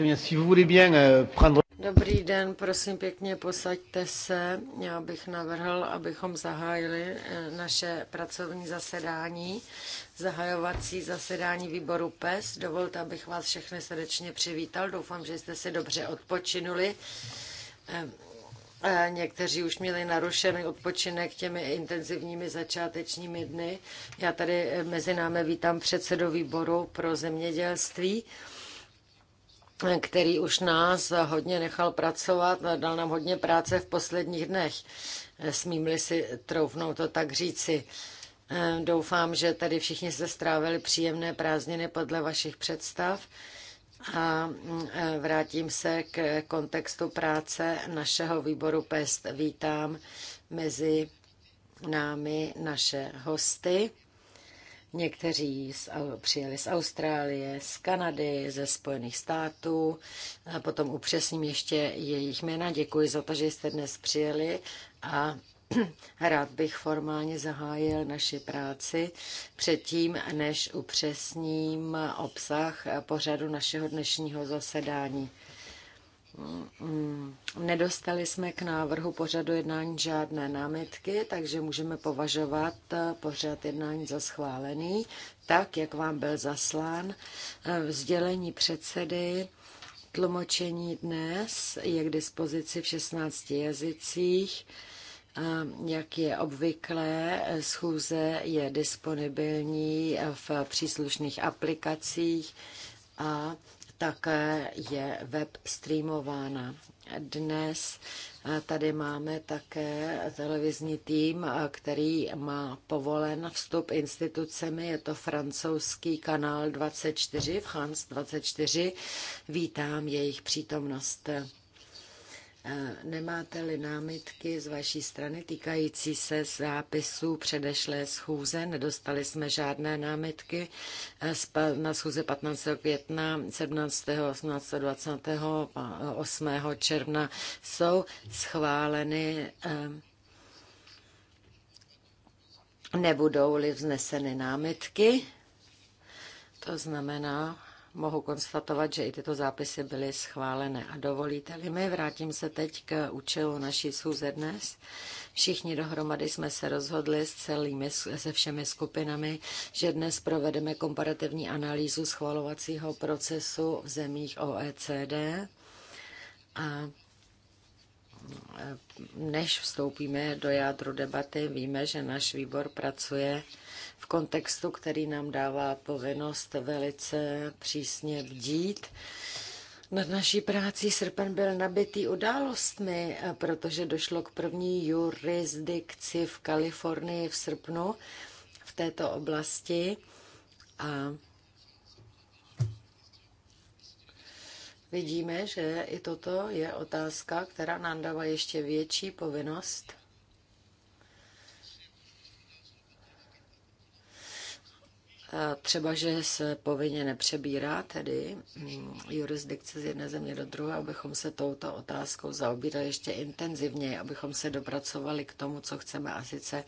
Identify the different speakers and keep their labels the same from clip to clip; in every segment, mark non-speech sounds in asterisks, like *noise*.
Speaker 1: Euh, Dobrý den, prosím pěkně, posaďte se. Já bych navrhl, abychom zahájili eh, naše pracovní zasedání, zahajovací zasedání výboru PES. Dovolte, abych vás všechny srdečně přivítal. Doufám, že jste si dobře odpočinuli. Eh, eh, někteří už měli narušený odpočinek těmi intenzivními začátečními dny. Já tady mezi námi vítám předsedu výboru pro zemědělství který už nás hodně nechal pracovat, dal nám hodně práce v posledních dnech. Smím-li si troufnout to tak říci. Eh, doufám, že tady všichni se strávili příjemné prázdniny podle vašich představ a mm, eh, vrátím se k kontextu práce našeho výboru PEST. Vítám mezi námi naše hosty Někteří z, přijeli z Austrálie, z Kanady, ze Spojených států. A potom upřesním ještě jejich jména. Děkuji za to, že jste dnes přijeli a *clears throat* rád bych formálně zahájil naši práci předtím, než upřesním obsah pořadu našeho dnešního zasedání. Mm, nedostali jsme k návrhu pořadu jednání žádné námitky, takže můžeme považovat eh, pořad jednání za schválený, tak jak vám byl zaslán. Eh, Vzdělení předsedy tlumočení dnes je k dispozici v 16 jazycích. Eh, jak je obvyklé, schůze je disponibilní v příslušných aplikacích a také je web streamována. Dnes tady máme také televizní tým, který má povolen vstup institucemi. Je to francouzský kanál 24, France 24. Vítám jejich přítomnost. Nemáte-li námitky z vaší strany týkající se zápisů předešlé schůze? Nedostali jsme žádné námitky na schůze 15. května, 17. 18. 20. 8. června. Jsou schváleny eh, nebudou-li vzneseny námitky. To znamená, mohu konstatovat, že i tyto zápisy byly schválené. A dovolíte-li mi, vrátím se teď k účelu naší schůze dnes. Všichni dohromady jsme se rozhodli s celými, se všemi skupinami, že dnes provedeme komparativní analýzu schvalovacího procesu v zemích OECD. A než vstoupíme do jádru debaty, víme, že náš výbor pracuje v kontextu, který nám dává povinnost velice přísně bdít. Nad naší práci srpen byl nabitý událostmi, protože došlo k první jurisdikci v Kalifornii v srpnu v této oblasti a vidíme, že i toto je otázka, která nám dává ještě větší povinnost Eh, třeba, že se povinně nepřebírá tedy mm, jurisdikce z jedné země do druhé, abychom se touto otázkou zaobírali ještě intenzivněji, abychom se dopracovali k tomu, co chceme, a sice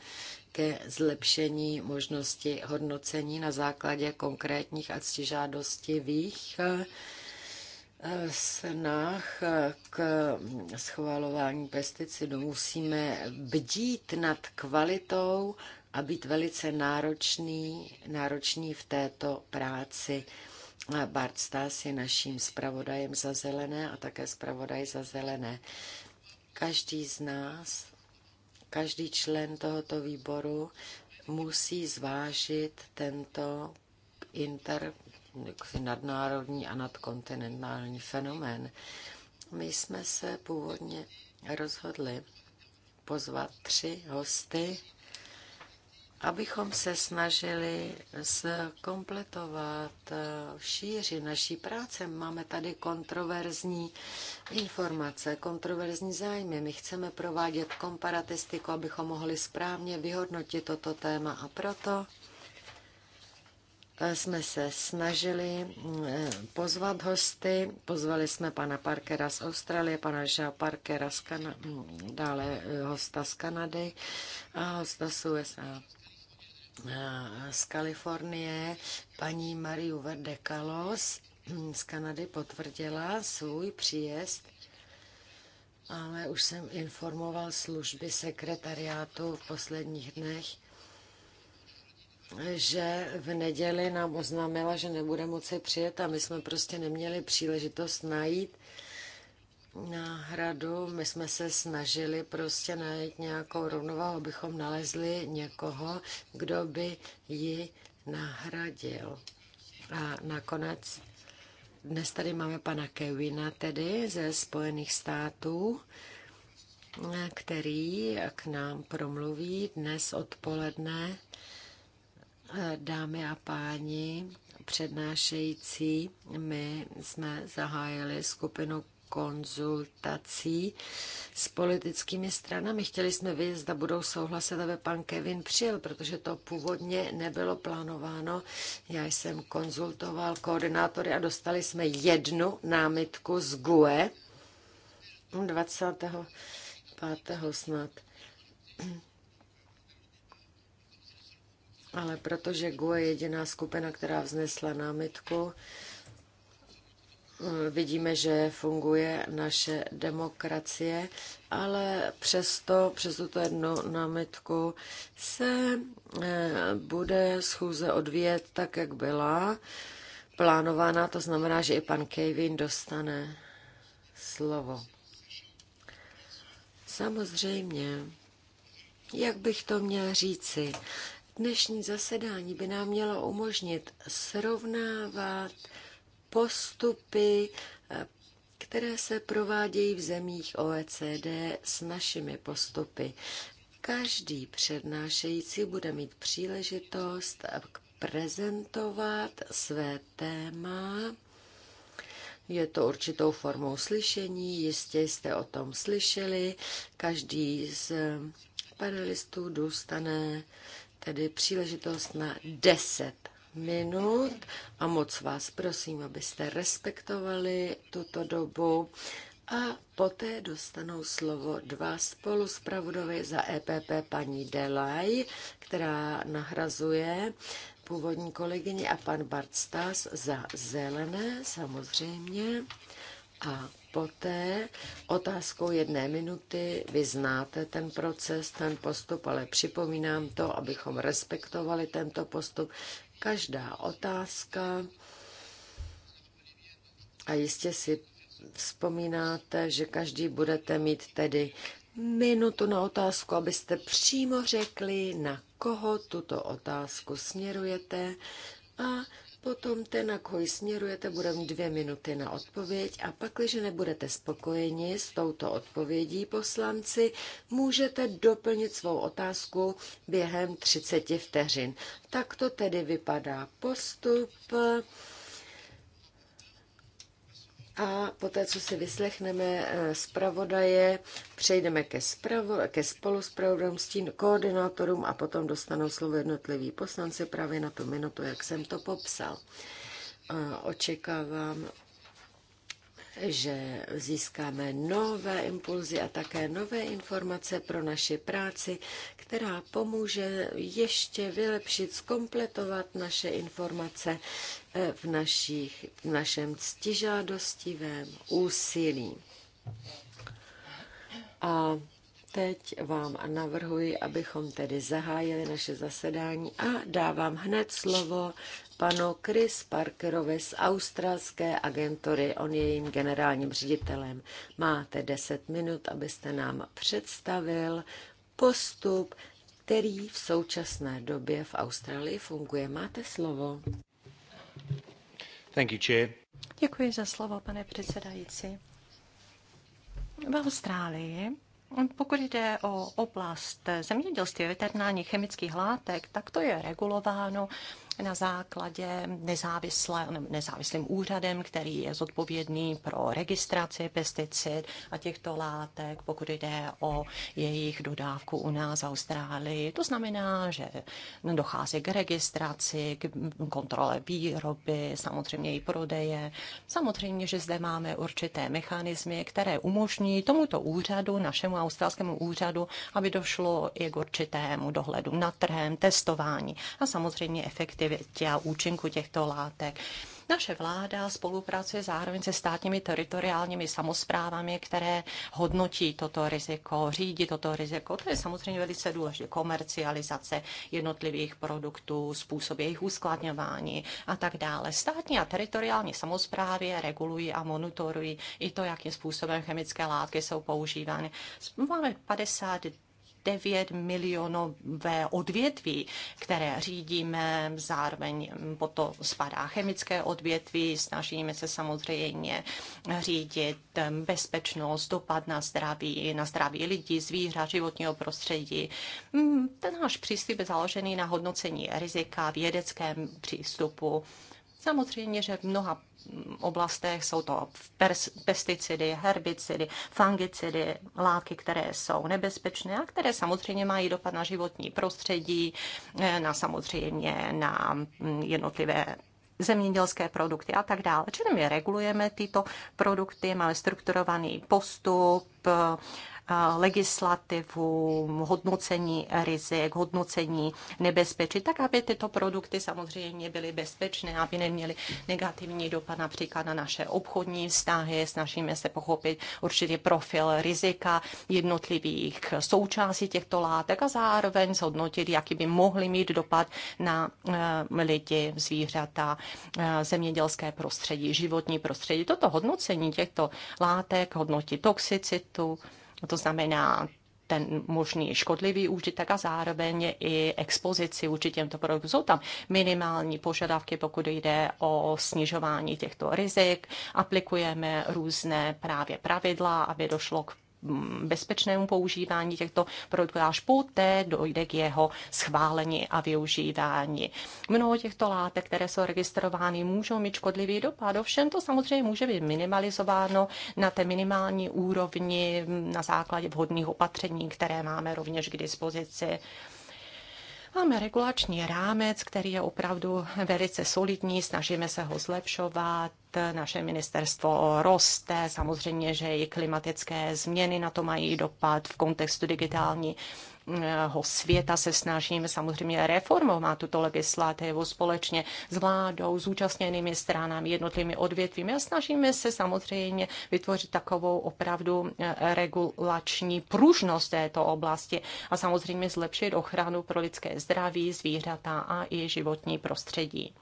Speaker 1: ke zlepšení možnosti hodnocení na základě konkrétních a ctižádostivých eh, snah eh, k schvalování pesticidů musíme bdít nad kvalitou a být velice náročný, náročný v této práci. Bart Stas je naším zpravodajem za zelené a také zpravodaj za zelené. Každý z nás, každý člen tohoto výboru musí zvážit tento inter, nadnárodní a nadkontinentální fenomén. My jsme se původně rozhodli pozvat tři hosty abychom se snažili zkompletovat eh, šíři naší práce. Máme tady kontroverzní informace, kontroverzní zájmy. My chceme provádět komparatistiku, abychom mohli správně vyhodnotit toto téma a proto eh, jsme se snažili eh, pozvat hosty. Pozvali jsme pana Parkera z Austrálie, pana Jean Parkera z dále hosta z Kanady a hosta z USA z Kalifornie paní Mariu Verde Kalos z Kanady potvrdila svůj příjezd, ale už jsem informoval služby sekretariátu v posledních dnech, že v neděli nám oznámila, že nebude moci přijet a my jsme prostě neměli příležitost najít hradu. My jsme se snažili prostě najít nějakou rovnováhu, abychom nalezli někoho, kdo by ji nahradil. A nakonec dnes tady máme pana Kevina tedy ze Spojených států, který k nám promluví dnes odpoledne. Dámy a páni, přednášející, my jsme zahájili skupinu konzultací s politickými stranami. Chtěli jsme vědět, zda budou souhlasit, aby pan Kevin přijel, protože to původně nebylo plánováno. Já jsem konzultoval koordinátory a dostali jsme jednu námitku z GUE 25. snad. Ale protože GUE je jediná skupina, která vznesla námitku, Eh, vidíme, že funguje naše demokracie, ale přesto, přes tuto jednu námitku se eh, bude schůze odvíjet tak, jak byla plánována. To znamená, že i pan Kevin dostane slovo. Samozřejmě, jak bych to měla říci, dnešní zasedání by nám mělo umožnit srovnávat postupy, eh, které se provádějí v zemích OECD s našimi postupy. Každý přednášející bude mít příležitost prezentovat své téma. Je to určitou formou slyšení, jistě jste o tom slyšeli. Každý z panelistů dostane tedy příležitost na 10 minut a moc vás prosím, abyste respektovali tuto dobu a poté dostanou slovo dva spoluspravodové za EPP paní Delaj, která nahrazuje původní kolegyni a pan Bart Stas za zelené samozřejmě. A poté otázkou jedné minuty vy znáte ten proces, ten postup, ale připomínám to, abychom respektovali tento postup, Každá otázka a jistě si vzpomínáte, že každý budete mít tedy minutu na otázku, abyste přímo řekli, na koho tuto otázku směrujete a Potom ten, na koho směrujete, bude mít dvě minuty na odpověď a pak, když nebudete spokojeni s touto odpovědí poslanci, můžete doplnit svou otázku během 30 vteřin. Tak to tedy vypadá postup. A poté, co si vyslechneme eh, zpravodaje, přejdeme ke, spravo, ke s stín koordinátorům a potom dostanou slovo jednotliví poslanci právě na tu minutu, jak jsem to popsal. Eh, očekávám že získáme nové impulzy a také nové informace pro naši práci, která pomůže ještě vylepšit, zkompletovat naše informace eh, v, našich, v našem ctižádostivém úsilí. A teď vám navrhuji, abychom tedy zahájili naše zasedání a dávám hned slovo panu Chris Parkerovi z australské agentury. On je jejím generálním ředitelem. Máte 10 minut, abyste nám představil postup, který v současné době v Austrálii funguje. Máte slovo. Thank you, Chair. Děkuji za slovo, pane předsedající. V Austrálii
Speaker 2: pokud jde o oblast zemědělství veterinárních chemických látek, tak to je regulováno na základě nezávislé, nezávislým úřadem, který je zodpovědný pro registraci pesticid a těchto látek, pokud jde o jejich dodávku u nás v Austrálii. To znamená, že dochází k registraci, k kontrole výroby, samozřejmě i prodeje. Samozřejmě, že zde máme určité mechanismy, které umožní tomuto úřadu, našemu australskému úřadu, aby došlo i k určitému dohledu nad trhem, testování a samozřejmě efektivní efektivitě a účinku těchto látek. Naše vláda spolupracuje zároveň se státními teritoriálními samozprávami, které hodnotí toto riziko, řídí toto riziko. To je samozřejmě velice důležité. Komercializace jednotlivých produktů, způsob jejich uskladňování a tak dále. Státní a teritoriální samozprávy regulují a monitorují i to, jakým způsobem chemické látky jsou používány. Máme 50 9 milionové odvětví, které řídíme, zároveň to spadá chemické odvětví, snažíme se samozřejmě řídit bezpečnost, dopad na zdraví, na zdraví lidí, zvířat, životního prostředí. Ten náš přístup je založený na hodnocení rizika, vědeckém přístupu Samozřejmě, že v mnoha oblastech jsou to pesticidy, herbicidy, fungicidy, látky, které jsou nebezpečné a které samozřejmě mají dopad na životní prostředí, eh, na samozřejmě na mm, jednotlivé zemědělské produkty a tak dále. Čili my regulujeme tyto produkty, máme strukturovaný postup, eh, legislativu, hodnocení rizik, hodnocení nebezpečí, tak aby tyto produkty samozřejmě byly bezpečné, aby neměly negativní dopad například na naše obchodní vztahy. Snažíme se pochopit určitě profil rizika jednotlivých součástí těchto látek a zároveň zhodnotit, jaký by mohly mít dopad na eh, lidi, zvířata, eh, zemědělské prostředí, životní prostředí. Toto hodnocení těchto látek hodnotí toxicitu, No to znamená ten možný škodlivý užitek a zároveň i expozici vůči těmto produktům. Jsou tam minimální požadavky, pokud jde o snižování těchto rizik. Aplikujeme různé právě pravidla, aby došlo k bezpečnému používání těchto produktů až poté dojde k jeho schválení a využívání. Mnoho těchto látek, které jsou registrovány, můžou mít škodlivý dopad. Ovšem to samozřejmě může být minimalizováno na té minimální úrovni na základě vhodných opatření, které máme rovněž k dispozici. Máme regulační rámec, který je opravdu velice solidní, snažíme se ho zlepšovat, naše ministerstvo roste, samozřejmě, že i klimatické změny na to mají dopad v kontextu digitální Ho eh, světa se snažíme samozřejmě reformovat tuto legislativu společně s vládou, zúčastněnými stranami, jednotlivými odvětvími a snažíme se samozřejmě vytvořit takovou opravdu eh, regulační pružnost této oblasti a samozřejmě zlepšit ochranu pro lidské zdraví, zvířata a i životní prostředí.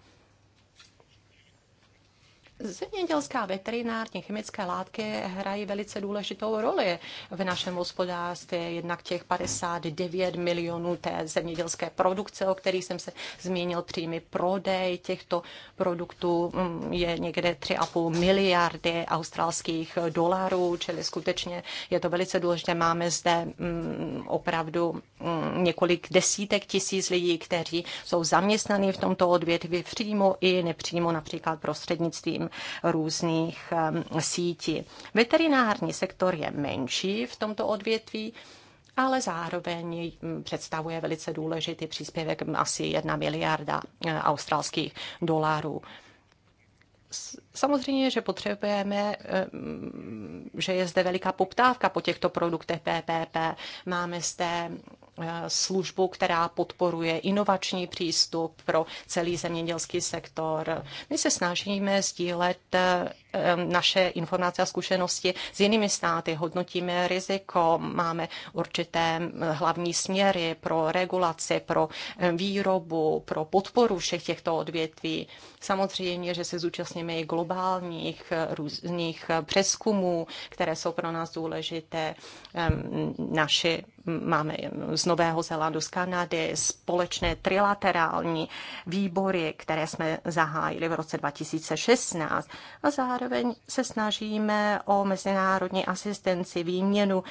Speaker 2: Zemědělská, veterinární, chemické látky hrají velice důležitou roli v našem hospodářství. Jednak těch 59 milionů té zemědělské produkce, o kterých jsem se zmínil, příjmy prodej těchto produktů mm, je někde 3,5 miliardy australských dolarů, čili skutečně je to velice důležité. Máme zde mm, opravdu mm, několik desítek tisíc lidí, kteří jsou zaměstnaní v tomto odvětví přímo i nepřímo, například prostřednictvím různých sítí. Veterinární sektor je menší v tomto odvětví, ale zároveň mm, představuje velice důležitý příspěvek mm, asi 1 miliarda e, australských dolarů. Samozřejmě, že potřebujeme, že je zde veliká poptávka po těchto produktech PPP. Máme zde Eh, službu, která podporuje inovační přístup pro celý zemědělský sektor. My se snažíme sdílet eh, naše informace a zkušenosti s jinými státy, hodnotíme riziko, máme určité eh, hlavní směry pro regulaci, pro výrobu, pro podporu všech těchto odvětví. Samozřejmě, že se zúčastníme i globálních různých přeskumů, které jsou pro nás důležité. Ehm, naši máme z Nového Zélandu, z Kanady, společné trilaterální výbory, které jsme zahájili v roce 2016 a zároveň se snažíme o mezinárodní asistenci, výměnu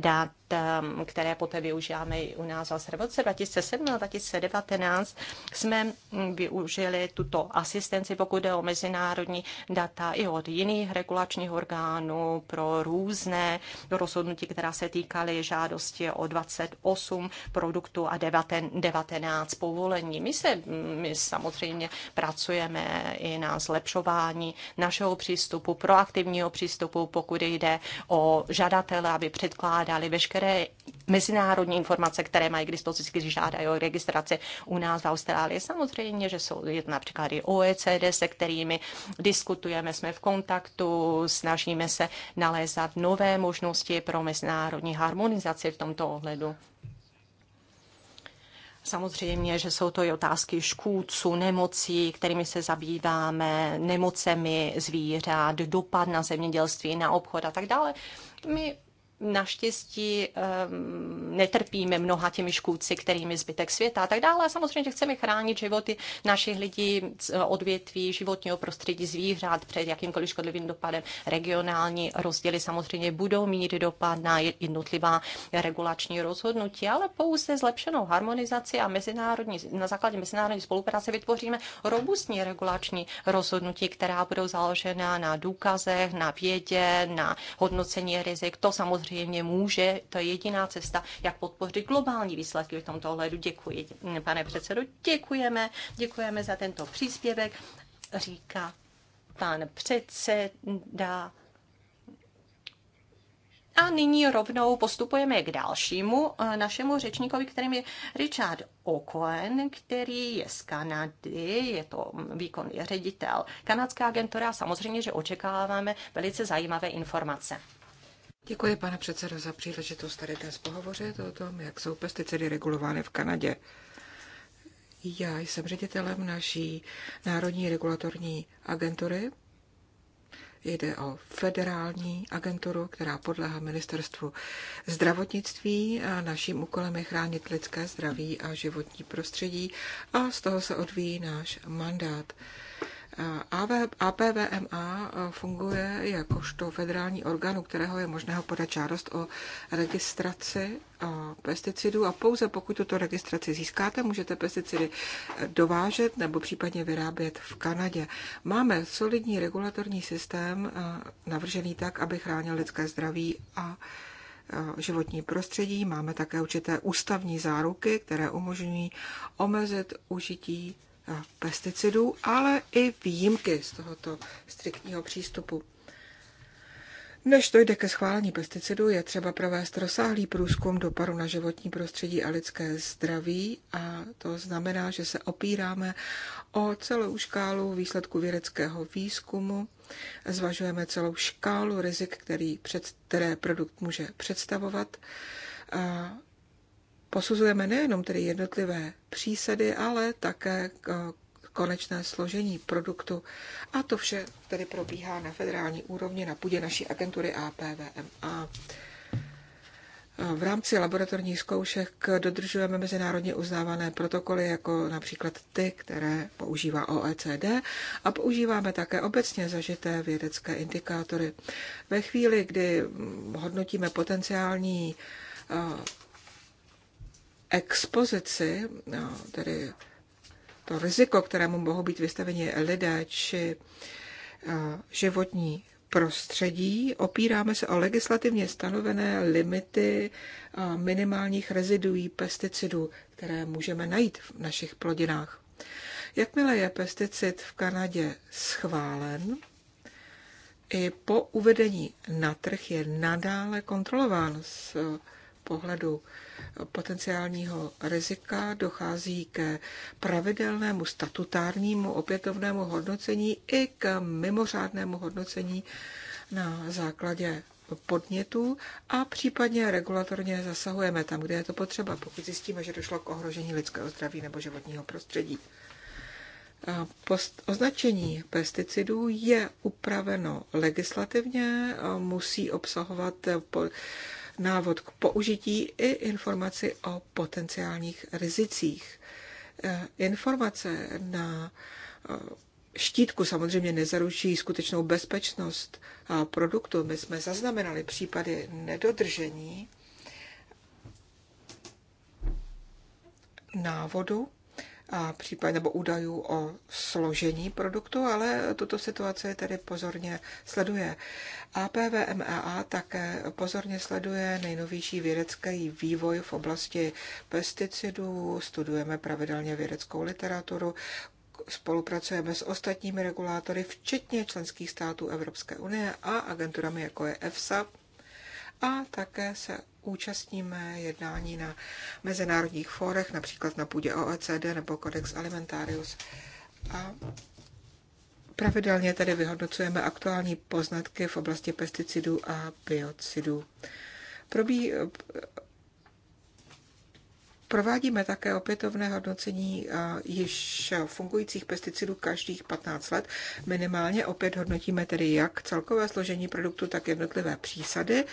Speaker 2: dat, um, které poté využíváme i u nás. V roce 2017 a 2019 jsme využili tuto asistenci, pokud jde o mezinárodní data i od jiných regulačních orgánů pro různé rozhodnutí, která se týkaly žádosti o 28 produktů a 19 povolení. My, se, my samozřejmě pracujeme i na zlepšování našeho přístupu, proaktivního přístupu, pokud jde o žadatele, aby předkládali veškeré mezinárodní informace, které mají k dispozici, když žádají o registraci u nás v Austrálii. Samozřejmě, že jsou například i OECD, se kterými diskutujeme, jsme v kontaktu, snažíme se nalézat nové možnosti pro mezinárodní harmonizaci v tomto ohledu. Samozřejmě, že jsou to i otázky škůdců, nemocí, kterými se zabýváme, nemocemi zvířat, dopad na zemědělství, na obchod a tak dále. My naštěstí um, netrpíme mnoha těmi škůdci, kterými zbytek světa a tak dále. A samozřejmě že chceme chránit životy našich lidí, odvětví, životního prostředí, zvířat před jakýmkoliv škodlivým dopadem. Regionální rozdíly samozřejmě budou mít dopad na jednotlivá regulační rozhodnutí, ale pouze zlepšenou harmonizaci a mezinárodní, na základě mezinárodní spolupráce vytvoříme robustní regulační rozhodnutí, která budou založena na důkazech, na vědě, na hodnocení rizik. To samozřejmě samozřejmě může, to je jediná cesta, jak podpořit globální výsledky v tomto ohledu. Děkuji, pane předsedo, děkujeme, děkujeme za tento příspěvek, říká pan předseda. A nyní rovnou postupujeme k dalšímu e, našemu řečníkovi, kterým je Richard O'Cohen, který je z Kanady, je to výkonný ředitel kanadské agentury a samozřejmě, že očekáváme velice zajímavé informace.
Speaker 3: Děkuji, pane předsedo, za příležitost tady dnes pohovořit o tom, jak jsou pesticidy regulovány v Kanadě. Já jsem ředitelem naší Národní regulatorní agentury. Jde o federální agenturu, která podléhá ministerstvu zdravotnictví a naším úkolem je chránit lidské zdraví a životní prostředí a z toho se odvíjí náš mandát. APVMA e, funguje jakožto federální orgán, u kterého je možné podat žádost o registraci e, pesticidů a pouze pokud tuto registraci získáte, můžete pesticidy e, dovážet nebo případně vyrábět v Kanadě. Máme solidní regulatorní systém navržený tak, aby chránil lidské zdraví a životní prostředí. Máme také určité ústavní záruky, které umožňují omezit užití pesticidů, ale i výjimky z tohoto striktního přístupu. Než dojde ke schválení pesticidů, je třeba provést rozsáhlý průzkum dopadu na životní prostředí a lidské zdraví a to znamená, že se opíráme o celou škálu výsledků vědeckého výzkumu, zvažujeme celou škálu rizik, který před, které produkt může představovat. A posuzujeme nejenom tedy jednotlivé přísady, ale také eh, konečné složení produktu. A to vše tedy probíhá na federální úrovni na půdě naší agentury APVMA. V rámci laboratorních zkoušek dodržujeme mezinárodně uznávané protokoly, jako například ty, které používá OECD, a používáme také obecně zažité vědecké indikátory. Ve chvíli, kdy hodnotíme potenciální eh, expozici, no, tedy to riziko, kterému mohou být vystaveni lidé či eh, životní prostředí, opíráme se o legislativně stanovené limity eh, minimálních reziduí pesticidů, které můžeme najít v našich plodinách. Jakmile je pesticid v Kanadě schválen, i po uvedení na trh je nadále kontrolován z eh, pohledu potenciálního rizika dochází ke pravidelnému statutárnímu opětovnému hodnocení i k mimořádnému hodnocení na základě podnětů a případně regulatorně zasahujeme tam, kde je to potřeba, pokud zjistíme, že došlo k ohrožení lidského zdraví nebo životního prostředí. Post označení pesticidů je upraveno legislativně, musí obsahovat návod k použití i informaci o potenciálních rizicích. Eh, informace na eh, štítku samozřejmě nezaručí skutečnou bezpečnost produktu. My jsme zaznamenali případy nedodržení návodu a případ nebo údajů o složení produktu, ale tuto situaci tedy pozorně sleduje. APVMEA e také pozorně sleduje nejnovější vědecký vývoj v oblasti pesticidů, studujeme pravidelně vědeckou literaturu, spolupracujeme s ostatními regulátory, včetně členských států Evropské unie a agenturami jako je EFSA, a také se účastníme jednání na mezinárodních fórech, například na půdě OECD nebo Codex Alimentarius. A pravidelně tedy vyhodnocujeme aktuální poznatky v oblasti pesticidů a biocidů. Probí, Provádíme také opětovné hodnocení již fungujících pesticidů každých 15 let. Minimálně opět hodnotíme tedy jak celkové složení produktu, tak jednotlivé přísady,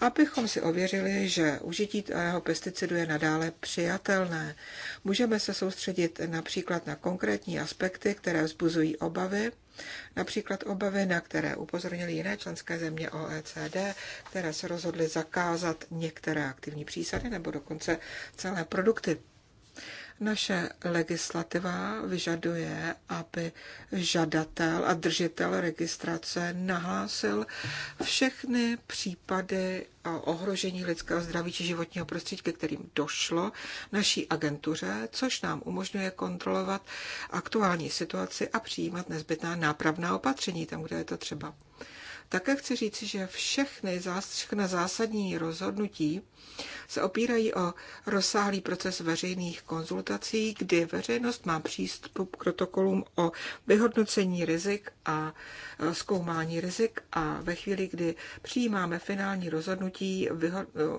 Speaker 3: abychom si ověřili, že užití jeho pesticidu je nadále přijatelné. Můžeme se soustředit například na konkrétní aspekty, které vzbuzují obavy, Například obavy, na které upozornily jiné členské země OECD, které se rozhodly zakázat některé aktivní přísady nebo dokonce celé produkty. Naše legislativa vyžaduje, aby žadatel a držitel registrace nahlásil všechny případy ohrožení lidského zdraví či životního prostředí, ke kterým došlo naší agentuře, což nám umožňuje kontrolovat aktuální situaci a přijímat nezbytná nápravná opatření tam, kde je to třeba. Také chci říci, že všechny, všechna zásadní rozhodnutí se opírají o rozsáhlý proces veřejných konzultací, kdy veřejnost má přístup k protokolům o vyhodnocení rizik a e, zkoumání rizik a ve chvíli, kdy přijímáme finální rozhodnutí, e,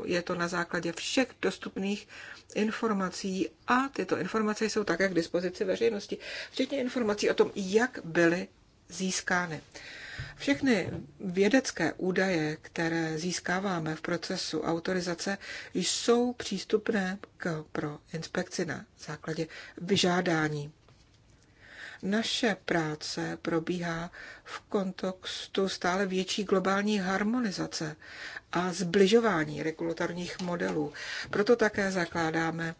Speaker 3: je to na základě všech dostupných informací a tyto informace jsou také k dispozici veřejnosti, včetně informací o tom, jak byly získány. Všechny vědecké údaje, které získáváme v procesu autorizace, jsou přístupné k, pro inspekci na základě vyžádání. Naše práce probíhá v kontextu stále větší globální harmonizace a zbližování regulatorních modelů. Proto také zakládáme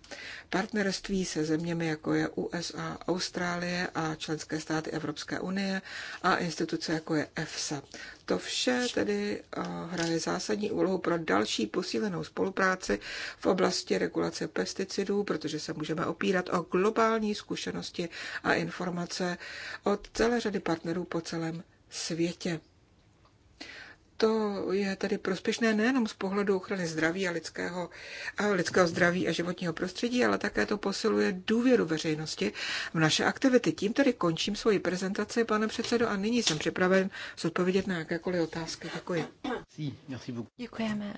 Speaker 3: partnerství se zeměmi, jako je USA, Austrálie a členské státy Evropské unie a instituce, jako je EFSA. To vše tedy eh, hraje zásadní úlohu pro další posílenou spolupráci v oblasti regulace pesticidů, protože se můžeme opírat o globální zkušenosti a informace od celé řady partnerů po celém světě to je tedy prospěšné nejenom z pohledu ochrany zdraví a lidského, a lidského zdraví a životního prostředí, ale také to posiluje důvěru veřejnosti v naše aktivity. Tím tedy končím svoji prezentaci, pane předsedo, a nyní jsem připraven zodpovědět na jakékoliv otázky. Děkuji.
Speaker 2: Děkujeme.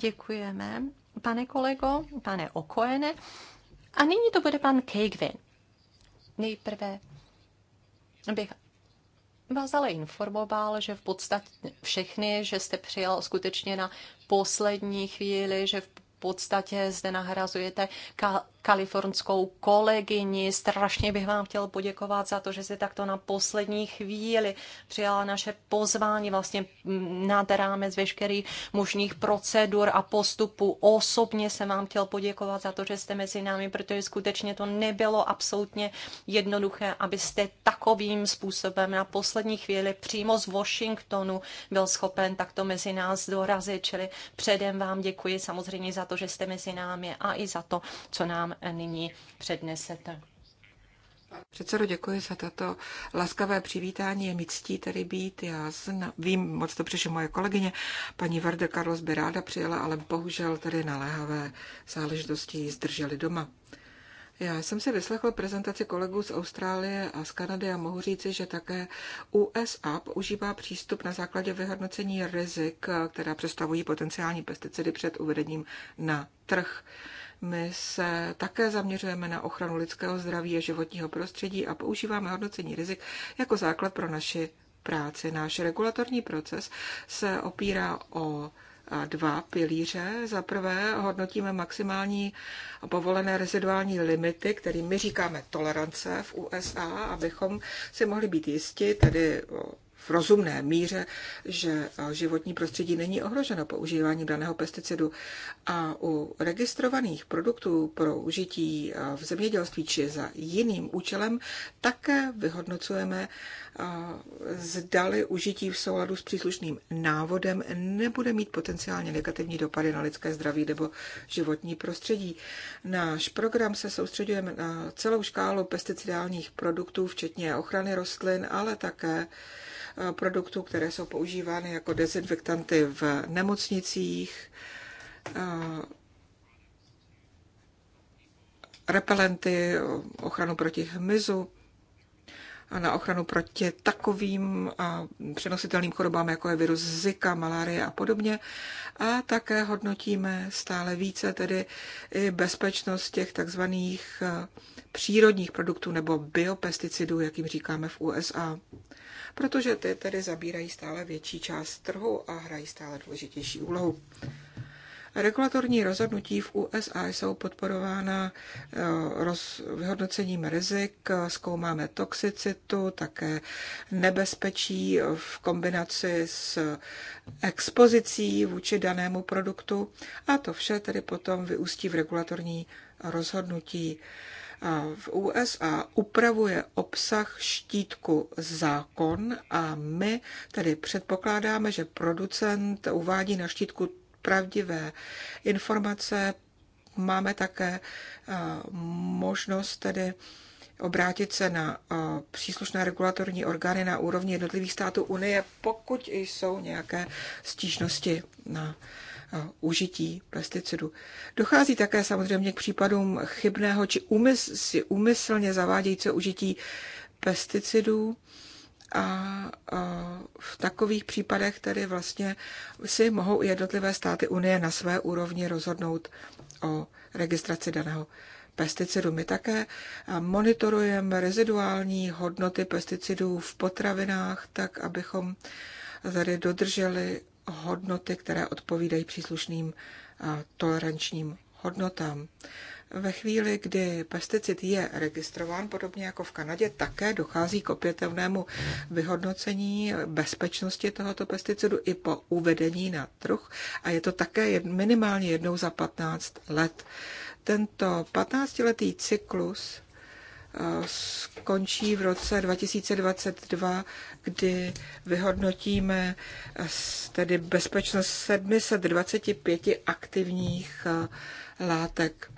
Speaker 2: Děkujeme, pane kolego, pane Okoene, A nyní to bude pan Kejkvin. Nejprve bych vás ale informoval, že v podstatě všechny, že jste přijal skutečně na poslední chvíli, že v podstatě zde nahrazujete kalifornskou kolegyni. Strašně bych vám chtěl poděkovat za to, že jste takto na poslední chvíli přijala naše pozvání vlastně nad rámec veškerých možných procedur a postupů. Osobně jsem vám chtěl poděkovat za to, že jste mezi námi, protože skutečně to nebylo absolutně jednoduché, abyste takovým způsobem na poslední chvíli přímo z Washingtonu byl schopen takto mezi nás dorazit. Čili předem vám děkuji samozřejmě za to, že jste mezi námi a i za to, co nám nyní přednesete.
Speaker 3: Předsedo, děkuji za tato laskavé přivítání. Je mi ctí tady být. Já zna, vím moc dobře, že moje kolegyně paní Varde Carlos by ráda přijela, ale bohužel tady naléhavé záležitosti ji zdrželi doma. Já jsem si vyslechl prezentaci kolegů z Austrálie a z Kanady a mohu říci, že také USA používá přístup na základě vyhodnocení rizik, která představují potenciální pesticidy před uvedením na trh. My se také zaměřujeme na ochranu lidského zdraví a životního prostředí a používáme hodnocení rizik jako základ pro naši práci. Náš regulatorní proces se opírá o dva pilíře. Za prvé hodnotíme maximální povolené reziduální limity, kterými my říkáme tolerance v USA, abychom si mohli být jisti, tedy v rozumné míře, že eh, životní prostředí není ohroženo používáním daného pesticidu. A u registrovaných produktů pro užití eh, v zemědělství či za jiným účelem také vyhodnocujeme, eh, zdali užití v souladu s příslušným návodem nebude mít potenciálně negativní dopady na lidské zdraví nebo životní prostředí. Náš program se soustředuje na celou škálu pesticidálních produktů, včetně ochrany rostlin, ale také Eh, produktů, které jsou používány jako dezinfektanty v nemocnicích, eh, repelenty, ochranu proti hmyzu na ochranu proti takovým přenositelným chorobám, jako je virus Zika, malárie a podobně. A také hodnotíme stále více tedy i bezpečnost těch takzvaných přírodních produktů nebo biopesticidů, jak jim říkáme v USA. Protože ty tedy zabírají stále větší část trhu a hrají stále důležitější úlohu. Regulatorní rozhodnutí v USA jsou podporována eh, roz, vyhodnocením rizik, zkoumáme toxicitu, také nebezpečí v kombinaci s expozicí vůči danému produktu a to vše tedy potom vyústí v regulatorní rozhodnutí v USA upravuje obsah štítku zákon a my tedy předpokládáme, že producent uvádí na štítku pravdivé informace. Máme také eh, možnost tedy obrátit se na eh, příslušné regulatorní orgány na úrovni jednotlivých států Unie, pokud jsou nějaké stížnosti na eh, užití pesticidů. Dochází také samozřejmě k případům chybného či úmysl, úmyslně zavádějícího užití pesticidů a v takových případech tedy vlastně si mohou i jednotlivé státy Unie na své úrovni rozhodnout o registraci daného pesticidu. My také monitorujeme reziduální hodnoty pesticidů v potravinách, tak abychom tady dodrželi hodnoty, které odpovídají příslušným tolerančním hodnotám. Ve chvíli, kdy pesticid je registrován, podobně jako v Kanadě, také dochází k opětovnému vyhodnocení bezpečnosti tohoto pesticidu i po uvedení na trh a je to také minimálně jednou za 15 let. Tento 15-letý cyklus eh, skončí v roce 2022, kdy vyhodnotíme eh, tedy bezpečnost 725 aktivních eh, látek.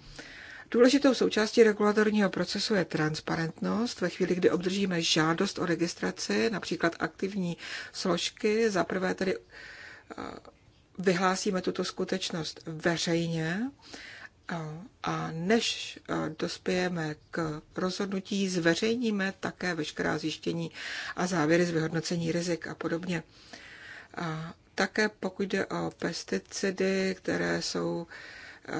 Speaker 3: Důležitou součástí regulatorního procesu je transparentnost. Ve chvíli, kdy obdržíme žádost o registraci, například aktivní složky, zaprvé tedy eh, vyhlásíme tuto skutečnost veřejně a než eh, dospějeme k rozhodnutí, zveřejníme také veškerá zjištění a závěry z vyhodnocení rizik a podobně. A také pokud jde o pesticidy, které jsou eh,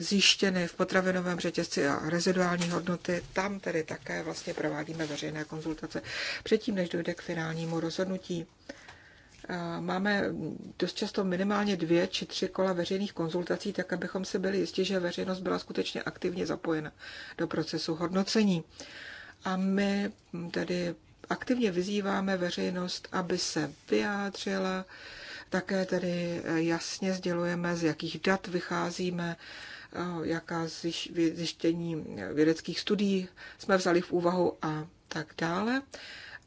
Speaker 3: zjištěny v potravinovém řetězci a reziduální hodnoty. Tam tedy také vlastně provádíme veřejné konzultace předtím, než dojde k finálnímu rozhodnutí. Máme dost často minimálně dvě či tři kola veřejných konzultací, tak abychom si byli jistí, že veřejnost byla skutečně aktivně zapojena do procesu hodnocení. A my tedy aktivně vyzýváme veřejnost, aby se vyjádřila, také tedy jasně sdělujeme, z jakých dat vycházíme, Eh, jaká zjištění vědeckých studií jsme vzali v úvahu a tak dále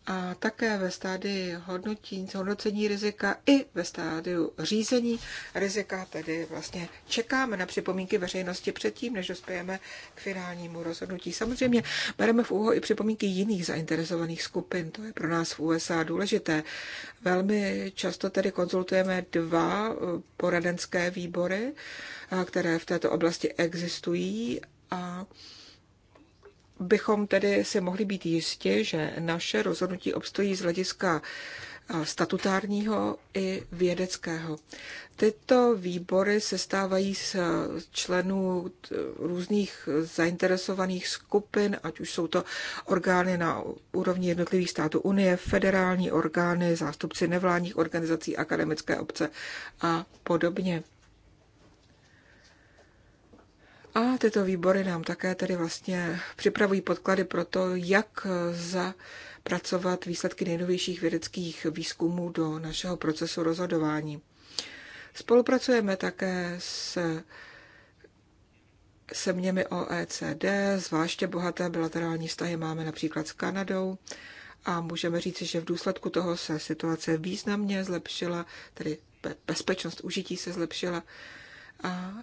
Speaker 3: a také ve stádii hodnotí, hodnocení rizika i ve stádiu řízení rizika, tedy vlastně čekáme na připomínky veřejnosti předtím, než dospějeme k finálnímu rozhodnutí. Samozřejmě bereme v úho i připomínky jiných zainteresovaných skupin, to je pro nás v USA důležité. Velmi často tedy konzultujeme dva eh, poradenské výbory, eh, které v této oblasti existují a bychom tedy si mohli být jistí, že naše rozhodnutí obstojí z hlediska statutárního i vědeckého. Tyto výbory se stávají z členů různých zainteresovaných skupin, ať už jsou to orgány na úrovni jednotlivých států Unie, federální orgány, zástupci nevládních organizací, akademické obce a podobně. A tyto výbory nám také tedy vlastně připravují podklady pro to, jak zapracovat výsledky nejnovějších vědeckých výzkumů do našeho procesu rozhodování. Spolupracujeme také s zeměmi OECD, zvláště bohaté bilaterální vztahy máme například s Kanadou a můžeme říci, že v důsledku toho se situace významně zlepšila, tedy bezpečnost užití se zlepšila a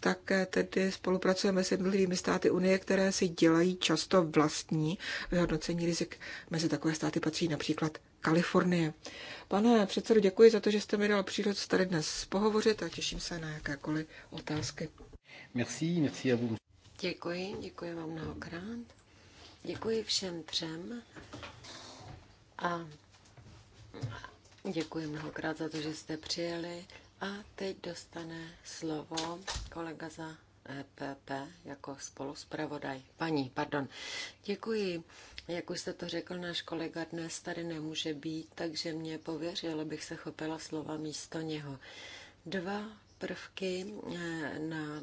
Speaker 3: také tedy spolupracujeme s jednotlivými státy Unie, které si dělají často vlastní vyhodnocení rizik. Mezi takové státy patří například Kalifornie. Pane předsedo, děkuji za to, že jste mi dal příležitost tady dnes pohovořit a těším se na jakékoliv otázky. Merci, merci a vous. Děkuji, děkuji
Speaker 1: vám mnohokrát. Děkuji všem třem a děkuji mnohokrát za to, že jste přijeli. A teď dostane slovo kolega za EPP jako spoluspravodaj. Paní, pardon. Děkuji. Jak už jste to řekl, náš kolega dnes tady nemůže být, takže mě pověřil, abych se chopila slova místo něho. Dva prvky eh, na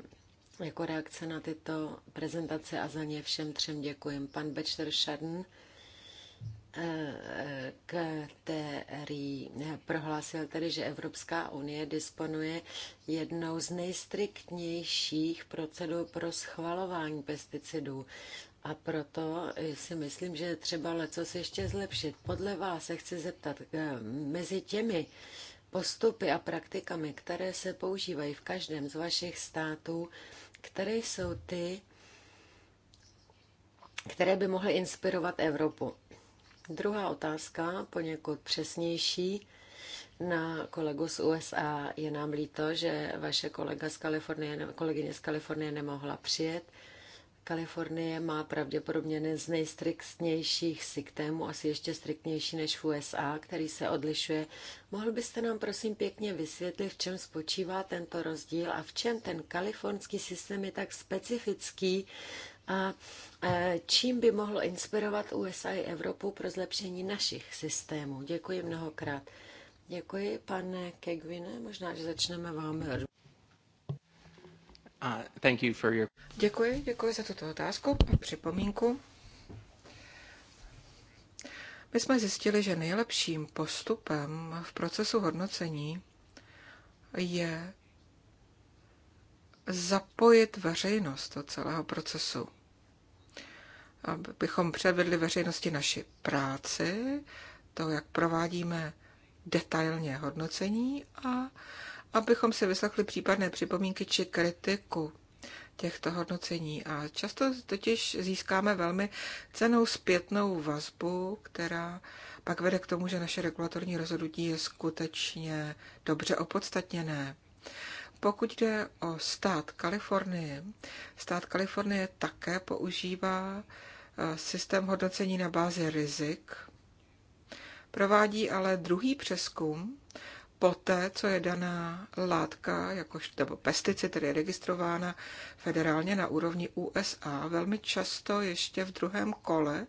Speaker 1: jako reakce na tyto prezentace a za ně všem třem děkuji. Pan Bečter Šadn, který prohlásil tedy, že Evropská unie disponuje jednou z nejstriktnějších procedur pro schvalování pesticidů. A proto si myslím, že třeba leco se ještě zlepšit. Podle vás se chci zeptat, eh, mezi těmi postupy a praktikami, které se používají v každém z vašich států, které jsou ty, které by mohly inspirovat Evropu. Druhá otázka, poněkud přesnější, na kolegu z USA. Je nám líto, že vaše kolega z Kalifornie, kolegyně z Kalifornie nemohla přijet. Kalifornie má pravděpodobně jeden z nejstriktnějších systémů, asi ještě striktnější než v USA, který se odlišuje. Mohl byste nám prosím pěkně vysvětlit, v čem spočívá tento rozdíl a v čem ten kalifornský systém je tak specifický a e, čím by mohlo inspirovat USA i Evropu pro zlepšení našich systémů. Děkuji mnohokrát. Děkuji, pane Kegvine. Možná, že začneme vám. Uh,
Speaker 2: thank you for your...
Speaker 3: Děkuji, děkuji za tuto otázku a připomínku. My jsme zjistili, že nejlepším postupem v procesu hodnocení je zapojit veřejnost do celého procesu. Abychom převedli veřejnosti naši práci, to, jak provádíme detailně hodnocení a abychom si vyslechli případné připomínky či kritiku těchto hodnocení. A často totiž získáme velmi cenou zpětnou vazbu, která pak vede k tomu, že naše regulatorní rozhodnutí je skutečně dobře opodstatněné. Pokud jde o stát Kalifornie, stát Kalifornie také používá eh, systém hodnocení na bázi rizik. Provádí ale druhý přeskum poté, co je daná látka, jakož, nebo pesticid, který je registrována federálně na úrovni USA, velmi často ještě v druhém kole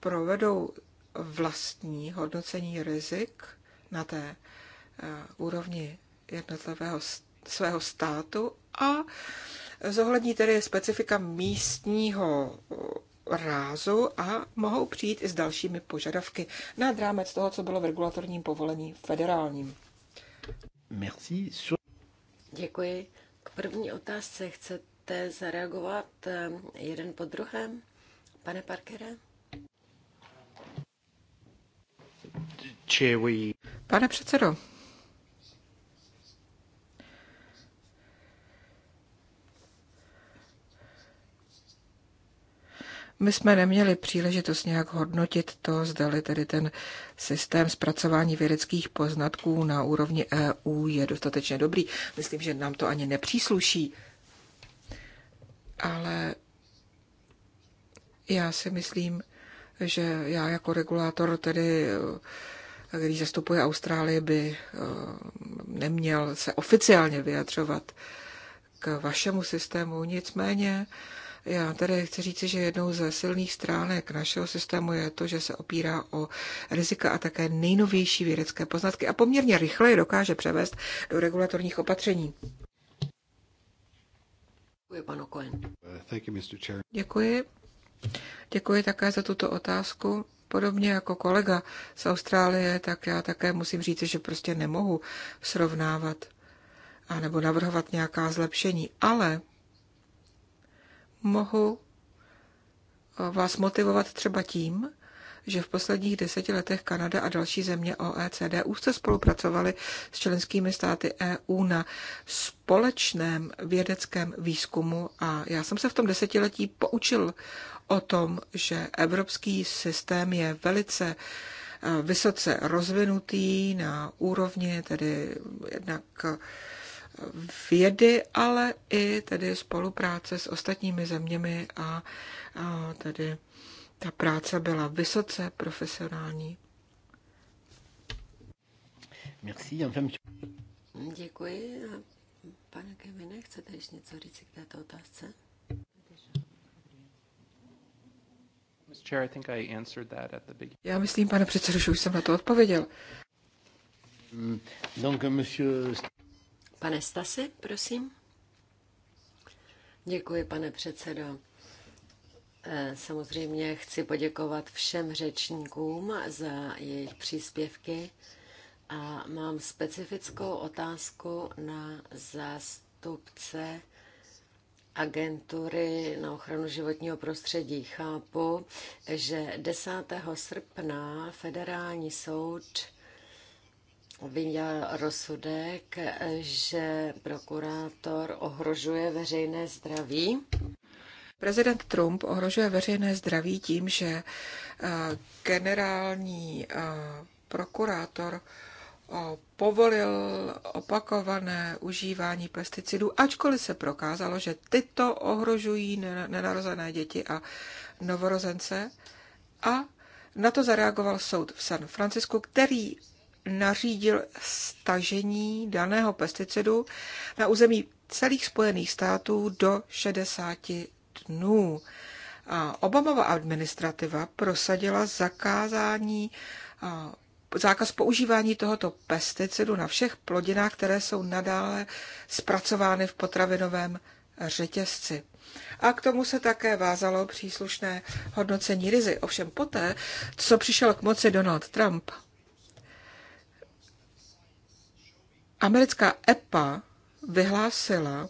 Speaker 3: provedou vlastní hodnocení rizik na té eh, úrovni jednotlivého státu svého státu a zohlední tedy specifika místního rázu a mohou přijít i s dalšími požadavky na rámec toho, co bylo v regulatorním povolení federálním.
Speaker 4: Merci.
Speaker 1: Děkuji. K první otázce chcete zareagovat ehm, jeden po druhém, pane Parkere?
Speaker 3: Pane předsedo, My jsme neměli příležitost nějak hodnotit to, zdali tedy ten systém zpracování vědeckých poznatků na úrovni EU je dostatečně dobrý. Myslím, že nám to ani nepřísluší. Ale já si myslím, že já jako regulátor tedy který zastupuje Austrálii, by eh, neměl se oficiálně vyjadřovat k vašemu systému. Nicméně já tady chci říci, že jednou ze silných stránek našeho systému je to, že se opírá o rizika a také nejnovější vědecké poznatky a poměrně rychle je dokáže převést do regulatorních opatření.
Speaker 4: Děkuji,
Speaker 1: panu Cohen.
Speaker 3: Děkuji. Děkuji také za tuto otázku. Podobně jako kolega z Austrálie, tak já také musím říct, že prostě nemohu srovnávat a nebo navrhovat nějaká zlepšení. Ale mohu eh, vás motivovat třeba tím, že v posledních deseti letech Kanada a další země OECD už se spolupracovali s členskými státy EU na společném vědeckém výzkumu a já jsem se v tom desetiletí poučil o tom, že evropský systém je velice eh, vysoce rozvinutý na úrovni tedy jednak eh, vědy, ale i tedy spolupráce s ostatními zeměmi a, a tedy ta práce byla vysoce profesionální. Merci,
Speaker 1: Děkuji. Pane Kevine, chcete ještě něco říct k této otázce?
Speaker 3: Já myslím, pane předsedu, že už jsem na to odpověděl.
Speaker 1: Mm, donc, monsieur... Pane Stasi, prosím. Děkuji, pane předsedo. Eh, samozřejmě chci poděkovat všem řečníkům za jejich příspěvky a mám specifickou otázku na zástupce agentury na ochranu životního prostředí. Chápu, že 10. srpna federální soud vydal rozsudek, že
Speaker 3: prokurátor ohrožuje veřejné zdraví. Prezident Trump ohrožuje veřejné zdraví tím, že eh, generální eh, prokurátor eh, povolil opakované užívání pesticidů, ačkoliv se prokázalo, že tyto ohrožují nenarozené děti a novorozence. A na to zareagoval soud v San Francisku, který nařídil stažení daného pesticidu na území celých Spojených států do 60 dnů. A Obamova administrativa prosadila zakázání zákaz používání tohoto pesticidu na všech plodinách, které jsou nadále zpracovány v potravinovém řetězci. A k tomu se také vázalo příslušné hodnocení rizy. Ovšem poté, co přišel k moci Donald Trump, americká EPA vyhlásila,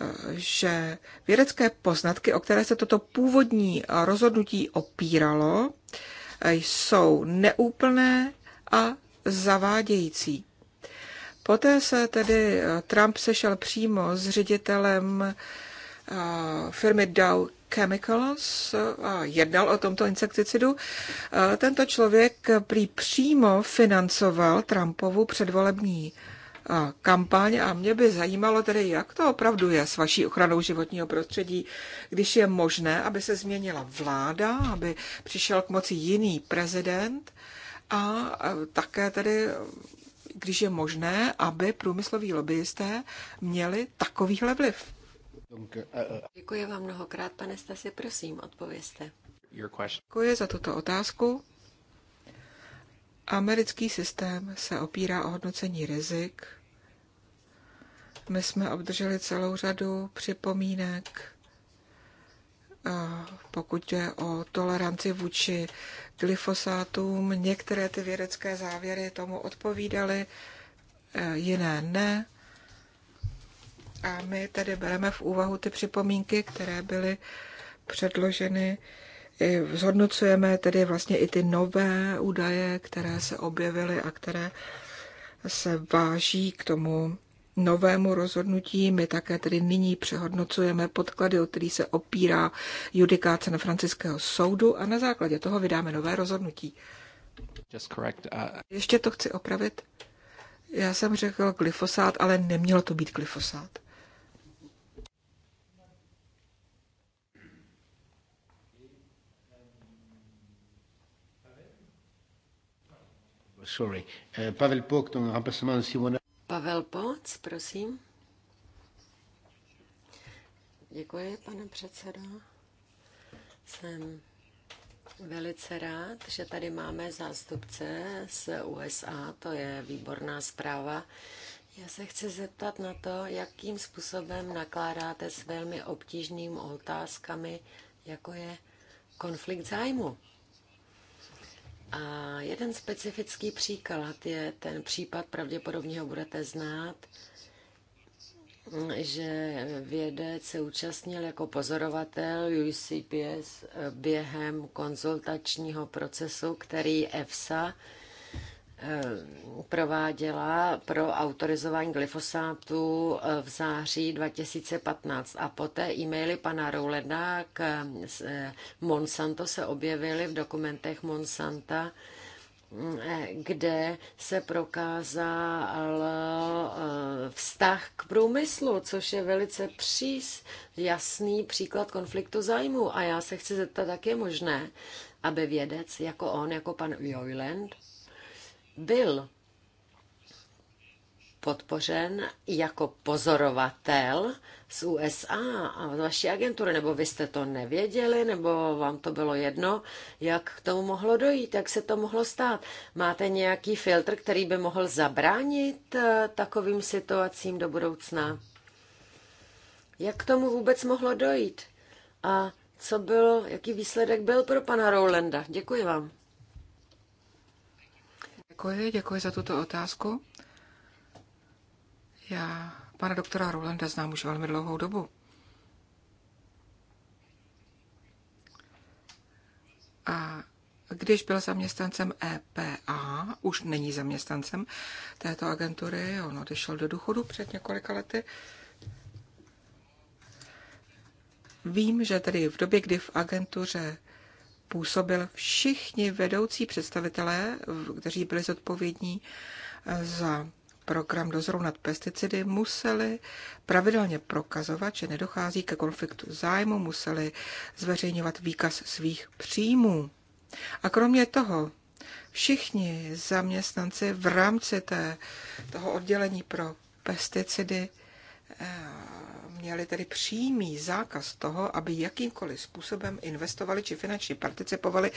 Speaker 3: eh, že vědecké poznatky, o které se toto původní rozhodnutí opíralo, eh, jsou neúplné a zavádějící. Poté se tedy eh, Trump sešel přímo s ředitelem firmy Dow Chemicals a jednal o tomto insekticidu. E, tento člověk prý přímo financoval Trumpovu předvolební e, kampaň a mě by zajímalo tedy, jak to opravdu je s vaší ochranou životního prostředí, když je možné, aby se změnila vláda, aby přišel k moci jiný prezident a e, také tedy když je možné, aby průmysloví lobbyisté měli takovýhle vliv.
Speaker 1: Děkuji vám mnohokrát, pane Stasi, prosím,
Speaker 3: odpovězte. Děkuji za tuto otázku. Americký systém se opírá o hodnocení rizik. My jsme obdrželi celou řadu připomínek, pokud je o toleranci vůči glyfosátům. Některé ty vědecké závěry tomu odpovídaly, e, jiné ne. A my tady bereme v úvahu ty připomínky, které byly předloženy. Zhodnocujeme tedy vlastně i ty nové údaje, které se objevily a které se váží k tomu novému rozhodnutí. My také tedy nyní přehodnocujeme podklady, o který se opírá judikáce na francouzského soudu a na základě toho vydáme nové rozhodnutí. Uh, Ještě to chci opravit. Já jsem řekl glyfosát, ale nemělo to být glyfosát.
Speaker 4: sorry. Eh, Pavel Pok, ton remplacement Simona.
Speaker 1: Pavel Poc, prosím. Děkuji, pane předsedo. Jsem velice rád, že tady máme zástupce z USA, to je výborná zpráva. Já se chci zeptat na to, jakým způsobem nakládáte s velmi obtížnými otázkami, jako je konflikt zájmu. A jeden specifický příklad je ten případ, pravděpodobně ho budete znát, že vědec se účastnil jako pozorovatel UCPS během konzultačního procesu, který EFSA Eh, prováděla pro autorizování glyfosátu eh, v září 2015 a poté e-maily pana Rouleda k eh, Monsanto se objevily v dokumentech Monsanta, kde se prokázal vztah k průmyslu, což je velice přís, jasný příklad konfliktu zájmu. A já se chci zeptat, jak je možné, aby vědec jako on, jako pan Joyland, byl podpořen jako pozorovatel z USA a z vaší agentury, nebo vy jste to nevěděli, nebo vám to bylo jedno, jak k tomu mohlo dojít, jak se to mohlo stát. Máte nějaký filtr, který by mohl zabránit eh, takovým situacím do budoucna? Jak k tomu vůbec mohlo dojít? A co byl, jaký výsledek byl pro pana Rowlanda? Děkuji vám.
Speaker 3: Děkuji, děkuji za tuto otázku. Já pana doktora Rolanda znám už velmi dlouhou dobu. A když byl zaměstnancem EPA, už není zaměstnancem této agentury, on odešel do důchodu před několika lety. Vím, že tedy v době, kdy v agentuře působil, všichni vedoucí představitelé, kteří byli zodpovědní eh, za program dozoru nad pesticidy, museli pravidelně prokazovat, že nedochází ke konfliktu zájmu, museli zveřejňovat výkaz svých příjmů. A kromě toho, všichni zaměstnanci v rámci té, toho oddělení pro pesticidy eh, měli tedy přímý zákaz toho, aby jakýmkoliv způsobem investovali či finančně participovali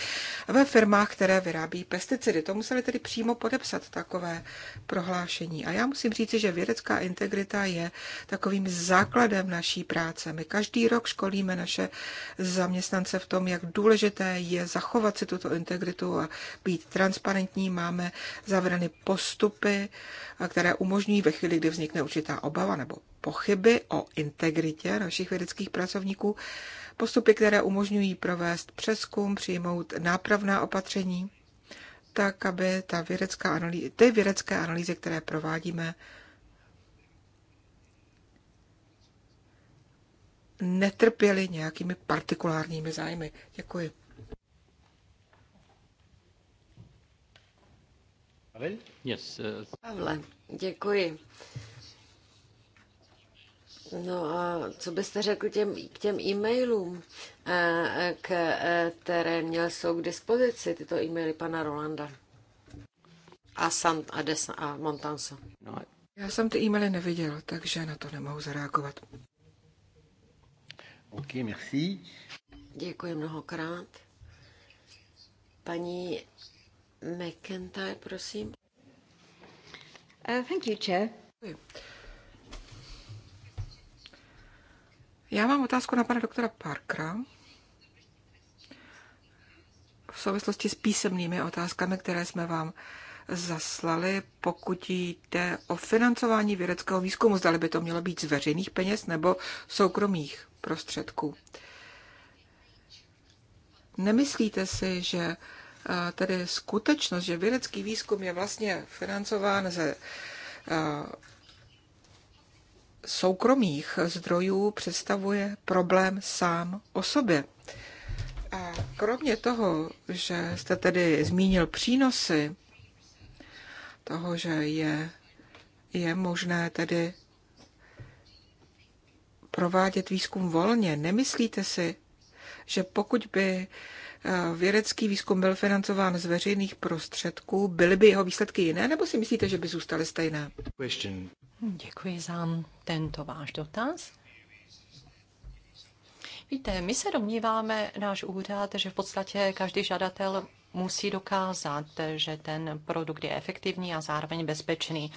Speaker 3: ve firmách, které vyrábí pesticidy. To museli tedy přímo podepsat takové prohlášení. A já musím říci, že vědecká integrita je takovým základem naší práce. My každý rok školíme naše zaměstnance v tom, jak důležité je zachovat si tuto integritu a být transparentní. Máme zavedeny postupy, které umožňují ve chvíli, kdy vznikne určitá obava nebo pochyby o integritě našich vědeckých pracovníků, postupy, které umožňují provést přeskum, přijmout nápravná opatření, tak aby ta vědecká analýza, ty vědecké analýzy, které provádíme, netrpěly nějakými partikulárními zájmy. Děkuji.
Speaker 1: Pavel? Yes. Uh, Pavle, děkuji. No a co byste řekl těm, k těm e-mailům, eh, eh, které měl jsou k dispozici, tyto e-maily pana Rolanda? A, Sant, a, a Montanso. No.
Speaker 3: Já jsem ty e-maily neviděl, takže na to nemohu zareagovat.
Speaker 1: OK,
Speaker 4: merci.
Speaker 1: Děkuji mnohokrát. Paní McIntyre, prosím. Uh, thank you, Chair. Děkuji.
Speaker 3: Já mám otázku na pana doktora Parkera v souvislosti s písemnými otázkami, které jsme vám zaslali, pokud jde o financování vědeckého výzkumu, zdali by to mělo být z veřejných peněz nebo soukromých prostředků. Nemyslíte si, že eh, tedy skutečnost, že vědecký výzkum je vlastně financován ze eh, soukromých zdrojů představuje problém sám o sobě. A kromě toho, že jste tedy zmínil přínosy toho, že je, je možné tedy provádět výzkum volně, nemyslíte si, že pokud by Eh, vědecký výzkum byl financován z veřejných prostředků, byly by jeho výsledky jiné, nebo si myslíte, že by zůstaly stejné? Děkuji za tento váš dotaz.
Speaker 2: Víte, my se domníváme, náš úřad, že v podstatě každý žadatel musí dokázat, že ten produkt je efektivní a zároveň bezpečný.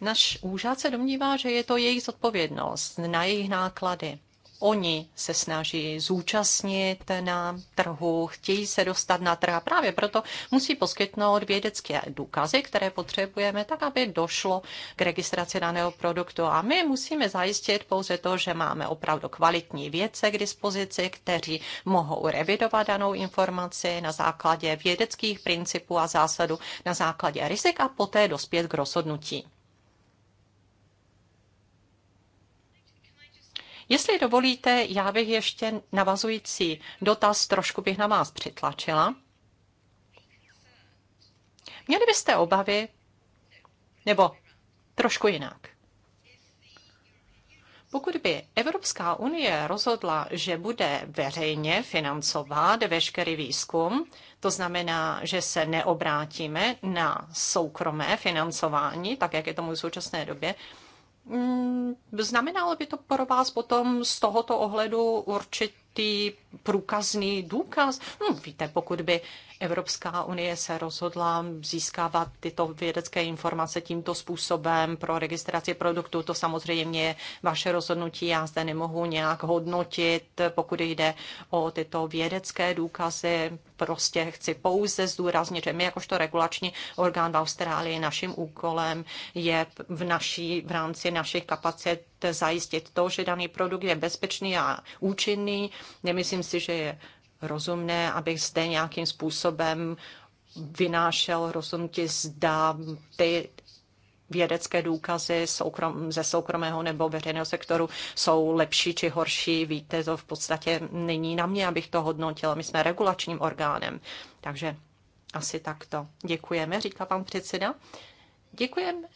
Speaker 2: Náš úřad se domnívá, že je to jejich zodpovědnost na jejich náklady oni se snaží zúčastnit na trhu, chtějí se dostat na trh a právě proto musí poskytnout vědecké důkazy, které potřebujeme, tak aby došlo k registraci daného produktu. A my musíme zajistit pouze to, že máme opravdu kvalitní vědce k dispozici, kteří mohou revidovat danou informaci na základě vědeckých principů a zásadu, na základě rizik a poté dospět k rozhodnutí. Jestli dovolíte, já bych ještě navazující dotaz, trošku bych na vás přitlačila. Měli byste obavy, nebo trošku jinak. Pokud by Evropská unie rozhodla, že bude veřejně financovat veškerý výzkum, to znamená, že se neobrátíme na soukromé financování, tak jak je tomu v současné době, Mm, znamenalo by to pro vás potom z tohoto ohledu určit? určitý průkazný důkaz. No, víte, pokud by Evropská unie se rozhodla získávat tyto vědecké informace tímto způsobem pro registraci produktů, to samozřejmě je vaše rozhodnutí. Já zde nemohu nějak hodnotit, pokud jde o tyto vědecké důkazy. Prostě chci pouze zdůraznit, že my jakožto regulační orgán v Austrálii naším úkolem je v, naší, v rámci našich kapacit zajistit to, že daný produkt je bezpečný a účinný. Nemyslím si, že je rozumné, abych zde nějakým způsobem vynášel rozumět, zda ty vědecké důkazy soukrom, ze soukromého nebo veřejného sektoru jsou lepší či horší. Víte, to v podstatě není na mě, abych to hodnotil. My jsme regulačním orgánem, takže asi takto. Děkujeme, říká pan předseda. Děkujeme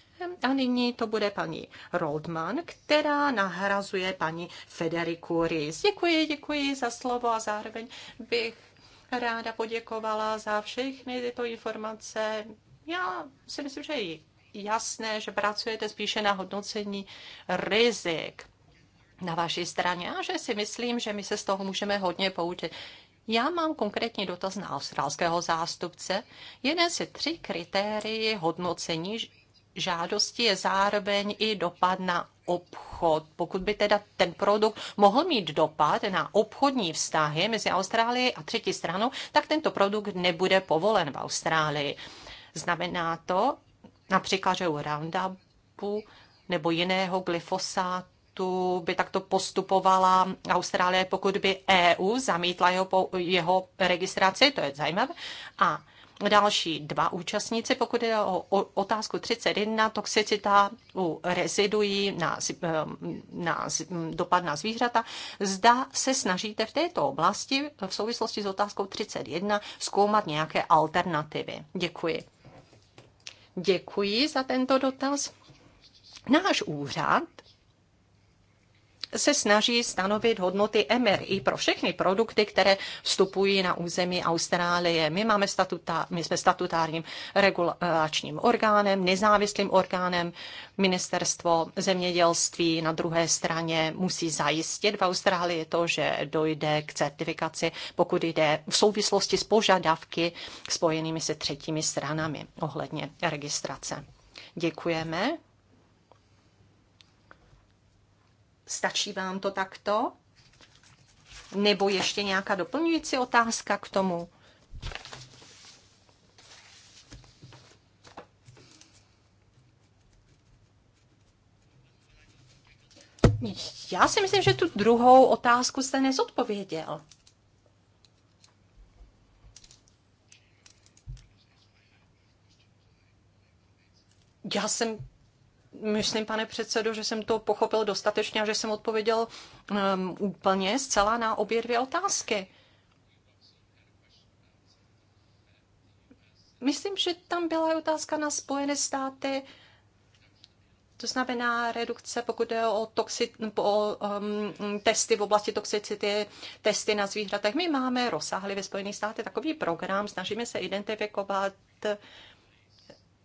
Speaker 2: a nyní to bude paní Roldman, která nahrazuje paní Federiku Ries. Děkuji, děkuji za slovo a zároveň bych ráda poděkovala za všechny tyto informace. Já si myslím, že je jasné, že pracujete spíše na hodnocení rizik na vaší straně a že si myslím, že my se z toho můžeme hodně poučit. Já mám konkrétní dotaz na australského zástupce. Jeden si tři kritérii hodnocení žádosti je zároveň i dopad na obchod. Pokud by teda ten produkt mohl mít dopad na obchodní vztahy mezi Austrálií a třetí stranou, tak tento produkt nebude povolen v Austrálii. Znamená to například, že u Roundupu nebo jiného glyfosátu by takto postupovala Austrálie, pokud by EU zamítla jeho, jeho registraci, to je zajímavé. A další dva účastníci. Pokud je o otázku 31, toxicita u rezidují na, ehm, na dopad na zvířata, zda se snažíte v této oblasti v souvislosti s otázkou 31 zkoumat nějaké alternativy. Děkuji. Děkuji za tento dotaz. Náš úřad se snaží stanovit hodnoty MRI pro všechny produkty, které vstupují na území Austrálie. My, máme statuta, my jsme statutárním regulačním orgánem, nezávislým orgánem. Ministerstvo zemědělství na druhé straně musí zajistit v Austrálii to, že dojde k certifikaci, pokud jde v souvislosti s požadavky spojenými se třetími stranami ohledně registrace. Děkujeme Stačí vám to takto? Nebo ještě nějaká doplňující otázka k tomu? Já si myslím, že tu druhou otázku jste nezodpověděl. Já jsem myslím, pane předsedo, že jsem to pochopil dostatečně a že jsem odpověděl um, úplně zcela na obě dvě otázky. Myslím, že tam byla otázka na Spojené státy, to znamená redukce, pokud je o, toxi, o um, testy v oblasti toxicity, testy na zvířatech. My máme rozsáhli ve Spojených státech takový program, snažíme se identifikovat uh,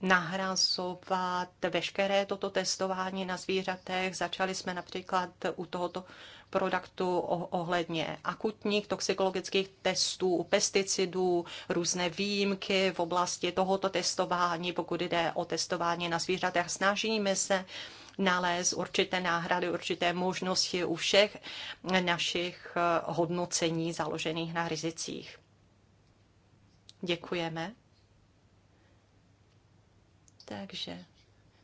Speaker 2: nahrazovat veškeré toto testování na zvířatech. Začali jsme například u tohoto produktu ohledně akutních toxikologických testů, pesticidů, různé výjimky v oblasti tohoto testování, pokud jde o testování na zvířatech. Snažíme se nalézt určité náhrady, určité možnosti u všech našich eh, hodnocení založených na rizicích. Děkujeme. Takže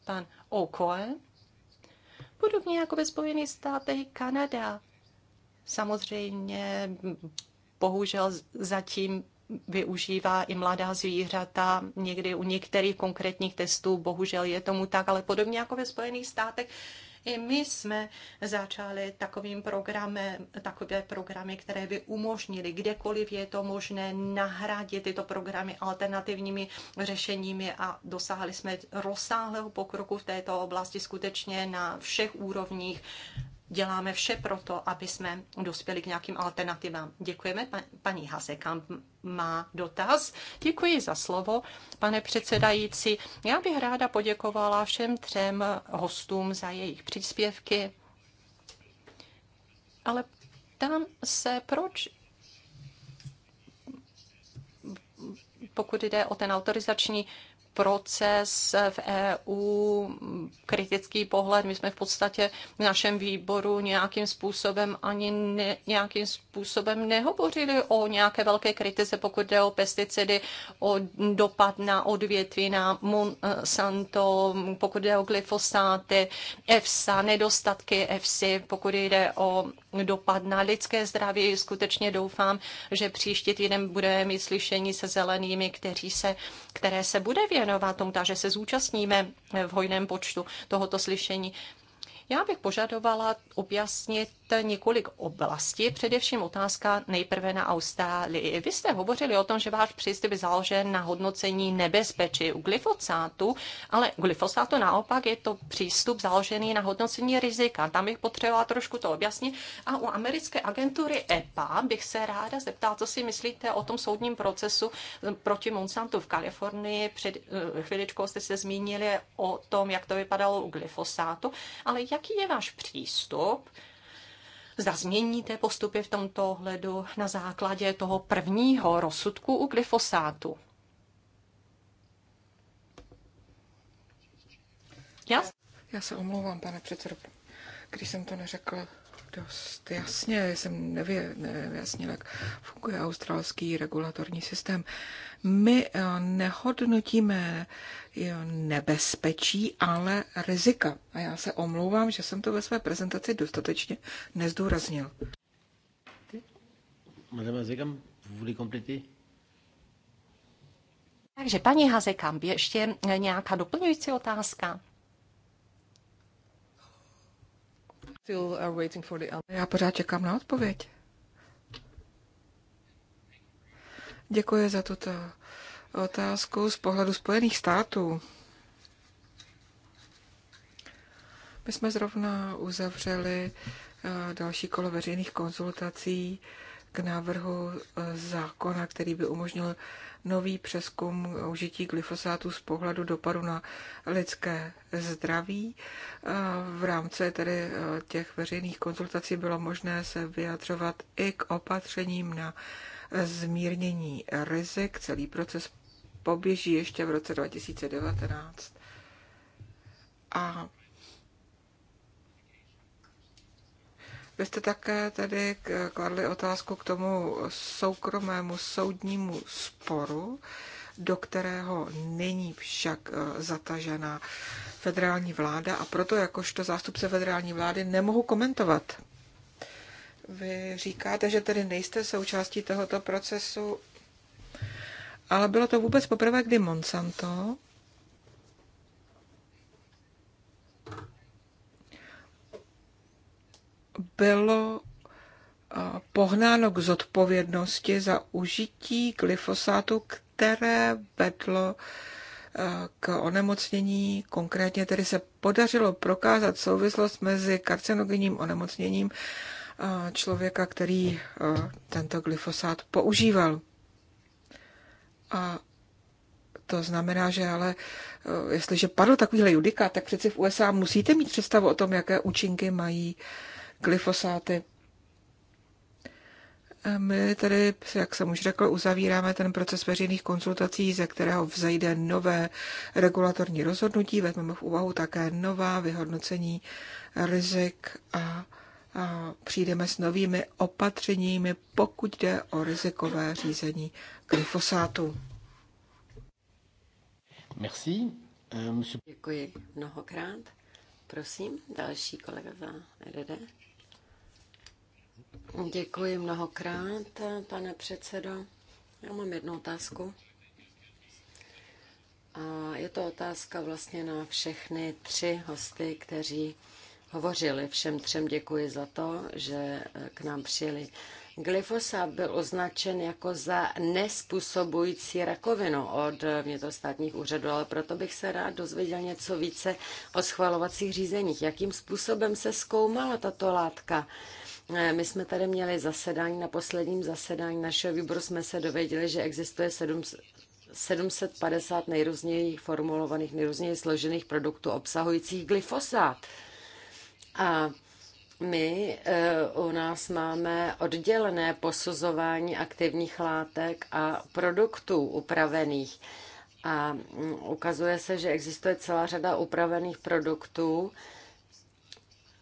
Speaker 2: pan Okoe, podobně jako ve Spojených státech Kanada, samozřejmě bohužel zatím využívá i mladá zvířata. Někdy u některých konkrétních testů bohužel je tomu tak, ale podobně jako ve Spojených státech i my jsme začali takovým programem, takové programy, které by umožnily, kdekoliv je to možné, nahradit tyto programy alternativními řešeními a dosáhli jsme rozsáhlého pokroku v této oblasti skutečně na všech úrovních děláme vše pro to, aby jsme dospěli k nějakým alternativám. Děkujeme. Paní Hasekam má dotaz. Děkuji za slovo, pane předsedající. Já bych ráda poděkovala všem třem hostům za jejich příspěvky. Ale tam se, proč pokud jde o ten autorizační proces v EU, kritický pohled. My jsme v podstatě v našem výboru nějakým způsobem ani ne, nějakým způsobem nehovořili o nějaké velké kritice, pokud jde o pesticidy, o dopad na odvětví, na Monsanto, pokud jde o glyfosáty, EFSA, nedostatky EFSI, pokud jde o dopad na lidské zdraví. Skutečně doufám, že příští týden budeme mít slyšení se zelenými, kteří se, které se bude vědět věnovat tomu, takže se zúčastníme v hojném počtu tohoto slyšení. Já bych požadovala objasnit několik oblastí, především otázka nejprve na Austrálii. Vy jste hovořili o tom, že váš přístup je založen na hodnocení nebezpečí u glyfosátu, ale glyfosátu naopak je to přístup založený na hodnocení rizika. Tam bych potřebovala trošku to objasnit. A u americké agentury EPA bych se ráda zeptala, co si myslíte o tom soudním procesu proti Monsantu v Kalifornii. Před eh, chviličkou jste se zmínili o tom, jak to vypadalo u glyfosátu, ale jak Jaký je váš přístup? Zda změníte postupy v tomto ohledu na základě toho prvního rozsudku u glyfosátu?
Speaker 3: Já? Já se omlouvám, pane předsedo, když jsem to neřekl dost jasně, jsem nevě, nevyjasnil, jak funguje australský regulatorní systém. My eh, nehodnotíme eh, nebezpečí, ale rizika. A já se omlouvám, že jsem to ve své prezentaci dostatečně nezdůraznil.
Speaker 2: Takže paní Hazekam, ještě nějaká doplňující otázka?
Speaker 3: Still uh, waiting for the... Já pořád čekám na odpověď. Děkuji za tuto otázku z pohledu Spojených států. My jsme zrovna uzavřeli uh, další kolo veřejných konzultací k návrhu e, zákona, který by umožnil nový přeskum užití glyfosátu z pohledu dopadu na lidské zdraví. E, v rámci tedy e, těch veřejných konzultací bylo možné se vyjadřovat i k opatřením na zmírnění rizik. Celý proces poběží ještě v roce 2019. A Vy jste také tedy kladli otázku k tomu soukromému soudnímu sporu, do kterého není však eh, zatažena federální vláda a proto jakožto zástupce federální vlády nemohu komentovat. Vy říkáte, že tedy nejste součástí tohoto procesu, ale bylo to vůbec poprvé, kdy Monsanto bylo pohnáno k zodpovědnosti za užití glyfosátu, které vedlo k onemocnění. Konkrétně tedy se podařilo prokázat souvislost mezi karcinogenním onemocněním člověka, který tento glyfosát používal. A to znamená, že ale jestliže padl takovýhle judikát, tak přeci v USA musíte mít představu o tom, jaké účinky mají glyfosáty. my tedy, jak jsem už řekl, uzavíráme ten proces veřejných konzultací, ze kterého vzejde nové regulatorní rozhodnutí, vezmeme v úvahu také nová vyhodnocení rizik a, a přijdeme s novými opatřeními, pokud jde o rizikové řízení glyfosátu.
Speaker 1: Merci. Euh, Děkuji mnohokrát. Prosím, další kolega za RD. Děkuji mnohokrát, pane předsedo. Já mám jednu otázku. A je to otázka vlastně na všechny tři hosty, kteří hovořili. Všem třem děkuji za to, že k nám přijeli. Glyfosát byl označen jako za nespůsobující rakovinu od vnitrostátních úřadů, ale proto bych se rád dozvěděl něco více o schvalovacích řízeních. Jakým způsobem se zkoumala tato látka? Eh, my jsme tady měli zasedání, na posledním zasedání našeho výboru jsme se dověděli, že existuje 750 nejrůzněji formulovaných, nejrůzněji složených produktů obsahujících glyfosát. A my eh, u nás máme oddělené posuzování aktivních látek a produktů upravených. A mm, ukazuje se, že existuje celá řada upravených produktů,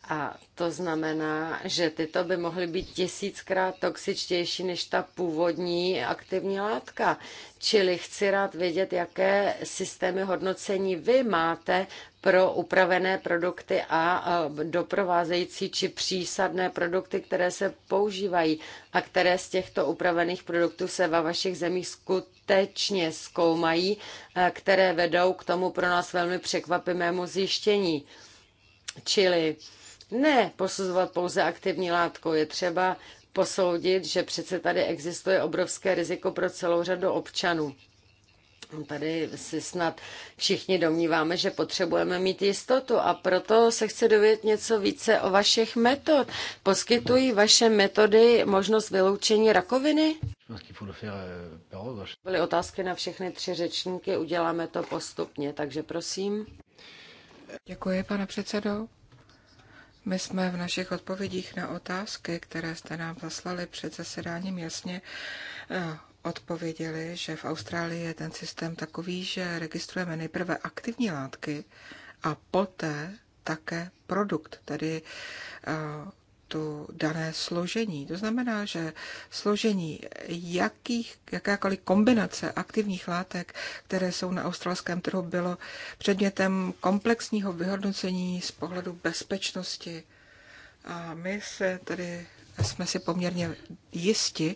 Speaker 1: a to znamená, že tyto by mohly být tisíckrát toxičtější než ta původní aktivní látka. Čili chci rád vědět, jaké systémy hodnocení vy máte pro upravené produkty a doprovázející či přísadné produkty, které se používají a které z těchto upravených produktů se ve vašich zemích skutečně zkoumají, které vedou k tomu pro nás velmi překvapivému zjištění. Čili ne posuzovat pouze aktivní látku. Je třeba posoudit, že přece tady existuje obrovské riziko pro celou řadu občanů. Tady si snad všichni domníváme, že potřebujeme mít jistotu a proto se chci dovědět něco více o vašich metod. Poskytují vaše metody možnost vyloučení rakoviny? Byly otázky na všechny tři řečníky, uděláme to postupně,
Speaker 3: takže prosím. Děkuji, pane předsedo. My jsme v našich odpovědích na otázky, které jste nám zaslali před zasedáním, jasně eh, odpověděli, že v Austrálii je ten systém takový, že registrujeme nejprve aktivní látky a poté také produkt, tedy eh, tu dané složení. To znamená, že složení jakých, jakákoliv kombinace aktivních látek, které jsou na australském trhu, bylo předmětem komplexního vyhodnocení z pohledu bezpečnosti. A my se tedy jsme si poměrně jisti,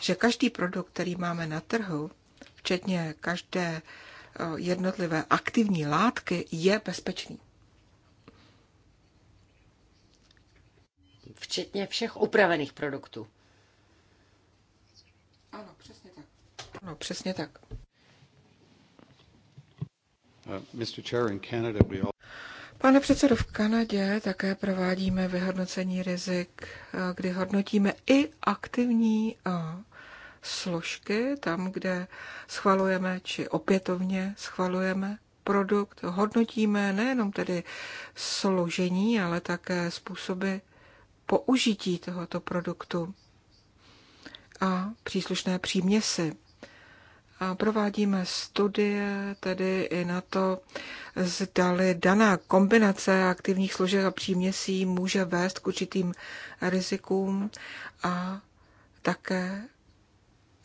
Speaker 3: že každý produkt, který máme na trhu, včetně každé eh, jednotlivé aktivní látky, je bezpečný. včetně všech upravených produktů. Ano, přesně tak. Ano, přesně tak. Uh, Pane předsedo, v Kanadě také provádíme vyhodnocení rizik, eh, kdy hodnotíme i aktivní eh, složky, tam, kde schvalujeme či opětovně schvalujeme produkt, hodnotíme nejenom tedy složení, ale také způsoby použití tohoto produktu a příslušné příměsy. A provádíme studie tedy i na to, zdali daná kombinace aktivních složek a příměsí může vést k určitým rizikům a také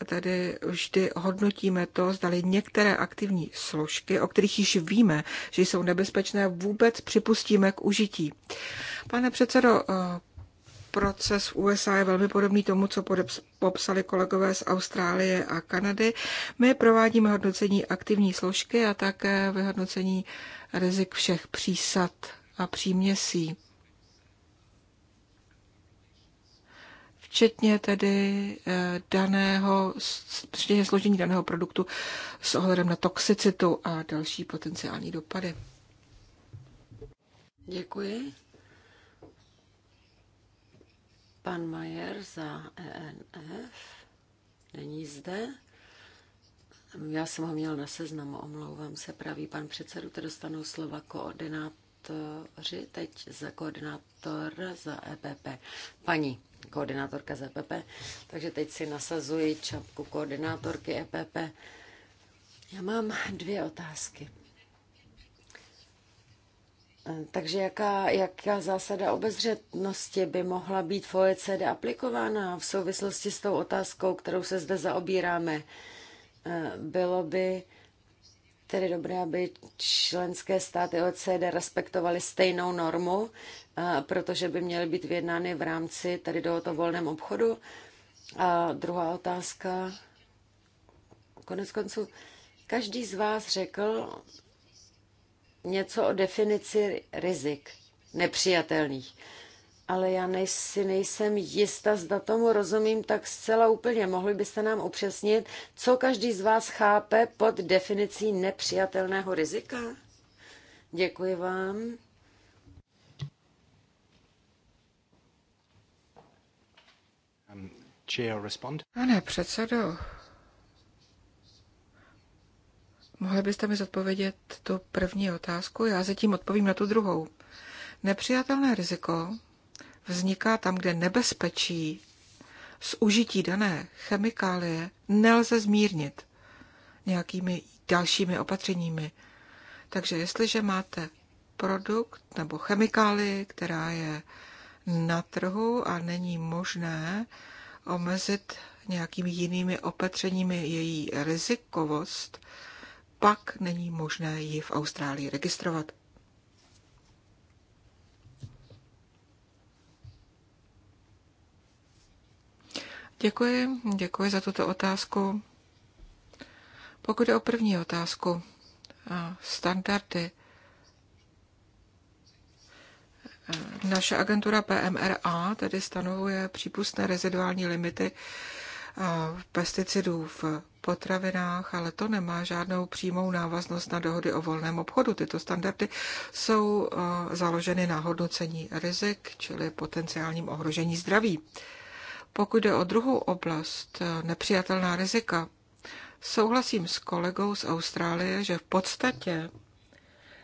Speaker 3: tedy vždy hodnotíme to, zdali některé aktivní složky, o kterých již víme, že jsou nebezpečné, vůbec připustíme k užití. Pane předsedo, proces v USA je velmi podobný tomu, co popsali kolegové z Austrálie a Kanady. My provádíme hodnocení aktivní složky a také vyhodnocení rizik všech přísad a příměsí. včetně tedy eh, daného, včetně složení daného produktu s ohledem na toxicitu a další potenciální dopady.
Speaker 1: Děkuji. Pan Majer za ENF není zde. Já jsem ho měl na seznamu, omlouvám se, pravý pan předsedu, to dostanou slova koordinátoři, teď za koordinátor za EPP. Paní koordinátorka za EPP, takže teď si nasazuji čapku koordinátorky EPP. Já mám dvě otázky. Takže jaká, jaká zásada obezřetnosti by mohla být v OECD aplikována v souvislosti s tou otázkou, kterou se zde zaobíráme? Eh, bylo by tedy dobré, aby členské státy OECD respektovaly stejnou normu, eh, protože by měly být vyjednány v rámci tady tohoto volném obchodu. A druhá otázka, konec konců, každý z vás řekl, něco o definici rizik nepřijatelných. Ale já si nejsem jista, zda tomu rozumím tak zcela úplně. Mohli byste nám upřesnit, co každý z vás chápe pod definicí nepřijatelného rizika? Děkuji vám.
Speaker 4: Chair respond?
Speaker 3: Pane předsedo, Mohli byste mi zodpovědět tu první otázku? Já zatím odpovím na tu druhou. Nepřijatelné riziko vzniká tam, kde nebezpečí z užití dané chemikálie nelze zmírnit nějakými dalšími opatřeními. Takže jestliže máte produkt nebo chemikálie, která je na trhu a není možné omezit nějakými jinými opatřeními její rizikovost, pak není možné ji v Austrálii registrovat. Děkuji, děkuji za tuto otázku. Pokud je o první otázku, eh, standardy. Eh, naše agentura PMRA tedy stanovuje přípustné reziduální limity eh, pesticidů v potravinách, ale to nemá žádnou přímou návaznost na dohody o volném obchodu. Tyto standardy jsou eh, založeny na hodnocení rizik, čili potenciálním ohrožení zdraví. Pokud jde o druhou oblast, eh, nepřijatelná rizika, souhlasím s kolegou z Austrálie, že v podstatě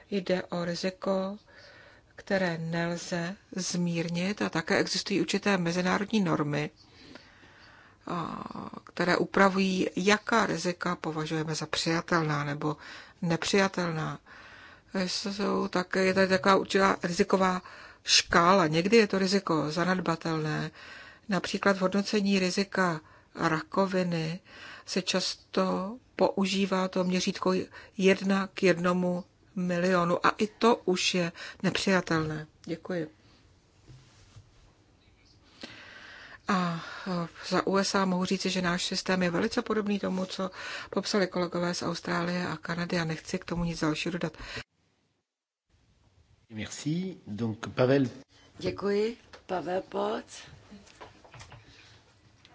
Speaker 3: jde o riziko, které nelze zmírnit a také existují určité mezinárodní normy, které upravují, jaká rizika považujeme za přijatelná nebo nepřijatelná. Jsou také, je tady taková určitá riziková škála. Někdy je to riziko zanedbatelné. Například v hodnocení rizika rakoviny se často používá to měřítko jedna k jednomu milionu a i to už je nepřijatelné. Děkuji. A e, za USA mohu říci, že náš systém je velice podobný tomu, co popsali kolegové z Austrálie a Kanady a nechci k tomu nic dalšího dodat.
Speaker 4: Merci. Donc, Pavel.
Speaker 1: Děkuji, Pavel Poc.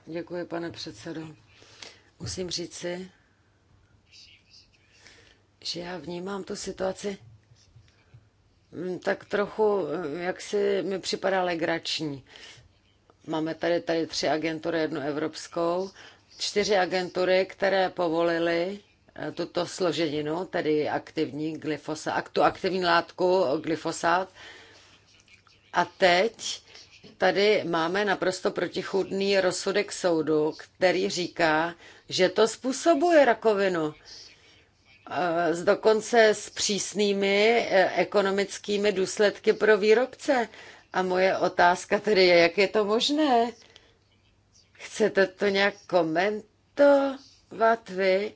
Speaker 1: Děkuji, pane předsedo. Musím říci, že já vnímám tu situaci mm, tak trochu, mm, jak si mi připadá legrační. Máme tady, tady tři agentury, jednu evropskou, čtyři agentury, které povolily eh, tuto složeninu, tedy aktivní glyfosát, tu aktivní látku eh, glyfosát. A teď tady máme naprosto protichudný rozsudek soudu, který říká, že to způsobuje rakovinu. Eh, dokonce s přísnými ekonomickými důsledky pro výrobce. A moje otázka tedy je, jak je to možné? Chcete to nějak komentovat vy?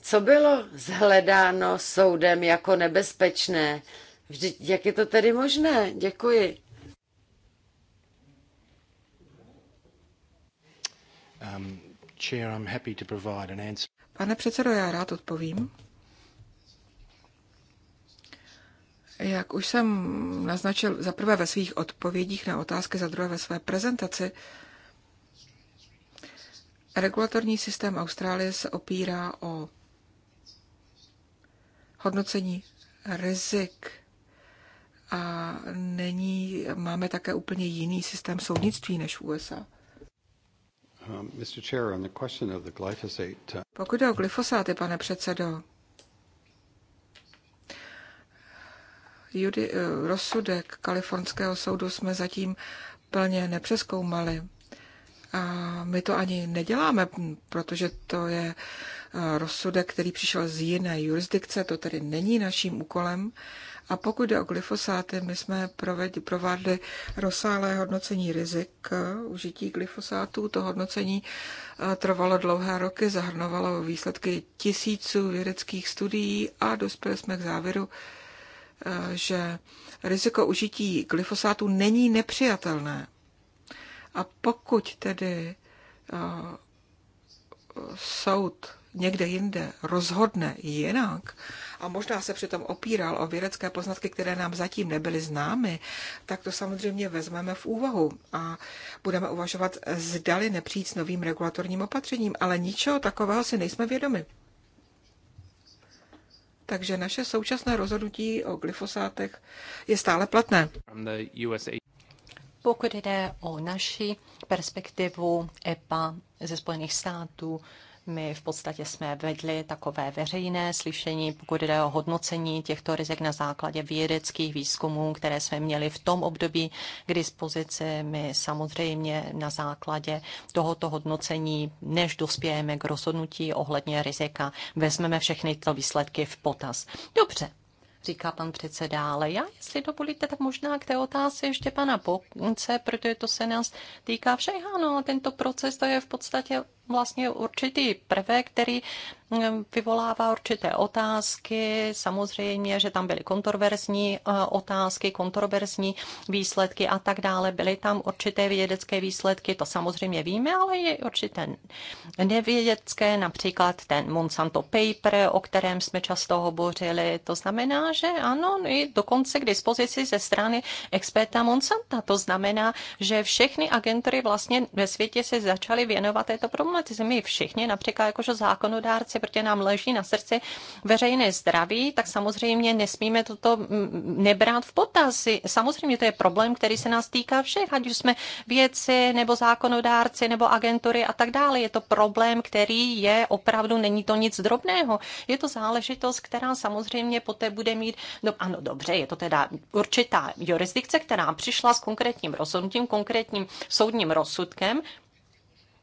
Speaker 1: Co bylo zhledáno soudem jako nebezpečné? Vždyť jak je to tedy možné? Děkuji.
Speaker 4: Um, chair, I'm happy
Speaker 3: to provide an answer. Pane předsedo, já rád odpovím. Jak už jsem naznačil za prvé ve svých odpovědích na otázky, za druhé ve své prezentaci, regulatorní systém Austrálie se opírá o hodnocení rizik a není, máme také úplně jiný systém soudnictví než v USA.
Speaker 4: Um, uh,
Speaker 3: Pokud jde o glyfosáty, pane předsedo, Eh, rozsudek kalifornského soudu jsme zatím plně nepřeskoumali. A my to ani neděláme, protože to je eh, rozsudek, který přišel z jiné jurisdikce, to tedy není naším úkolem. A pokud jde o glyfosáty, my jsme provedli, provádli rozsáhlé hodnocení rizik eh, užití glyfosátů. To hodnocení trvalo dlouhé roky, zahrnovalo výsledky tisíců vědeckých studií a dospěli jsme k závěru, že riziko užití glyfosátu není nepřijatelné. A pokud tedy eh, soud někde jinde rozhodne jinak a možná se přitom opíral o vědecké poznatky, které nám zatím nebyly známy, tak to samozřejmě vezmeme v úvahu a budeme uvažovat, zdali nepřijít s novým regulatorním opatřením, ale ničeho takového si nejsme vědomi. Takže naše současné rozhodnutí o glyfosátech je stále platné. Pokud
Speaker 2: jde o naši perspektivu EPA ze Spojených států, my v podstatě jsme vedli takové veřejné slyšení, pokud jde o hodnocení těchto rizik na základě vědeckých výzkumů, které jsme měli v tom období k dispozici. My samozřejmě na základě tohoto hodnocení, než dospějeme k rozhodnutí ohledně rizika, vezmeme všechny tyto výsledky v potaz. Dobře, říká pan předseda, ale já, jestli dovolíte, tak možná k té otázce ještě pana Bokunce, protože to se nás týká všech. Ano, tento proces to je v podstatě vlastně určitý prvek, který mm, vyvolává určité otázky. Samozřejmě, že tam byly kontroverzní e, otázky, kontroverzní výsledky a tak dále. Byly tam určité vědecké výsledky, to samozřejmě víme, ale je určité nevědecké, například ten Monsanto paper, o kterém jsme často hovořili. To znamená, že ano, i dokonce k dispozici ze strany experta Monsanta. To znamená, že všechny agentury vlastně ve světě se začaly věnovat této problematice problematice. My všichni, například jakože zákonodárci, protože nám leží na srdci veřejné zdraví, tak samozřejmě nesmíme toto mm, nebrát v potaz. Samozřejmě to je problém, který se nás týká všech, ať už jsme věci, nebo zákonodárci, nebo agentury a tak dále. Je to problém, který je opravdu, není to nic drobného. Je to záležitost, která samozřejmě poté bude mít, no ano, dobře, je to teda určitá jurisdikce, která přišla s konkrétním rozhodnutím, konkrétním soudním rozsudkem,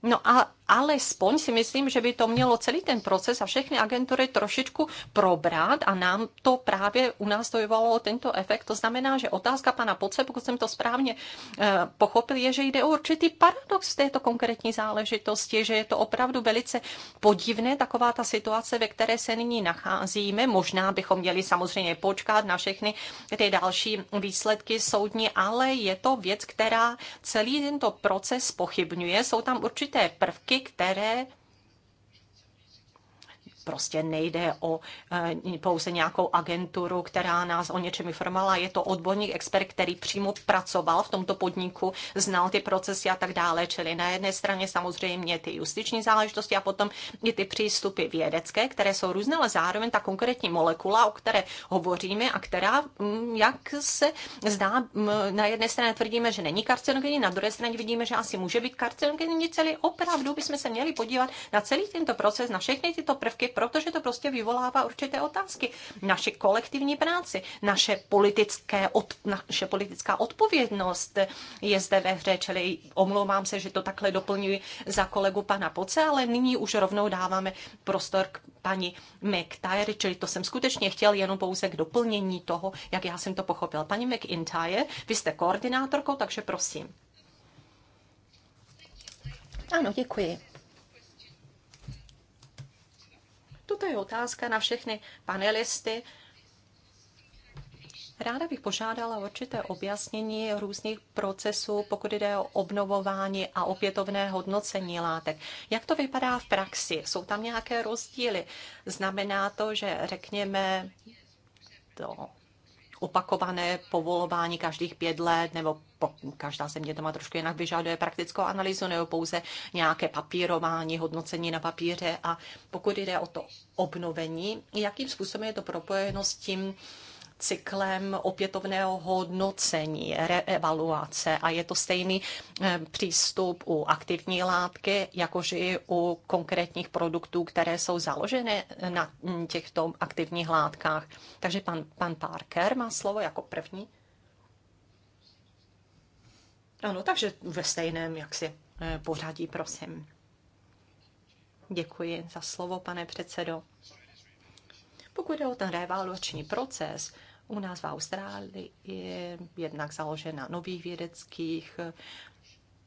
Speaker 2: No a alespoň si myslím, že by to mělo celý ten proces a všechny agentury trošičku probrat a nám to právě u nás dojevalo tento efekt. To znamená, že otázka pana Poce, pokud jsem to správně eh, pochopil, je, že jde o určitý paradox v této konkrétní záležitosti, že je to opravdu velice podivné, taková ta situace, ve které se nyní nacházíme. Možná bychom měli samozřejmě počkat na všechny ty další výsledky soudní, ale je to věc, která celý tento proces pochybňuje. Jsou tam určité prvky, kroky, které prostě nejde o eh, pouze nějakou agenturu, která nás o něčem informovala. Je to odborník, expert, který přímo pracoval v tomto podniku, znal ty procesy a tak dále. Čili na jedné straně samozřejmě ty justiční záležitosti a potom i ty přístupy vědecké, které jsou různé, ale zároveň ta konkrétní molekula, o které hovoříme a která, mm, jak se zdá, mm, na jedné straně tvrdíme, že není karcinogenní, na druhé straně vidíme, že asi může být karcinogenní, celý opravdu bychom se měli podívat na celý tento proces, na všechny tyto prvky, protože to prostě vyvolává určité otázky. Naše kolektivní práci, naše, politické od, naše politická odpovědnost je zde ve hře, čili omlouvám se, že to takhle doplňuji za kolegu pana Poce, ale nyní už rovnou dáváme prostor k paní McIntyre, čili to jsem skutečně chtěl jenom pouze k doplnění toho, jak já jsem to pochopil. Paní McIntyre, vy jste koordinátorkou, takže prosím. Ano, děkuji. Toto je otázka na všechny panelisty. Ráda bych požádala určité objasnění různých procesů, pokud jde o obnovování a opětovné hodnocení látek. Jak to vypadá v praxi? Jsou tam nějaké rozdíly? Znamená to, že řekněme to opakované povolování každých pět let, nebo po, každá země to má trošku jinak, vyžaduje praktickou analýzu nebo pouze nějaké papírování, hodnocení na papíře. A pokud jde o to obnovení, jakým způsobem je to propojeno s tím, cyklem opětovného hodnocení, reevaluace a je to stejný eh, přístup u aktivní látky, jakož i u konkrétních produktů, které jsou založeny na těchto aktivních látkách. Takže pan, pan Parker má slovo jako první. Ano, takže ve stejném, jak si eh, pořadí, prosím. Děkuji za slovo, pane předsedo. Pokud je o ten revaluační proces, u nás v Austrálii je jednak založen na nových vědeckých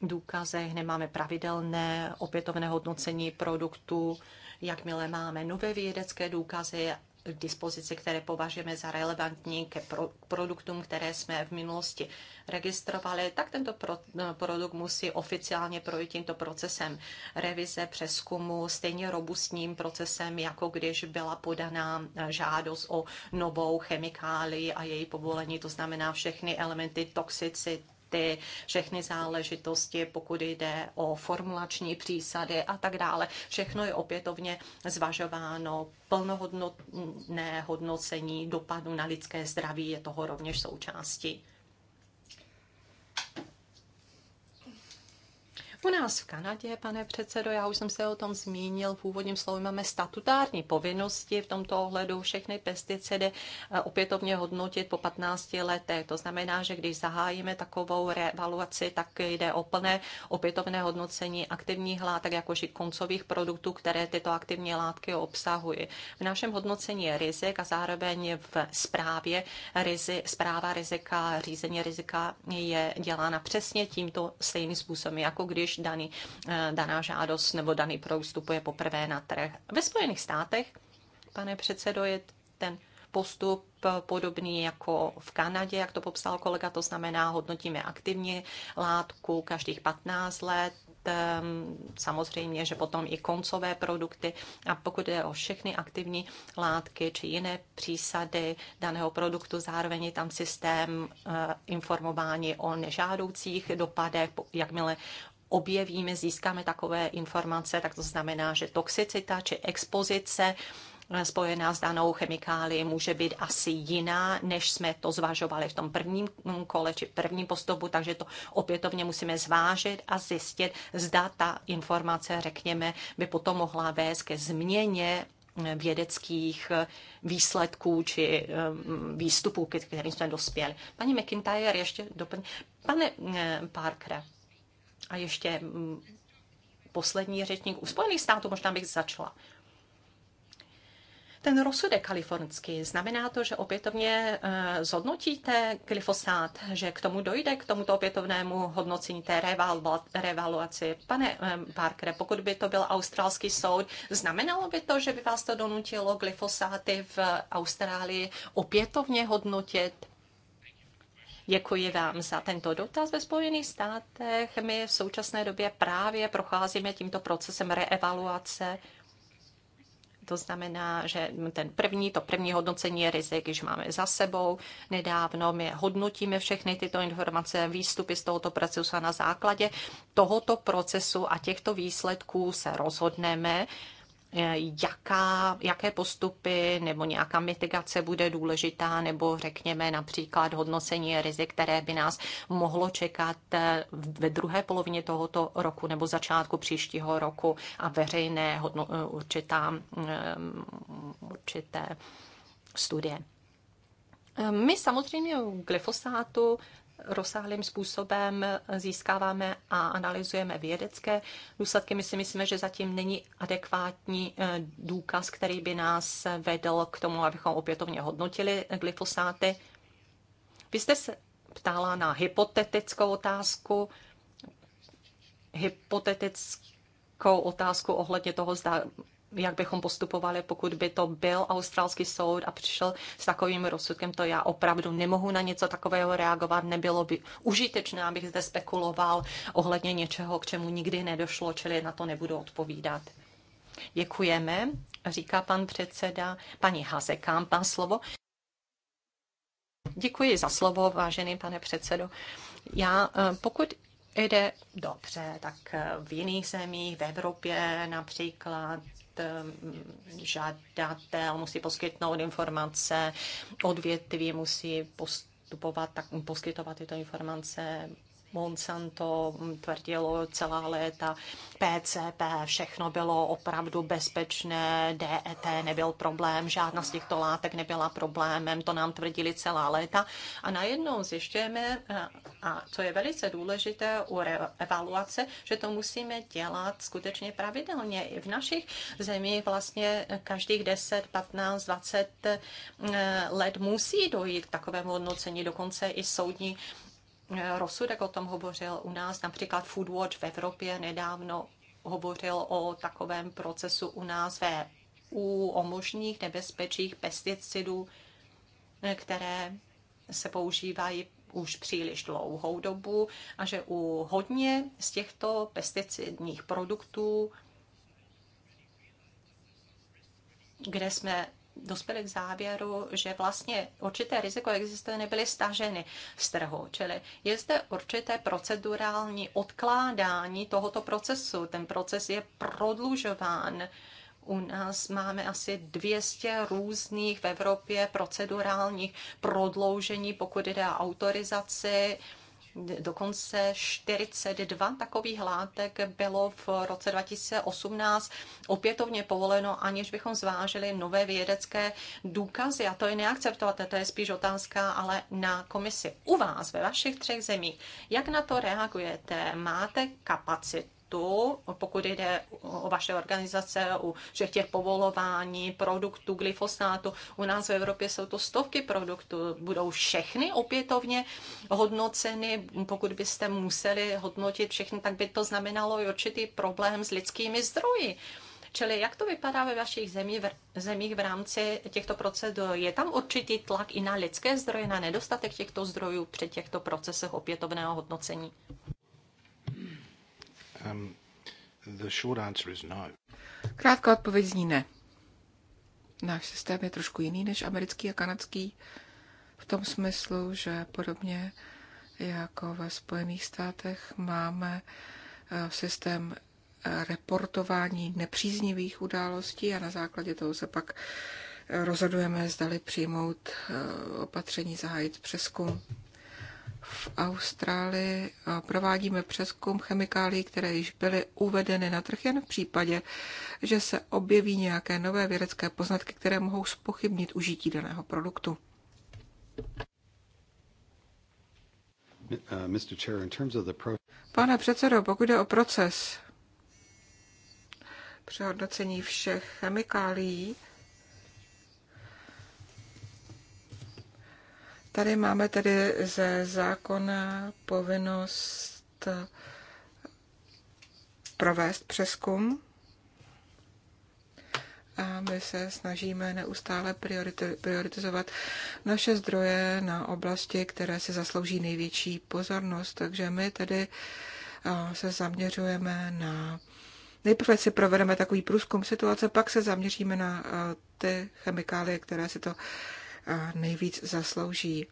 Speaker 2: důkazech, nemáme pravidelné opětovné hodnocení produktu, jakmile máme nové vědecké důkazy k dispozici, které považujeme za relevantní ke pro, produktům, které jsme v minulosti registrovali, tak tento pro, eh, produkt musí oficiálně projít tímto procesem revize, přeskumu, stejně robustním procesem, jako když byla podaná eh, žádost o novou chemikálii a její povolení, to znamená všechny elementy toxicity, dokumenty, všechny záležitosti, pokud jde o formulační přísady a tak dále. Všechno je opětovně zvažováno. Plnohodnotné hodnocení dopadu na lidské zdraví je toho rovněž součástí. U nás v Kanadě, pane předsedo, já už jsem se o tom zmínil, v úvodním slovu máme statutární povinnosti v tomto ohledu všechny pesticidy eh, opětovně hodnotit po 15 letech. To znamená, že když zahájíme takovou revaluaci, tak jde o plné opětovné hodnocení aktivních látek, jakož i koncových produktů, které tyto aktivní látky obsahují. V našem hodnocení rizik a zároveň v zprávě rizi, zpráva rizika, řízení rizika je dělána přesně tímto stejným způsobem, jako když když daný, eh, daná žádost nebo daný produkt vstupuje poprvé na trh. Ve Spojených státech, pane předsedo, je ten postup eh, podobný jako v Kanadě, jak to popsal kolega, to znamená, hodnotíme aktivně látku každých 15 let, ehm, samozřejmě, že potom i koncové produkty a pokud jde o všechny aktivní látky či jiné přísady daného produktu, zároveň je tam systém eh, informování o nežádoucích dopadech, jakmile objevíme, získáme takové informace, tak to znamená, že toxicita či expozice eh, spojená s danou chemikálií může být asi jiná, než jsme to zvažovali v tom prvním kole či prvním postupu, takže to opětovně musíme zvážit a zjistit, zda ta informace, řekněme, by potom mohla vést ke změně eh, vědeckých eh, výsledků či mm, výstupů, ke kterým jsme dospěli. Paní McIntyre ještě doplň. Pane Parker. A ještě mm, poslední řečník u Spojených států, možná bych začala. Ten rozsudek kalifornský znamená to, že opětovně eh, zhodnotíte glyfosát, že k tomu dojde, k tomuto opětovnému hodnocení té revaluaci. Pane eh, Parker, pokud by to byl australský soud, znamenalo by to, že by vás to donutilo glyfosáty v Austrálii opětovně hodnotit? Děkuji vám za tento dotaz. Ve Spojených státech my v současné době právě procházíme tímto procesem reevaluace to znamená, že ten první, to první hodnocení rizik, když máme za sebou nedávno, my hodnotíme všechny tyto informace, výstupy z tohoto procesu a na základě tohoto procesu a těchto výsledků se rozhodneme, E, jaká, jaké postupy nebo nějaká mitigace bude důležitá, nebo řekněme například hodnocení rizik, které by nás mohlo čekat e, ve druhé polovině tohoto roku nebo začátku příštího roku a veřejné hodno, e, určitá, určité studie. My samozřejmě u glyfosátu rozsáhlým způsobem získáváme a analyzujeme vědecké důsledky. My si myslíme, že zatím není adekvátní eh, důkaz, který by nás vedl k tomu, abychom opětovně hodnotili glyfosáty. Vy jste se ptala na hypotetickou otázku, hypotetickou otázku ohledně toho, zda jak bychom postupovali, pokud by to byl australský soud a přišel s takovým rozsudkem, to já opravdu nemohu na něco takového reagovat. Nebylo by užitečné, abych zde spekuloval ohledně něčeho, k čemu nikdy nedošlo, čili na to nebudu odpovídat. Děkujeme, říká pan předseda. Paní Hazekám, pan slovo. Děkuji za slovo, vážený pane předsedo. Já, eh, pokud jde dobře, tak v jiných zemích, v Evropě například, Ehm, žádatel musí poskytnout informace, odvětví musí postupovat, tak poskytovat tyto informace Monsanto tvrdilo celá léta, PCP, všechno bylo opravdu bezpečné, DET nebyl problém, žádná z těchto látek nebyla problémem, to nám tvrdili celá léta. A najednou zjišťujeme, a co je velice důležité u evaluace, že to musíme dělat skutečně pravidelně. I v našich zemích vlastně každých 10, 15, 20 let musí dojít k takovému hodnocení, dokonce i soudní rozsudek o tom hovořil u nás, například Foodwatch v Evropě nedávno hovořil o takovém procesu u nás ve u o možných nebezpečích pesticidů, které se používají už příliš dlouhou dobu a že u hodně z těchto pesticidních produktů, kde jsme dospěli k závěru, že vlastně určité riziko existuje, nebyly staženy z trhu. Čili je zde určité procedurální odkládání tohoto procesu. Ten proces je prodlužován. U nás máme asi 200 různých v Evropě procedurálních prodloužení, pokud jde o autorizaci dokonce 42 takových látek bylo v roce 2018 opětovně povoleno, aniž bychom zvážili nové vědecké důkazy. A to je neakceptovatelné, to je spíš otázka, ale na komisi. U vás, ve vašich třech zemích, jak na to reagujete? Máte kapacitu? produktu, pokud jde o vaše organizace, u všech těch povolování produktů glyfosátu. U nás v Evropě jsou to stovky produktů. Budou všechny opětovně hodnoceny. Pokud byste museli hodnotit všechny, tak by to znamenalo i určitý problém s lidskými zdroji. Čili jak to vypadá ve vašich zemí, v, zemích v rámci těchto procedur? Je tam určitý tlak i na lidské zdroje, na nedostatek těchto zdrojů při těchto procesech opětovného hodnocení?
Speaker 4: Um, the short answer is no.
Speaker 3: Krátká odpověď zní ne. Náš systém je trošku jiný než americký a kanadský v tom smyslu, že podobně jako ve Spojených státech máme eh, systém eh, reportování nepříznivých událostí a na základě toho se pak eh, rozhodujeme, zdali přijmout opatření, zahájit přeskum. V Austrálii provádíme přeskum chemikálií, které již byly uvedeny na trh jen v případě, že se objeví nějaké nové vědecké poznatky, které mohou spochybnit užití daného produktu.
Speaker 4: Uh,
Speaker 3: Pane předsedo, pokud jde o proces přehodnocení všech chemikálií, Tady máme tedy ze zákona povinnost provést přeskum a my se snažíme neustále prioritizovat naše zdroje na oblasti, které si zaslouží největší pozornost. Takže my tedy se zaměřujeme na. Nejprve si provedeme takový průzkum situace, pak se zaměříme na ty chemikálie, které si to nejvíc zaslouží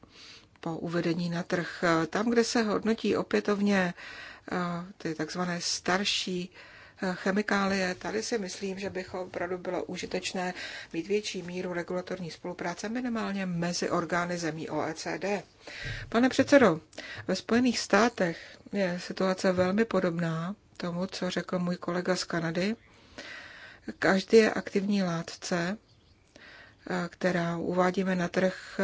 Speaker 3: po uvedení na trh. Tam, kde se hodnotí opětovně eh, ty takzvané starší eh, chemikálie. Tady si myslím, že bychom opravdu bylo užitečné mít větší míru regulatorní spolupráce minimálně mezi orgány zemí OECD. Pane předsedo, ve Spojených státech je situace velmi podobná tomu, co řekl můj kolega z Kanady. Každý je aktivní látce, která uvádíme na trh,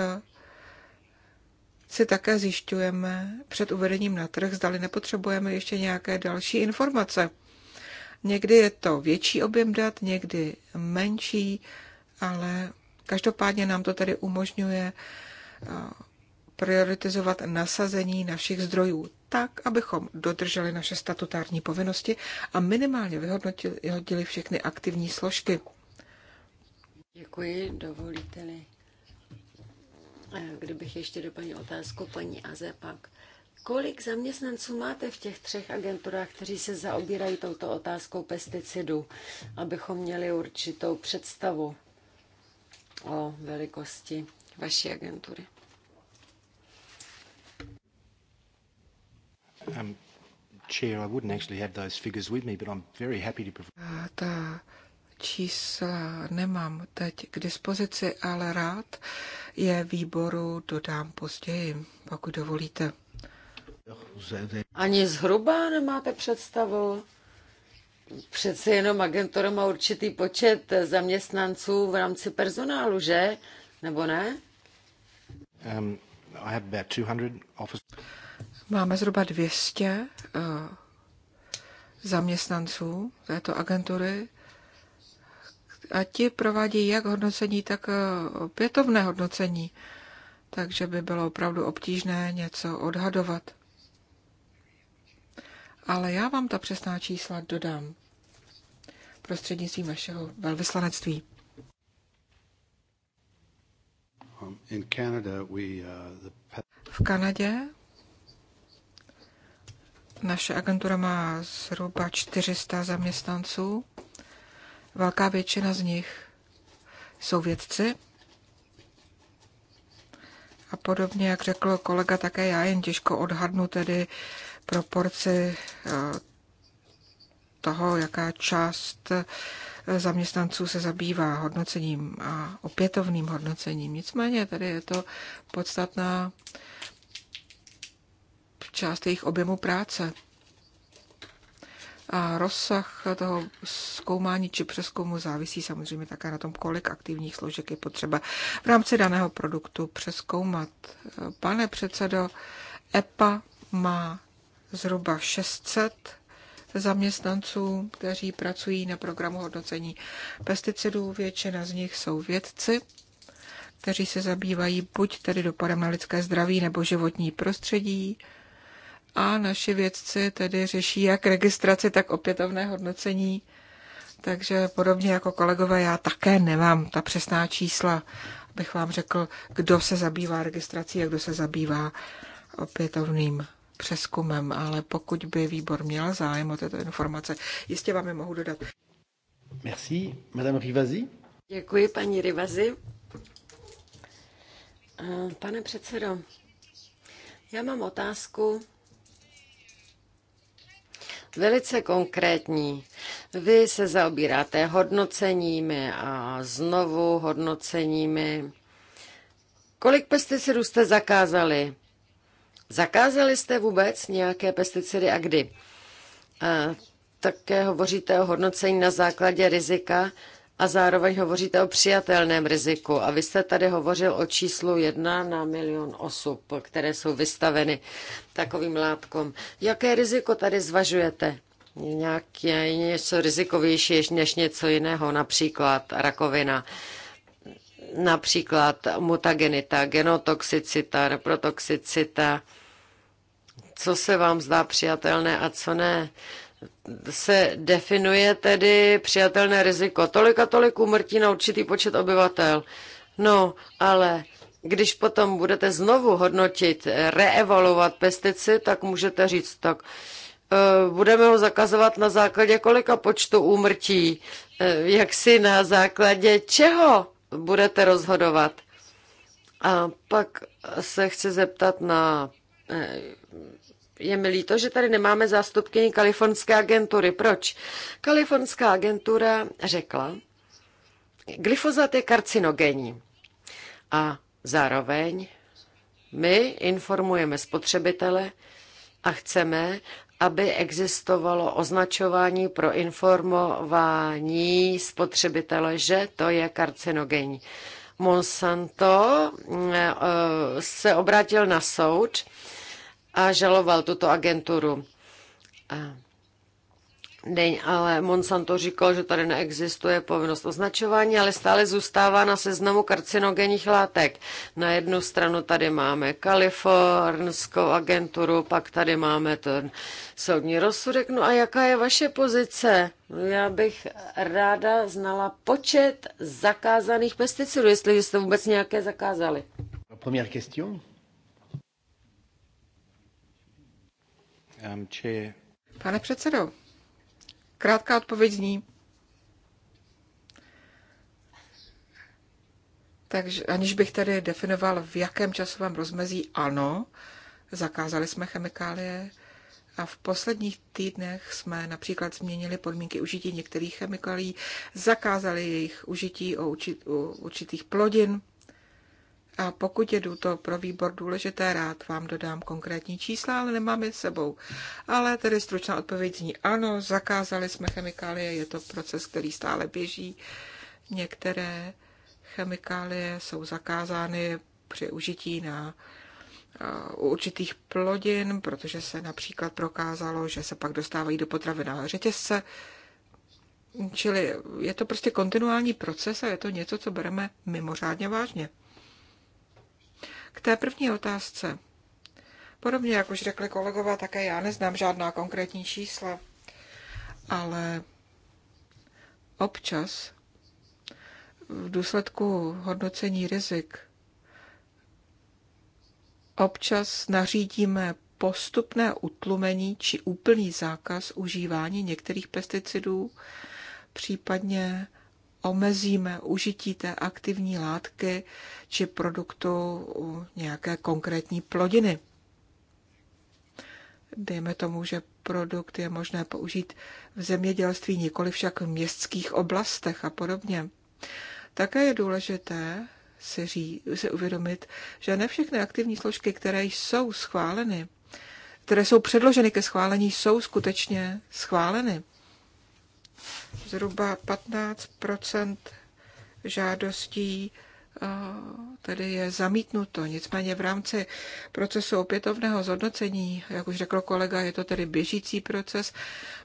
Speaker 3: si také zjišťujeme před uvedením na trh, zdali nepotřebujeme ještě nějaké další informace. Někdy je to větší objem dat, někdy menší, ale každopádně nám to tedy umožňuje prioritizovat nasazení našich zdrojů tak, abychom dodrželi naše statutární povinnosti a minimálně vyhodnotili všechny aktivní složky.
Speaker 1: Děkuji, dovolíte-li. Eh, kdybych ještě doplnil otázku paní Aze pak. Kolik zaměstnanců máte v těch třech agenturách, kteří se zaobírají touto otázkou pesticidů, abychom měli určitou představu o velikosti vaší agentury?
Speaker 4: Um, chair, I wouldn't actually have those figures with me, but I'm very happy to provide.
Speaker 3: Ah, čísla nemám teď k dispozici, ale rád je výboru dodám později, pokud dovolíte. Ani zhruba
Speaker 1: nemáte představu? Přece jenom agentura má určitý počet zaměstnanců v rámci personálu, že? Nebo ne?
Speaker 4: Um, I have about 200 office...
Speaker 3: Máme zhruba 200 uh, eh, zaměstnanců této agentury a ti provádějí jak hodnocení, tak eh, opětovné hodnocení. Takže by bylo opravdu obtížné něco odhadovat. Ale já vám ta přesná čísla dodám prostřednictvím vašeho velvyslanectví.
Speaker 4: Um, uh,
Speaker 3: v Kanadě naše agentura má zhruba 400 zaměstnanců Velká většina z nich jsou vědci. A podobně, jak řekl kolega, také já jen těžko odhadnu tedy proporci eh, toho, jaká část eh, zaměstnanců se zabývá hodnocením a opětovným hodnocením. Nicméně tady je to podstatná část jejich objemu práce. A rozsah toho zkoumání či přeskumu závisí samozřejmě také na tom, kolik aktivních složek je potřeba v rámci daného produktu přeskoumat. Pane předsedo, EPA má zhruba 600 zaměstnanců, kteří pracují na programu hodnocení pesticidů. Většina z nich jsou vědci, kteří se zabývají buď tedy dopadem na lidské zdraví nebo životní prostředí, a naši vědci tedy řeší jak registraci, tak opětovné hodnocení. Takže podobně jako kolegové, já také nemám ta přesná čísla, abych vám řekl, kdo se zabývá registrací a kdo se zabývá opětovným přeskumem, ale pokud by výbor měl zájem o této informace, jistě vám je mohu dodat.
Speaker 4: Merci, Madame Rivazi.
Speaker 3: Děkuji, paní Rivazi. Eh, pane
Speaker 1: předsedo, já mám otázku velice konkrétní. Vy se zaobíráte hodnoceními a znovu hodnoceními. Kolik pesticidů jste zakázali? Zakázali jste vůbec nějaké pesticidy a kdy? A také hovoříte o hodnocení na základě rizika a zároveň hovoříte o přijatelném riziku. A vy jste tady hovořil o číslu 1 na milion osob, které jsou vystaveny takovým látkom. Jaké riziko tady zvažujete? Nějak je něco rizikovější než něco jiného, například rakovina například mutagenita, genotoxicita, reprotoxicita. Co se vám zdá přijatelné a co ne? se definuje tedy přijatelné riziko. Tolik a tolik úmrtí na určitý počet obyvatel. No, ale když potom budete znovu hodnotit, reevaluovat pesticid, tak můžete říct tak, eh, budeme ho zakazovat na základě kolika počtu úmrtí, eh, jak si na základě čeho budete rozhodovat. A pak se chci zeptat na eh, je mi líto, že tady nemáme zástupkyni kalifornské agentury. Proč? Kalifornská agentura řekla, glyfozat je karcinogenní a zároveň my informujeme spotřebitele a chceme, aby existovalo označování pro informování spotřebitele, že to je karcinogenní. Monsanto eh, se obrátil na soud a žaloval tuto agenturu. Deň, ale Monsanto říkal, že tady neexistuje povinnost označování, ale stále zůstává na seznamu karcinogenních látek. Na jednu stranu tady máme kalifornskou agenturu, pak tady máme ten soudní rozsudek. No a jaká je vaše pozice? Já bych ráda znala počet zakázaných pesticidů, jestli jste vůbec nějaké zakázali.
Speaker 4: Première question. Um,
Speaker 3: Pane předsedo, krátká odpověď zní. Takže aniž bych tady definoval, v jakém časovém rozmezí ano, zakázali jsme chemikálie a v posledních týdnech jsme například změnili podmínky užití některých chemikálií, zakázali jejich užití o určitých plodin, a pokud je to pro výbor důležité, rád vám dodám konkrétní čísla, ale nemám je s sebou. Ale tedy stručná odpověď zní ano, zakázali jsme chemikálie, je to proces, který stále běží. Některé chemikálie jsou zakázány při užití na uh, u určitých plodin, protože se například prokázalo, že se pak dostávají do potravy na řetězce. Čili je to prostě kontinuální proces a je to něco, co bereme mimořádně vážně. K té první otázce. Podobně, jak už řekli kolegové, také já neznám žádná konkrétní čísla, ale občas v důsledku hodnocení rizik občas nařídíme postupné utlumení či úplný zákaz užívání některých pesticidů, případně omezíme užití té aktivní látky či produktu u nějaké konkrétní plodiny. Dejme tomu, že produkt je možné použít v zemědělství, nikoli však v městských oblastech a podobně. Také je důležité si, ří, si uvědomit, že ne všechny aktivní složky, které jsou schváleny, které jsou předloženy ke schválení, jsou skutečně schváleny zhruba 15 žádostí eh, tedy je zamítnuto. Nicméně v rámci procesu opětovného zhodnocení, jak už řekl kolega, je to tedy běžící proces.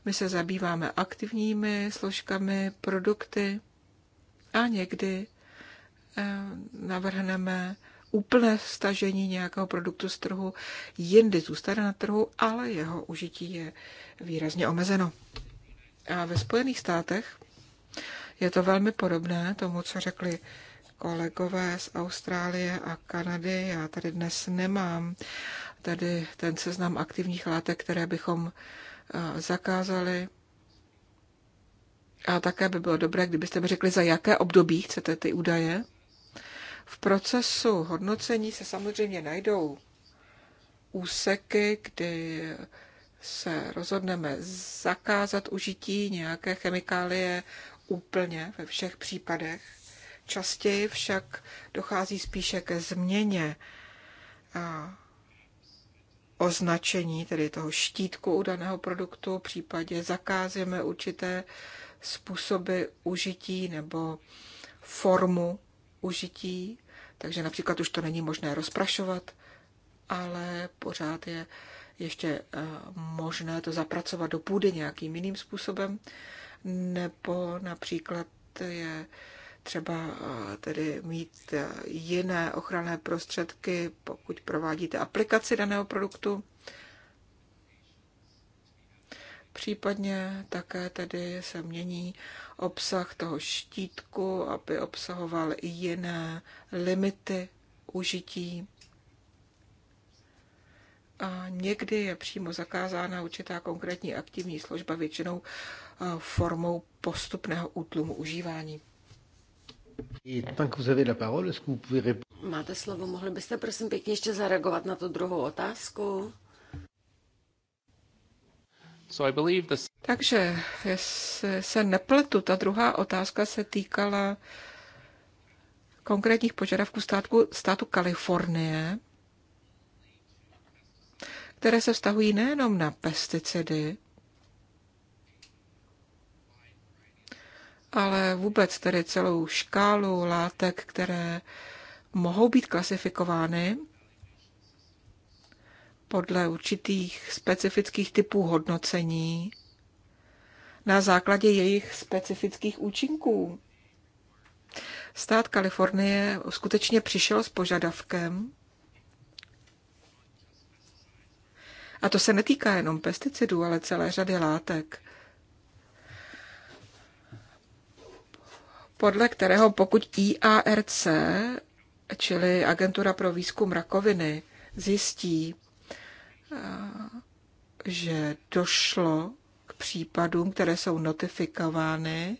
Speaker 3: My se zabýváme aktivními složkami, produkty a někdy eh, navrhneme úplné stažení nějakého produktu z trhu, jindy zůstane na trhu, ale jeho užití je výrazně omezeno. A ve Spojených státech je to velmi podobné tomu, co řekli kolegové z Austrálie a Kanady. Já tady dnes nemám tady ten seznam aktivních látek, které bychom eh, zakázali. A také by bylo dobré, kdybyste mi řekli, za jaké období chcete ty údaje. V procesu hodnocení se samozřejmě najdou úseky, kdy se rozhodneme zakázat užití nějaké chemikálie úplně ve všech případech, častěji však dochází spíše ke změně označení, tedy toho štítku u daného produktu, případě zakázíme určité způsoby užití nebo formu užití, takže například už to není možné rozprašovat, ale pořád je ještě eh, možné to zapracovat do půdy nějakým jiným způsobem, nebo například je třeba eh, tedy mít eh, jiné ochranné prostředky, pokud provádíte aplikaci daného produktu, Případně také tedy se mění obsah toho štítku, aby obsahoval i jiné limity užití a někdy je přímo zakázána určitá konkrétní aktivní služba, většinou eh, formou postupného útlumu užívání. Máte slovo, mohli byste prosím pěkně ještě zareagovat na tu druhou otázku?
Speaker 4: So I believe this...
Speaker 3: Takže, jestli se nepletu, ta druhá otázka se týkala konkrétních požadavků státu, státu Kalifornie které se vztahují nejenom na pesticidy, ale vůbec tedy celou škálu látek, které mohou být klasifikovány podle určitých specifických typů hodnocení na základě jejich specifických účinků. Stát Kalifornie skutečně přišel s požadavkem, A to se netýká jenom pesticidů, ale celé řady látek. Podle kterého pokud IARC, čili Agentura pro výzkum rakoviny, zjistí, eh, že došlo k případům, které jsou notifikovány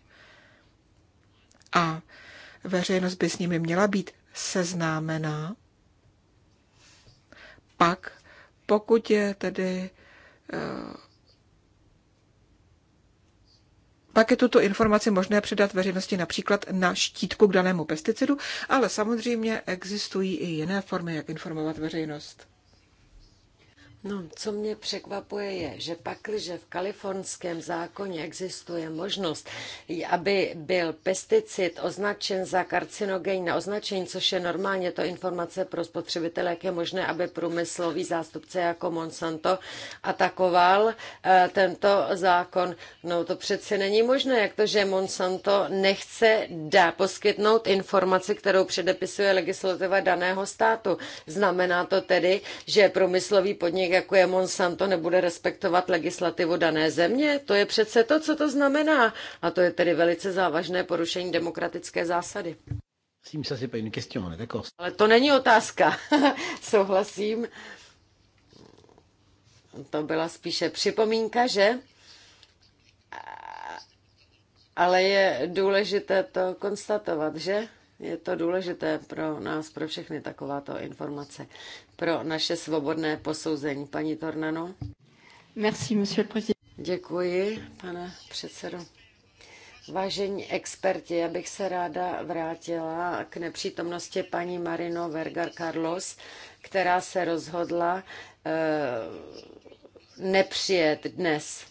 Speaker 3: a veřejnost by s nimi měla být seznámena, pak pokud je tedy eh, pak je tuto informaci možné předat veřejnosti například na štítku k danému pesticidu, ale samozřejmě existují i jiné formy, jak informovat veřejnost.
Speaker 1: No, co mě překvapuje je, že pakliže v kalifornském zákoně existuje možnost, aby byl pesticid označen za karcinogen na označení, což je normálně to informace pro spotřebitele, jak je možné, aby průmyslový zástupce jako Monsanto atakoval eh, tento zákon. No to přece není možné, jak to, že Monsanto nechce dá poskytnout informaci, kterou předepisuje legislativa daného státu. Znamená to tedy, že průmyslový podnik jako je Monsanto, nebude respektovat legislativu dané země? To je přece to, co to znamená. A to je tedy velice závažné porušení demokratické zásady. Ale to není otázka. *laughs* Souhlasím. To byla spíše připomínka, že? Ale je důležité to konstatovat, že? Je to důležité pro nás, pro všechny takováto informace, pro naše svobodné posouzení. Paní Tornano.
Speaker 3: Merci, monsieur le
Speaker 1: Děkuji, pane předsedo. Vážení experti, já bych se ráda vrátila k nepřítomnosti paní Marino Vergar Carlos, která se rozhodla eh, nepřijet dnes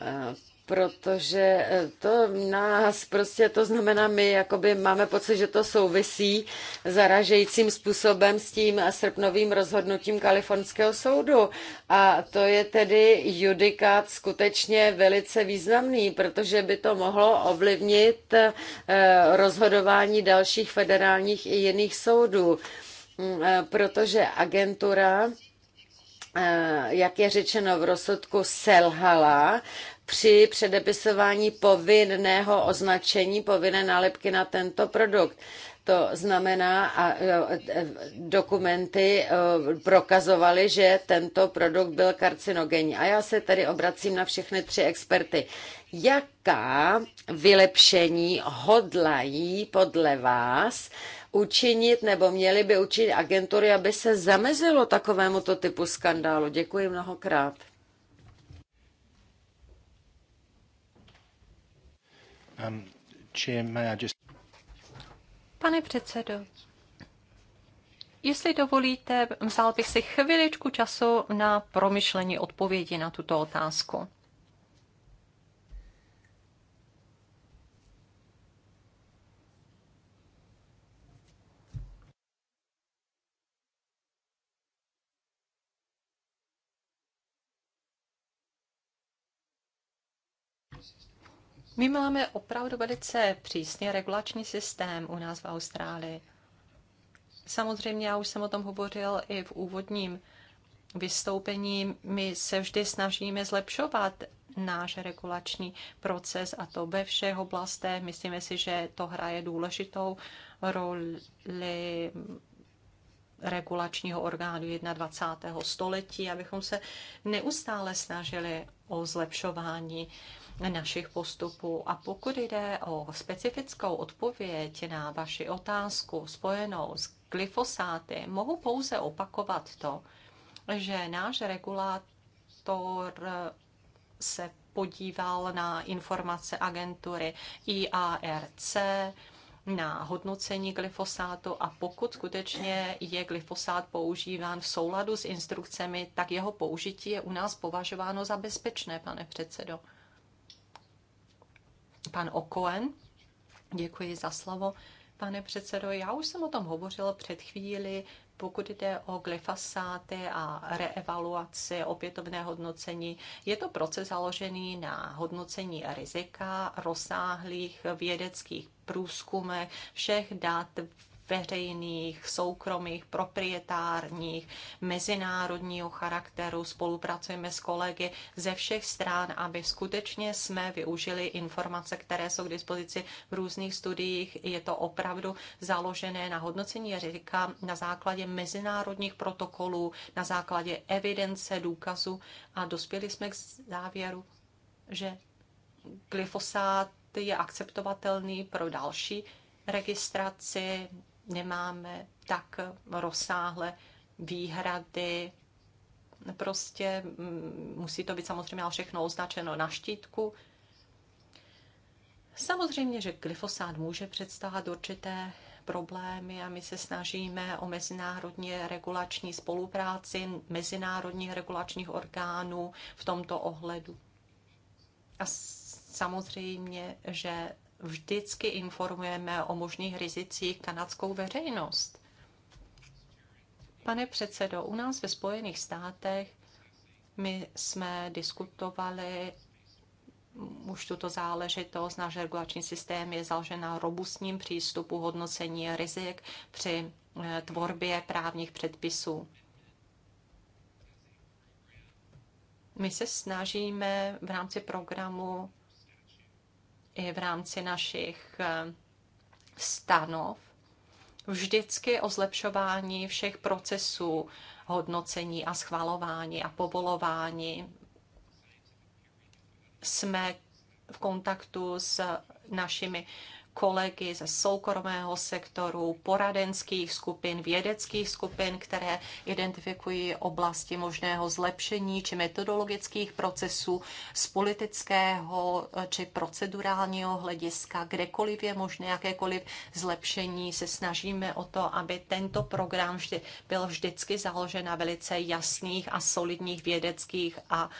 Speaker 1: eh, protože eh, to nás prostě, to znamená, my jakoby máme pocit, že to souvisí zaražejícím způsobem s tím srpnovým rozhodnutím kalifornského soudu. A to je tedy judikát skutečně velice významný, protože by to mohlo ovlivnit eh, rozhodování dalších federálních i jiných soudů, mm, eh, protože agentura jak je řečeno v rozsudku, selhala při předepisování povinného označení, povinné nálepky na tento produkt. To znamená, a e, e, dokumenty e, prokazovaly, že tento produkt byl karcinogenní. A já se tady obracím na všechny tři experty. Jaká vylepšení hodlají podle vás učinit nebo měly by učinit agentury, aby se zamezilo takovémuto typu skandálu? Děkuji mnohokrát.
Speaker 4: Um,
Speaker 2: Pane předsedo, jestli dovolíte, vzal bych si chviličku času na promyšlení odpovědi na tuto otázku. My máme opravdu velice přísný regulační systém u nás v Austrálii. Samozřejmě, já už jsem o tom hovořil i v úvodním vystoupení, my se vždy snažíme zlepšovat náš regulační proces a to ve všech oblastech. Myslíme si, že to hraje důležitou roli regulačního orgánu 21. století, abychom se neustále snažili o zlepšování uh, našich postupů. A pokud jde o specifickou odpověď na vaši otázku spojenou s glyfosáty, mohu pouze opakovat to, že náš regulátor se podíval na informace agentury IARC, na hodnocení glyfosátu a pokud skutečně je glyfosát používán v souladu s instrukcemi, tak jeho použití je u nás považováno za bezpečné, pane předsedo. Pan Okoen, děkuji za slovo. Pane předsedo, já už jsem o tom hovořila před chvíli, pokud jde o glyfasáty a reevaluaci, opětovné hodnocení, je to proces založený na hodnocení rizika, rozsáhlých vědeckých průzkumech, všech dat veřejných, soukromých, proprietárních, mezinárodního charakteru. Spolupracujeme s kolegy ze všech stran, aby skutečně jsme využili informace, které jsou k dispozici v různých studiích. Je to opravdu založené na hodnocení rizika na základě mezinárodních protokolů, na základě evidence, důkazu a dospěli jsme k závěru, že glyfosát je akceptovatelný pro další registraci nemáme tak rozsáhlé výhrady. Prostě mm, musí to být samozřejmě všechno označeno na štítku. Samozřejmě, že glyfosát může představovat určité problémy a my se snažíme o mezinárodně regulační spolupráci mezinárodních regulačních orgánů v tomto ohledu. A samozřejmě, že vždycky informujeme o možných rizicích kanadskou veřejnost. Pane předsedo, u nás ve Spojených státech my jsme diskutovali už tuto záležitost. Náš regulační systém je založen na robustním přístupu hodnocení rizik při eh, tvorbě právních předpisů. My se snažíme v rámci programu i v rámci našich eh, stanov vždycky o zlepšování všech procesů hodnocení a schvalování a povolování. Jsme v kontaktu s našimi kolegy ze soukromého sektoru, poradenských skupin, vědeckých skupin, které identifikují oblasti možného zlepšení či metodologických procesů z politického eh, či procedurálního hlediska, kdekoliv je možné jakékoliv zlepšení, se snažíme o to, aby tento program vždy, byl vždycky založen na velice jasných a solidních vědeckých a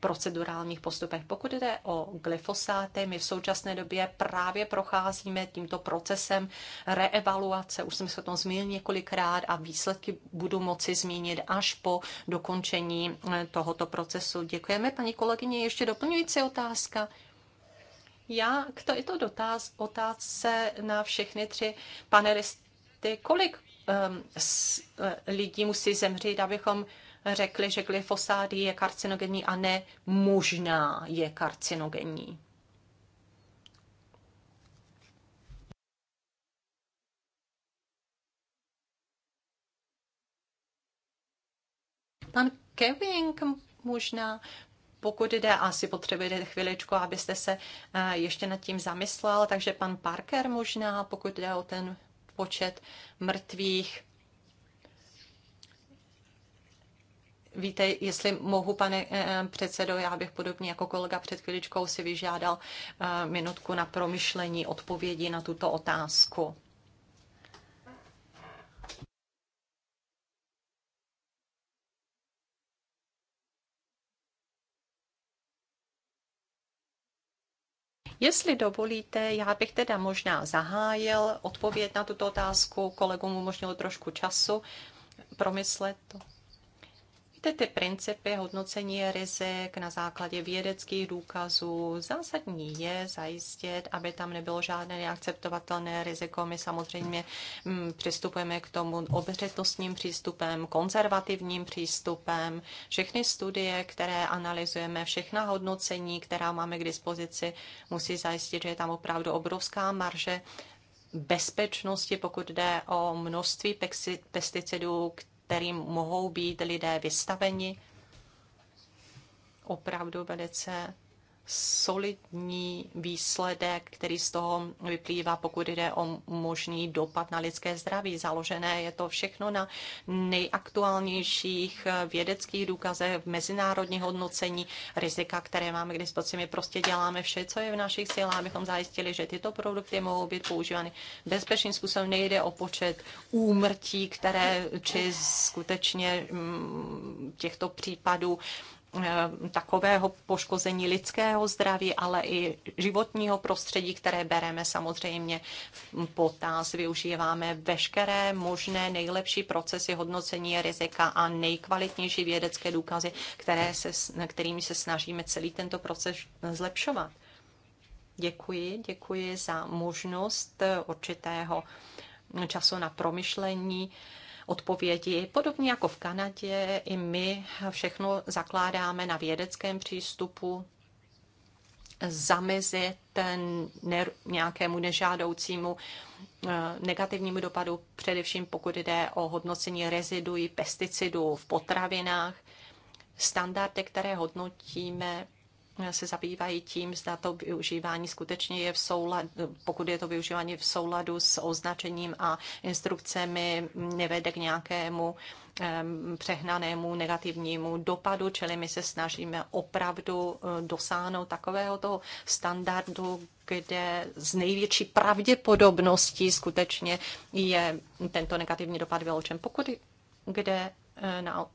Speaker 2: procedurálních postupech. Pokud jde o glyfosáty, my v současné době právě procházíme tímto procesem reevaluace, už jsem se o tom zmínil několikrát a výsledky budu moci zmínit až po dokončení eh, tohoto procesu. Děkujeme, paní kolegyně. Ještě doplňující otázka. Já k to, je to dotaz, otázce na všechny tři panelisty. Kolik um, s, uh, lidí musí zemřít, abychom uh, řekli, že glyfosát je karcinogenní a ne možná je karcinogenní. Pan Kevink možná, pokud jde, asi potřebujete chviličku, abyste se eh, ještě nad tím zamyslel, takže pan Parker možná, pokud jde o ten počet mrtvých, Víte, jestli mohu, pane eh, předsedo, já bych podobně jako kolega před chvíličkou si vyžádal eh, minutku na promyšlení odpovědi na tuto otázku. Jestli dovolíte, já bych teda možná zahájil odpověď na tuto otázku, kolegům umožnil trošku času promyslet to. Víte, ty principy hodnocení rizik na základě vědeckých důkazů zásadní je zajistit, aby tam nebylo žádné neakceptovatelné riziko. My samozřejmě mm, přistupujeme k tomu obřetostním přístupem, konzervativním přístupem. Všechny studie, které analyzujeme, všechna hodnocení, která máme k dispozici, musí zajistit, že je tam opravdu obrovská marže bezpečnosti, pokud jde o množství pesticidů, kterým mohou být lidé vystaveni opravdu velice solidní výsledek, který z toho vyplývá, pokud jde o možný dopad na lidské zdraví. Založené je to všechno na nejaktuálnějších vědeckých důkazech, mezinárodní hodnocení rizika, které máme k dispozici. My prostě děláme vše, co je v našich silách, abychom zajistili, že tyto produkty mohou být používány bezpečným způsobem. Nejde o počet úmrtí, které či skutečně mm, těchto případů Eh, takového poškození lidského zdraví, ale i životního prostředí, které bereme samozřejmě v potaz. Využíváme veškeré možné nejlepší procesy hodnocení rizika a nejkvalitnější vědecké důkazy, které se, kterými se snažíme celý tento proces zlepšovat. Děkuji, děkuji za možnost eh, určitého času na promyšlení odpovědi. Podobně jako v Kanadě, i my všechno zakládáme na vědeckém přístupu, zamezit ne, nějakému nežádoucímu eh, negativnímu dopadu, především pokud jde o hodnocení reziduí pesticidů v potravinách. Standardy, které hodnotíme, se zabývají tím, zda to využívání skutečně je v souladu, pokud je to využívání v souladu s označením a instrukcemi, nevede k nějakému přehnanému negativnímu dopadu, čili my se snažíme opravdu e, dosáhnout takového toho standardu, kde z největší pravděpodobností skutečně je tento negativní dopad vyloučen. Pokud kde Eh, na,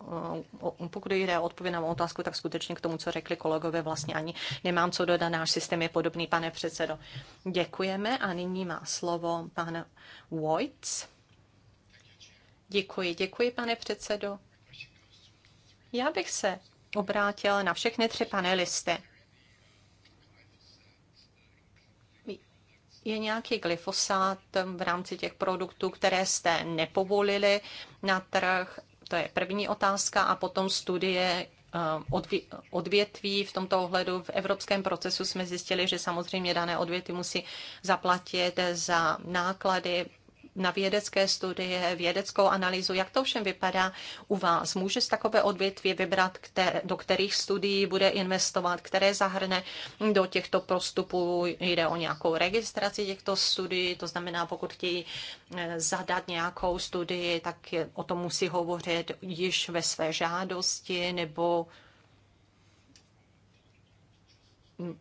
Speaker 2: eh, pokud jde o odpověď na mou otázku, tak skutečně k tomu, co řekli kolegové, vlastně ani nemám co dodat. Náš systém je podobný, pane předsedo. Děkujeme a nyní má slovo pan Wojc. Děkuji, děkuji, pane předsedo. Já bych se obrátil na všechny tři panelisty. je nějaký glyfosát v rámci těch produktů, které jste nepovolili na trh to je první otázka a potom studie eh, odvětví v tomto ohledu. V evropském procesu jsme zjistili, že samozřejmě dané odvětví musí zaplatit za náklady na vědecké studie, vědeckou analýzu. Jak to všem vypadá u vás? Může z takové odvětví vybrat, do kterých studií bude investovat, které zahrne do těchto prostupů? Jde o nějakou registraci těchto studií, to znamená, pokud chtějí eh, zadat nějakou studii, tak o tom musí hovořit již ve své žádosti nebo mm,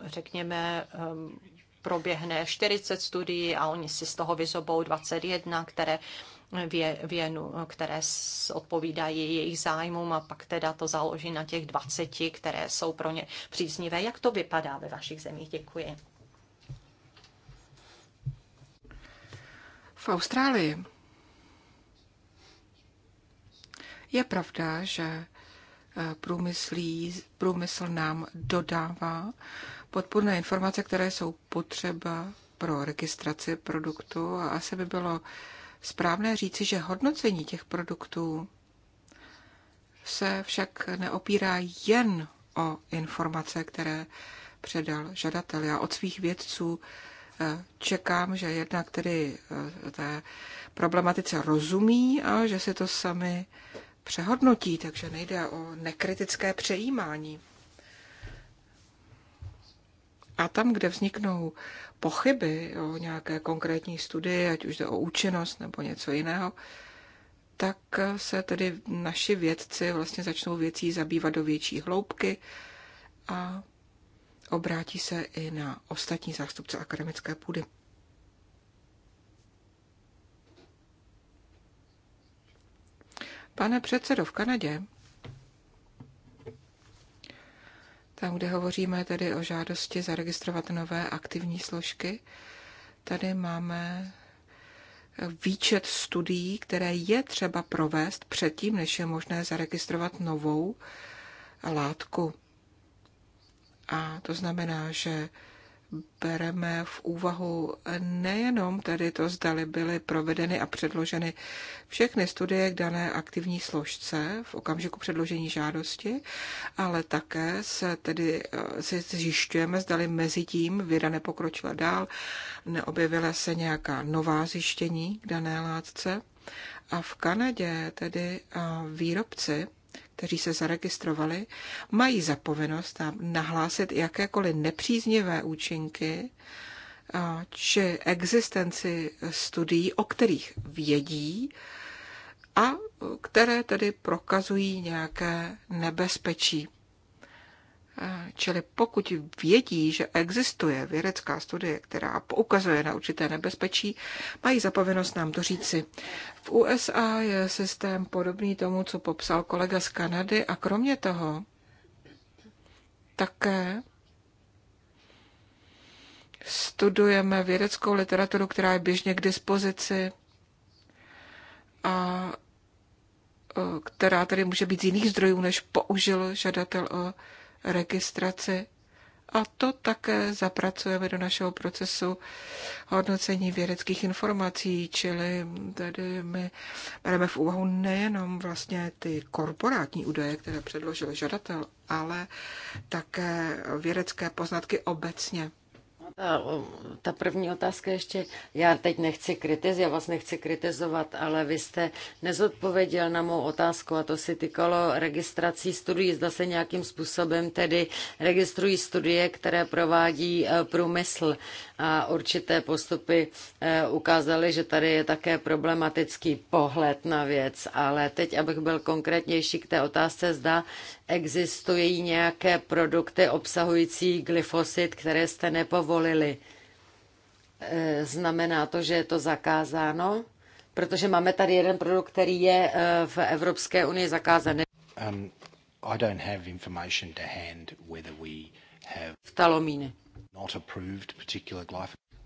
Speaker 2: řekněme, ehm, proběhne 40 studií a oni si z toho vyzobou 21, které věnu, které odpovídají jejich zájmům a pak teda to založí na těch 20, které jsou pro ně příznivé. Jak to vypadá ve vašich zemích? Děkuji.
Speaker 3: V Austrálii je pravda, že eh, průmyslí, průmysl nám dodává podpůrné informace, které jsou potřeba pro registraci produktu a asi by bylo správné říci, že hodnocení těch produktů se však neopírá jen o informace, které předal žadatel. Já od svých vědců eh, čekám, že jednak tedy eh, té problematice rozumí a že si to sami přehodnotí, takže nejde o nekritické přejímání. A tam, kde vzniknou pochyby o nějaké konkrétní studii, ať už jde o účinnost nebo něco jiného, tak se tedy naši vědci vlastně začnou věcí zabývat do větší hloubky a obrátí se i na ostatní zástupce akademické půdy. Pane předsedo, v Kanadě Tam, kde hovoříme tedy o žádosti zaregistrovat nové aktivní složky, tady máme výčet studií, které je třeba provést předtím, než je možné zaregistrovat novou látku. A to znamená, že bereme v úvahu nejenom tedy to, zdali byly provedeny a předloženy všechny studie k dané aktivní složce v okamžiku předložení žádosti, ale také se tedy eh, si zjišťujeme, zdali mezi tím věda nepokročila dál, neobjevila se nějaká nová zjištění k dané látce. A v Kanadě tedy eh, výrobci kteří se zaregistrovali, mají zapovinnost nahlásit jakékoliv nepříznivé účinky či existenci studií, o kterých vědí a které tedy prokazují nějaké nebezpečí. Čili pokud vědí, že existuje vědecká studie, která poukazuje na určité nebezpečí, mají zapovinnost nám to říci. V USA je systém podobný tomu, co popsal kolega z Kanady a kromě toho také studujeme vědeckou literaturu, která je běžně k dispozici a e, která tedy může být z jiných zdrojů, než použil žadatel o registrace a to také zapracujeme do našeho procesu hodnocení vědeckých informací, čili tady my bereme v úvahu nejenom vlastně ty korporátní údaje, které předložil žadatel, ale také vědecké poznatky obecně. Um, ta první otázka
Speaker 1: ještě, já teď nechci kritizovat, já vás nechci kritizovat, ale vy jste nezodpověděl na mou otázku a to se týkalo registrací studií. Zda se nějakým způsobem tedy registrují studie, které provádí e, průmysl a určité postupy eh, ukázaly, že tady je také problematický pohled na věc. Ale teď, abych byl konkrétnější k té otázce, zda existují nějaké produkty obsahující glyfosit, které jste nepovolili. Eh, znamená to, že je to zakázáno? Protože máme tady jeden produkt, který je eh, v Evropské unii zakázaný.
Speaker 4: Um, I don't have information to hand whether we have... V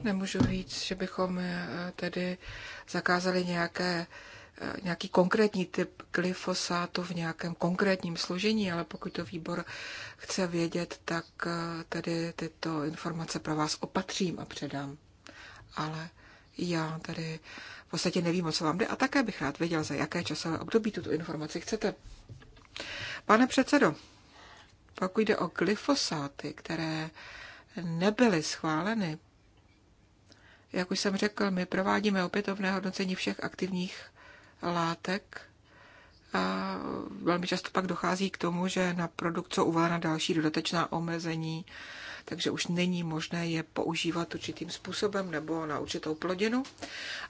Speaker 3: Nemůžu říct, že bychom eh, tedy zakázali nějaké, eh, nějaký konkrétní typ glyfosátu v nějakém konkrétním složení, ale pokud to výbor chce vědět, tak eh, tedy tyto informace pro vás opatřím a předám. Ale já tady v podstatě nevím, o co vám jde a také bych rád věděl, za jaké časové období tuto informaci chcete. Pane předsedo, pokud jde o glyfosáty, které nebyly schváleny, jak už jsem řekl, my provádíme opětovné hodnocení všech aktivních látek a velmi často pak dochází k tomu, že na produkt jsou uvalena další dodatečná omezení, takže už není možné je používat určitým způsobem nebo na určitou plodinu.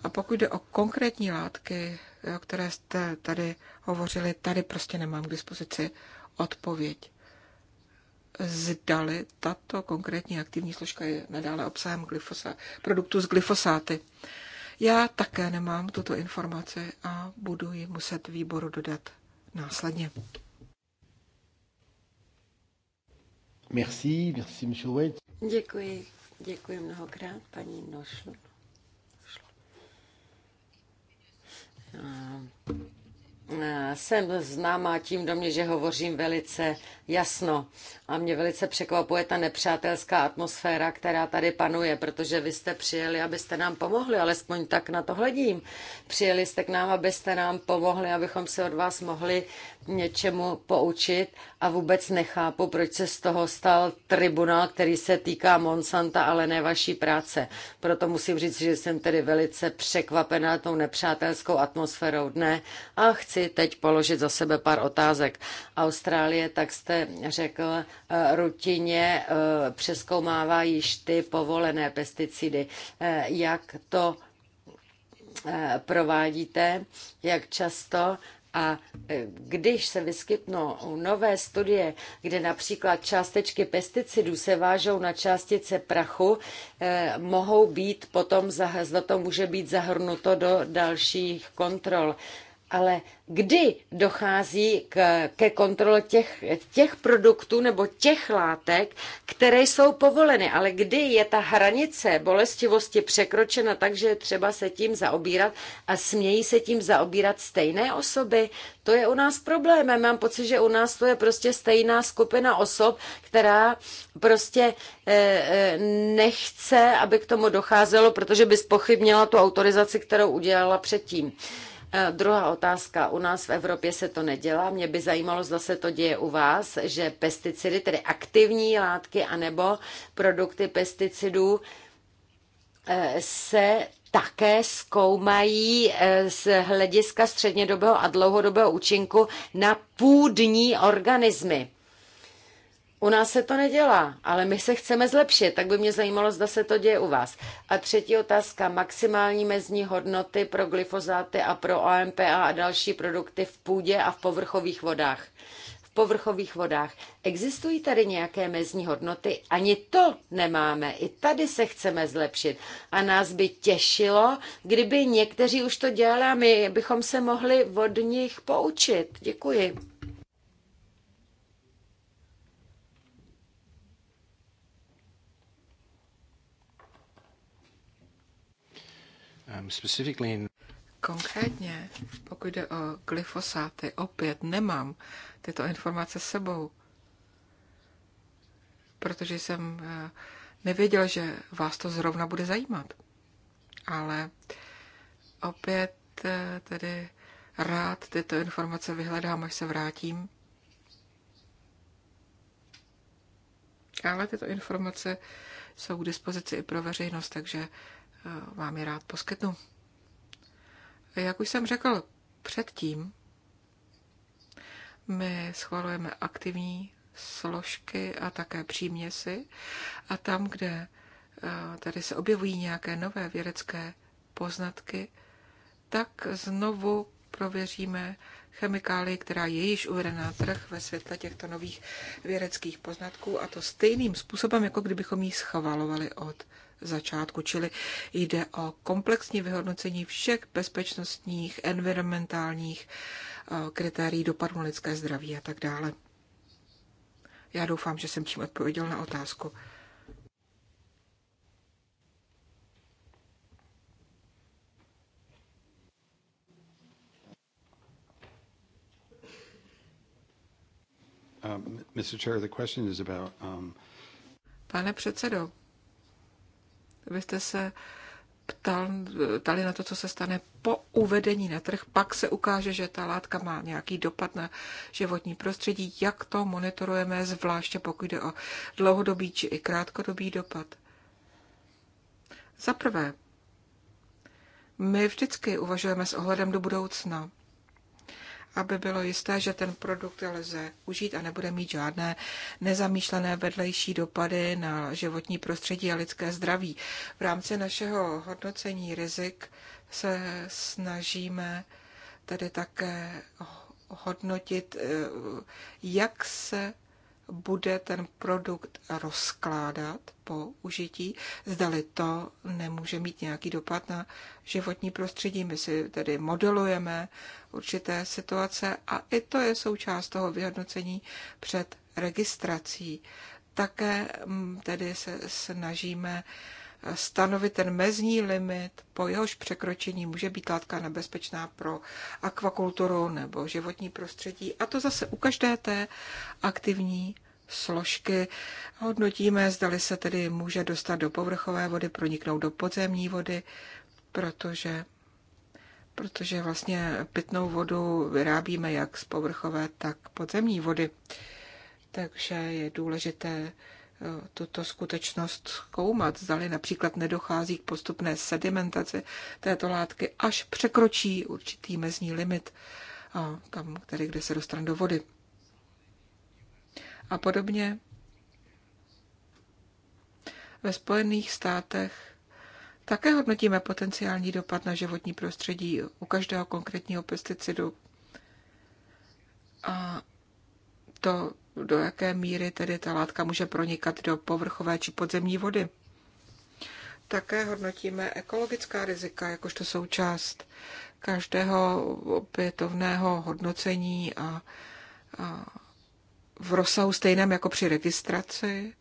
Speaker 3: A pokud jde o konkrétní látky, o které jste tady hovořili, tady prostě nemám k dispozici odpověď zdali tato konkrétní aktivní složka je nadále obsahem glyfosa, produktů z glyfosáty. Já také nemám tuto informaci a budu ji muset výboru dodat následně.
Speaker 4: Merci, merci, monsieur
Speaker 1: Děkuji, děkuji mnohokrát, paní Nošl. Jsem známá tím do mě, že hovořím velice jasno. A mě velice překvapuje ta nepřátelská atmosféra, která tady panuje, protože vy jste přijeli, abyste nám pomohli, alespoň tak na to hledím. Přijeli jste k nám, abyste nám pomohli, abychom se od vás mohli něčemu poučit a vůbec nechápu, proč se z toho stal tribunál, který se týká Monsanta, ale ne vaší práce. Proto musím říct, že jsem tedy velice překvapená tou nepřátelskou atmosférou dne a chci teď položit za sebe pár otázek. Austrálie, tak jste jste řekl, eh, rutině eh, přeskoumává již ty povolené pesticidy. Eh, jak to provádíte, jak často a když se vyskytnou nové studie, kde například částečky pesticidů se vážou na částice prachu, mohou být potom, za to může být zahrnuto do dalších kontrol. Ale kdy dochází k, ke kontrole těch, těch produktů nebo těch látek, které jsou povoleny, ale kdy je ta hranice bolestivosti překročena, takže třeba se tím zaobírat a smějí se tím zaobírat stejné osoby? To je u nás problém. Mám pocit, že u nás to je prostě stejná skupina osob, která prostě e, nechce, aby k tomu docházelo, protože by spochybnila tu autorizaci, kterou udělala předtím. Eh, druhá otázka. U nás v Evropě se to nedělá. Mě by zajímalo, zda se to děje u vás, že pesticidy, tedy aktivní látky anebo produkty pesticidů, eh, se také zkoumají eh, z hlediska střednědobého a dlouhodobého účinku na půdní organismy. U nás se to nedělá, ale my se chceme zlepšit, tak by mě zajímalo, zda se to děje u vás. A třetí otázka, maximální mezní hodnoty pro glyfozáty a pro OMPA a další produkty v půdě a v povrchových vodách. V povrchových vodách. Existují tady nějaké mezní hodnoty? Ani to nemáme. I tady se chceme zlepšit. A nás by těšilo, kdyby někteří už to dělali a my bychom se mohli od nich poučit. Děkuji.
Speaker 4: Um,
Speaker 3: Konkrétně, pokud jde o glyfosáty, opět nemám tyto informace s sebou, protože jsem eh, nevěděl, že vás to zrovna bude zajímat. Ale opět eh, tedy rád tyto informace vyhledám, až se vrátím. Ale tyto informace jsou k dispozici i pro veřejnost, takže vám je rád poskytnu. Jak už jsem řekl předtím, my schvalujeme aktivní složky a také příměsi a tam, kde eh, tady se objevují nějaké nové vědecké poznatky, tak znovu prověříme chemikály, která je již uvedená na trh ve světle těchto nových vědeckých poznatků a to stejným způsobem, jako kdybychom ji schvalovali od začátku, čili jde o komplexní vyhodnocení všech bezpečnostních, environmentálních eh, kritérií dopadu na lidské zdraví a tak dále. Já doufám, že jsem tím odpověděl na otázku. Um, um, Pane předsedo, vy jste se ptal, ptali na to, co se stane po uvedení na trh, pak se ukáže, že ta látka má nějaký dopad na životní prostředí, jak to monitorujeme, zvláště pokud jde o dlouhodobý či i krátkodobý dopad. Za prvé, my vždycky uvažujeme s ohledem do budoucna aby bylo jisté, že ten produkt lze užít a nebude mít žádné nezamýšlené vedlejší dopady na životní prostředí a lidské zdraví. V rámci našeho hodnocení rizik se snažíme tedy také hodnotit, eh, jak se bude ten produkt rozkládat po užití, zdali to nemůže mít nějaký dopad na životní prostředí. My si tedy modelujeme určité situace a i to je součást toho vyhodnocení před registrací. Také mm, tedy se snažíme stanovit ten mezní limit, po jehož překročení může být látka nebezpečná pro akvakulturu nebo životní prostředí. A to zase u každé té aktivní složky. Hodnotíme, zdali se tedy může dostat do povrchové vody, proniknout do podzemní vody, protože protože vlastně pitnou vodu vyrábíme jak z povrchové, tak podzemní vody. Takže je důležité tuto skutečnost zkoumat, zdali například nedochází k postupné sedimentaci této látky, až překročí určitý mezní limit, tam, který, kde se dostane do vody. A podobně ve Spojených státech také hodnotíme potenciální dopad na životní prostředí u každého konkrétního pesticidu. A to do jaké míry tedy ta látka může pronikat do povrchové či podzemní vody. Také hodnotíme ekologická rizika jakožto součást každého opětovného hodnocení a, a v rozsahu stejném jako při registraci.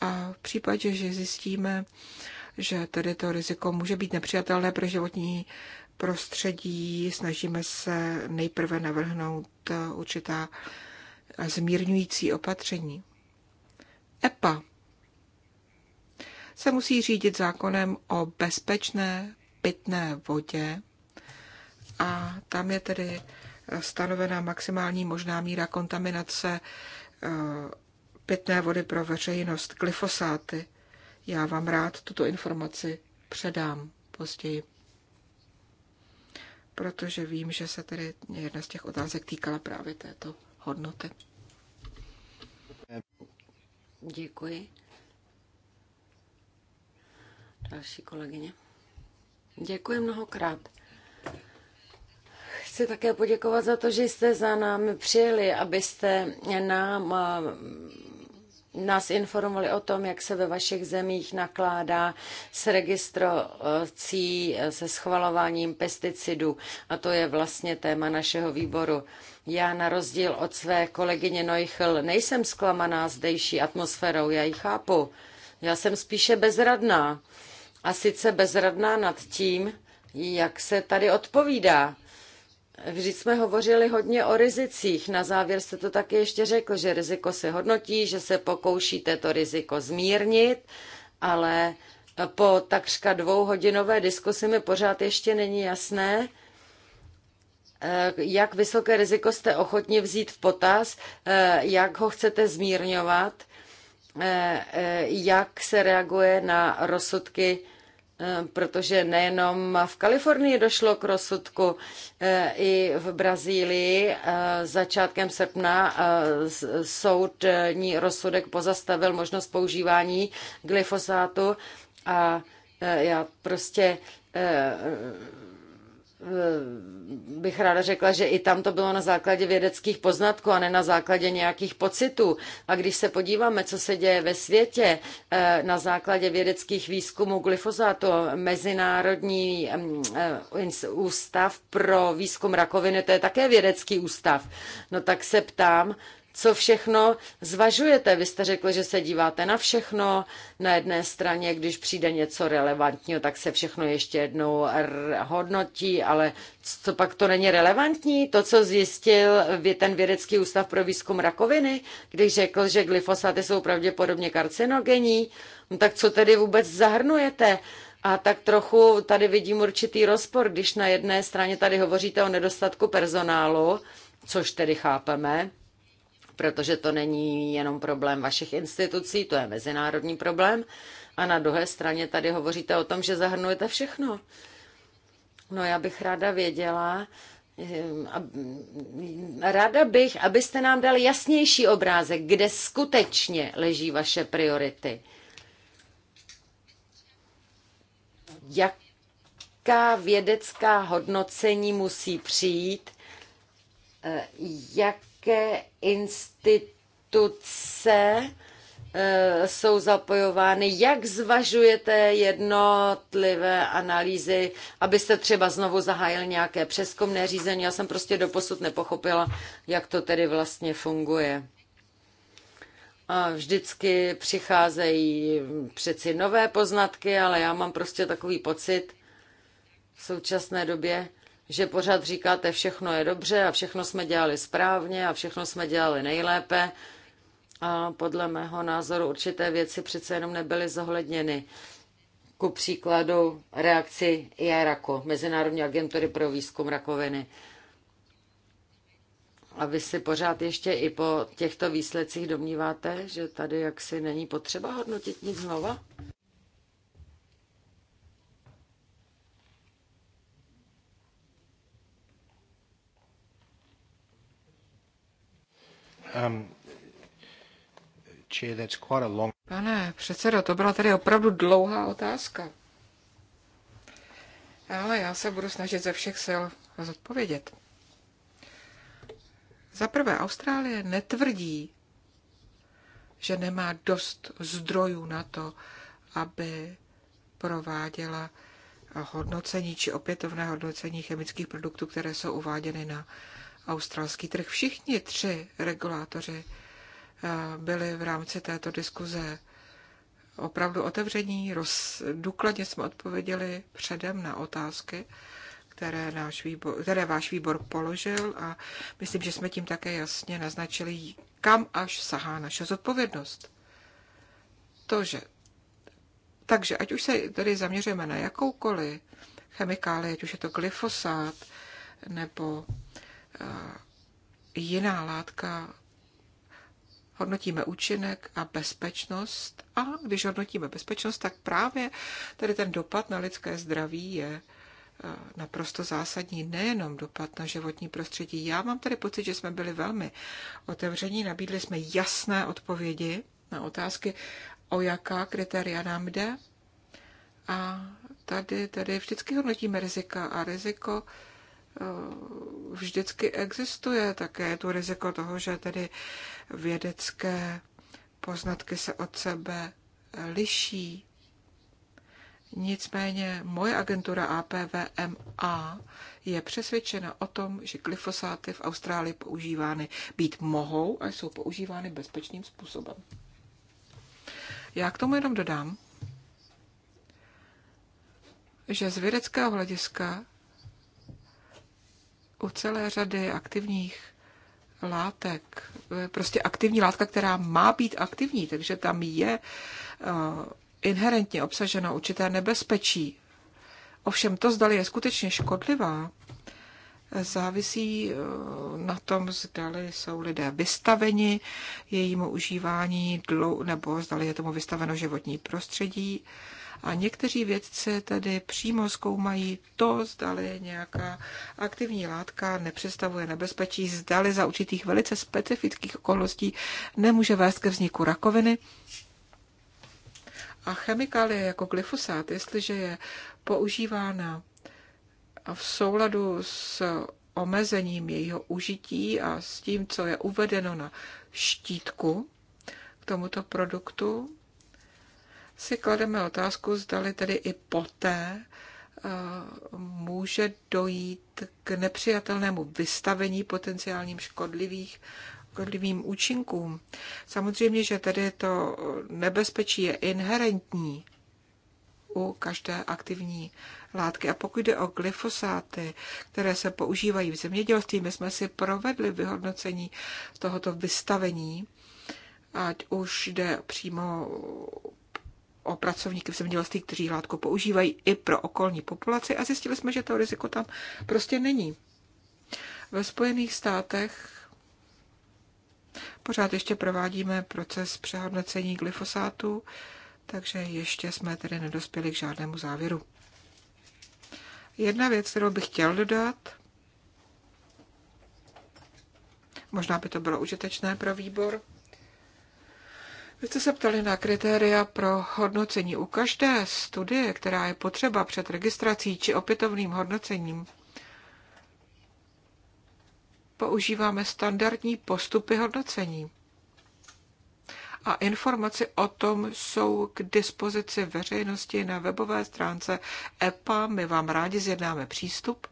Speaker 3: A v případě, že zjistíme, že tedy to riziko může být nepřijatelné pro životní prostředí, snažíme se nejprve navrhnout určitá a zmírňující opatření. EPA se musí řídit zákonem o bezpečné pitné vodě a tam je tedy stanovená maximální možná míra kontaminace e, pitné vody pro veřejnost, glyfosáty. Já vám rád tuto informaci předám později, protože vím, že se tedy jedna z těch otázek týkala právě této hodnoty. Děkuji. Další kolegyně.
Speaker 1: Děkuji mnohokrát. Chci také poděkovat za to, že jste za námi přijeli, abyste nám nás informovali o tom, jak se ve vašich zemích nakládá s registrací, eh, se schvalováním pesticidů. A to je vlastně téma našeho výboru. Já na rozdíl od své kolegyně Neuchl nejsem zklamaná zdejší atmosférou, já ji chápu. Já jsem spíše bezradná. A sice bezradná nad tím, jak se tady odpovídá Vždyť jsme hovořili hodně o rizicích. Na závěr jste to taky ještě řekl, že riziko se hodnotí, že se pokoušíte to riziko zmírnit, ale po takřka dvouhodinové diskusi mi pořád ještě není jasné, eh, jak vysoké riziko jste ochotni vzít v potaz, eh, jak ho chcete zmírňovat, eh, jak se reaguje na rozsudky Eh, protože nejenom v Kalifornii došlo k rozsudku, eh, i v Brazílii eh, začátkem srpna soudní rozsudek pozastavil možnost používání glyfosátu a já prostě Eh, bych ráda řekla, že i tam to bylo na základě vědeckých poznatků a ne na základě nějakých pocitů. A když se podíváme, co se děje ve světě eh, na základě vědeckých výzkumů glyfozátu, Mezinárodní eh, ústav pro výzkum rakoviny, to je také vědecký ústav, no tak se ptám, co všechno zvažujete. Vy jste řekl, že se díváte na všechno. Na jedné straně, když přijde něco relevantního, tak se všechno ještě jednou hodnotí, ale co pak to není relevantní? To, co zjistil ten vědecký ústav pro výzkum rakoviny, když řekl, že glyfosáty jsou pravděpodobně karcinogenní, no tak co tedy vůbec zahrnujete? A tak trochu tady vidím určitý rozpor, když na jedné straně tady hovoříte o nedostatku personálu, což tedy chápeme, protože to není jenom problém vašich institucí, to je mezinárodní problém. A na druhé straně tady hovoříte o tom, že zahrnujete všechno. No já bych ráda věděla, eh, ráda bych, abyste nám dali jasnější obrázek, kde skutečně leží vaše priority. Jaká vědecká hodnocení musí přijít, eh, jak Evropské instituce eh, jsou zapojovány. Jak zvažujete jednotlivé analýzy, abyste třeba znovu zahájil nějaké přeskumné řízení? Já jsem prostě doposud nepochopila, jak to tedy vlastně funguje. A vždycky přicházejí přeci nové poznatky, ale já mám prostě takový pocit v současné době, že pořád říkáte, všechno je dobře a všechno jsme dělali správně a všechno jsme dělali nejlépe. A podle mého názoru určité věci přece jenom nebyly zohledněny. Ku příkladu reakci IARACO, Mezinárodní agentury pro výzkum rakoviny. A vy si pořád ještě i po těchto výsledcích domníváte, že tady jaksi není potřeba hodnotit nic znova?
Speaker 4: Um,
Speaker 3: Pane předsedo, to byla tedy opravdu dlouhá otázka. Ale já se budu snažit ze všech sil zodpovědět. Za prvé, Austrálie netvrdí, že nemá dost zdrojů na to, aby prováděla hodnocení či opětovné hodnocení chemických produktů, které jsou uváděny na australský trh. Všichni tři regulátoři eh, byli v rámci této diskuze opravdu otevření, roz, důkladně jsme odpověděli předem na otázky, které, náš výbor, které váš výbor položil a myslím, že jsme tím také jasně naznačili, kam až sahá naše zodpovědnost. To, že takže ať už se tady zaměříme na jakoukoliv chemikálie, ať už je to glyfosát nebo Eh, jiná látka, hodnotíme účinek a bezpečnost. A když hodnotíme bezpečnost, tak právě tady ten dopad na lidské zdraví je eh, naprosto zásadní, nejenom dopad na životní prostředí. Já mám tady pocit, že jsme byli velmi otevření, nabídli jsme jasné odpovědi na otázky, o jaká kritéria nám jde. A tady, tady vždycky hodnotíme rizika a riziko Eh, vždycky existuje. Také to tu riziko toho, že tedy vědecké poznatky se od sebe liší. Nicméně moje agentura APVMA je přesvědčena o tom, že glyfosáty v Austrálii používány být mohou a jsou používány bezpečným způsobem. Já k tomu jenom dodám, že z vědeckého hlediska u celé řady aktivních látek, prostě aktivní látka, která má být aktivní, takže tam je eh, inherentně obsaženo určité nebezpečí. Ovšem to, zdali je skutečně škodlivá, závisí eh, na tom, zdali jsou lidé vystaveni jejímu užívání dlou, nebo zdali je tomu vystaveno životní prostředí. A někteří vědci tedy přímo zkoumají to, zdali nějaká aktivní látka nepředstavuje nebezpečí, zdali za určitých velice specifických okolností nemůže vést ke vzniku rakoviny. A chemikálie jako glyfosát, jestliže je používána v souladu s omezením jejího užití a s tím, co je uvedeno na štítku k tomuto produktu, si klademe otázku, zdali tedy i poté eh, může dojít k nepřijatelnému vystavení potenciálním škodlivých škodlivým účinkům. Samozřejmě, že tedy to nebezpečí je inherentní u každé aktivní látky. A pokud jde o glyfosáty, které se používají v zemědělství, my jsme si provedli vyhodnocení tohoto vystavení, ať už jde přímo o pracovníky v zemědělství, kteří látku používají i pro okolní populaci a zjistili jsme, že to riziko tam prostě není. Ve Spojených státech pořád ještě provádíme proces přehodnocení glyfosátu, takže ještě jsme tedy nedospěli k žádnému závěru. Jedna věc, kterou bych chtěl dodat, možná by to bylo užitečné pro výbor, vy jste se ptali na kritéria pro hodnocení. U každé studie, která je potřeba před registrací či opětovným hodnocením, používáme standardní postupy hodnocení. A informace o tom jsou k dispozici veřejnosti na webové stránce EPA. My vám rádi zjednáme přístup.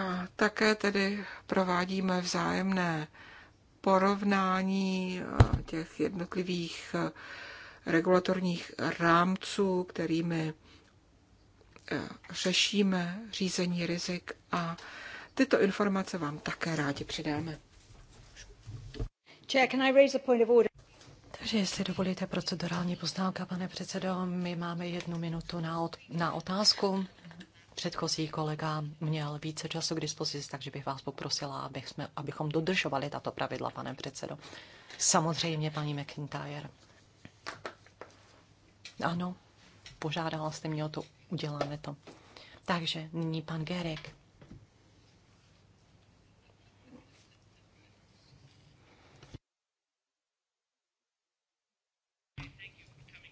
Speaker 3: A také tedy provádíme vzájemné porovnání eh, těch jednotlivých eh, regulatorních rámců, kterými eh, řešíme řízení rizik a tyto informace vám také rádi přidáme.
Speaker 1: Chair, can I raise
Speaker 3: a point of order?
Speaker 2: Takže jestli dovolíte procedurální poznámka, pane předsedo, my máme jednu minutu na, od, na otázku předchozí kolega měl více času k dispozici, takže bych vás poprosila, abych jsme, abychom dodržovali tato pravidla, pane předsedo. Samozřejmě, paní McIntyre. Ano, požádala jste mě o to, uděláme to. Takže nyní pan Gerek.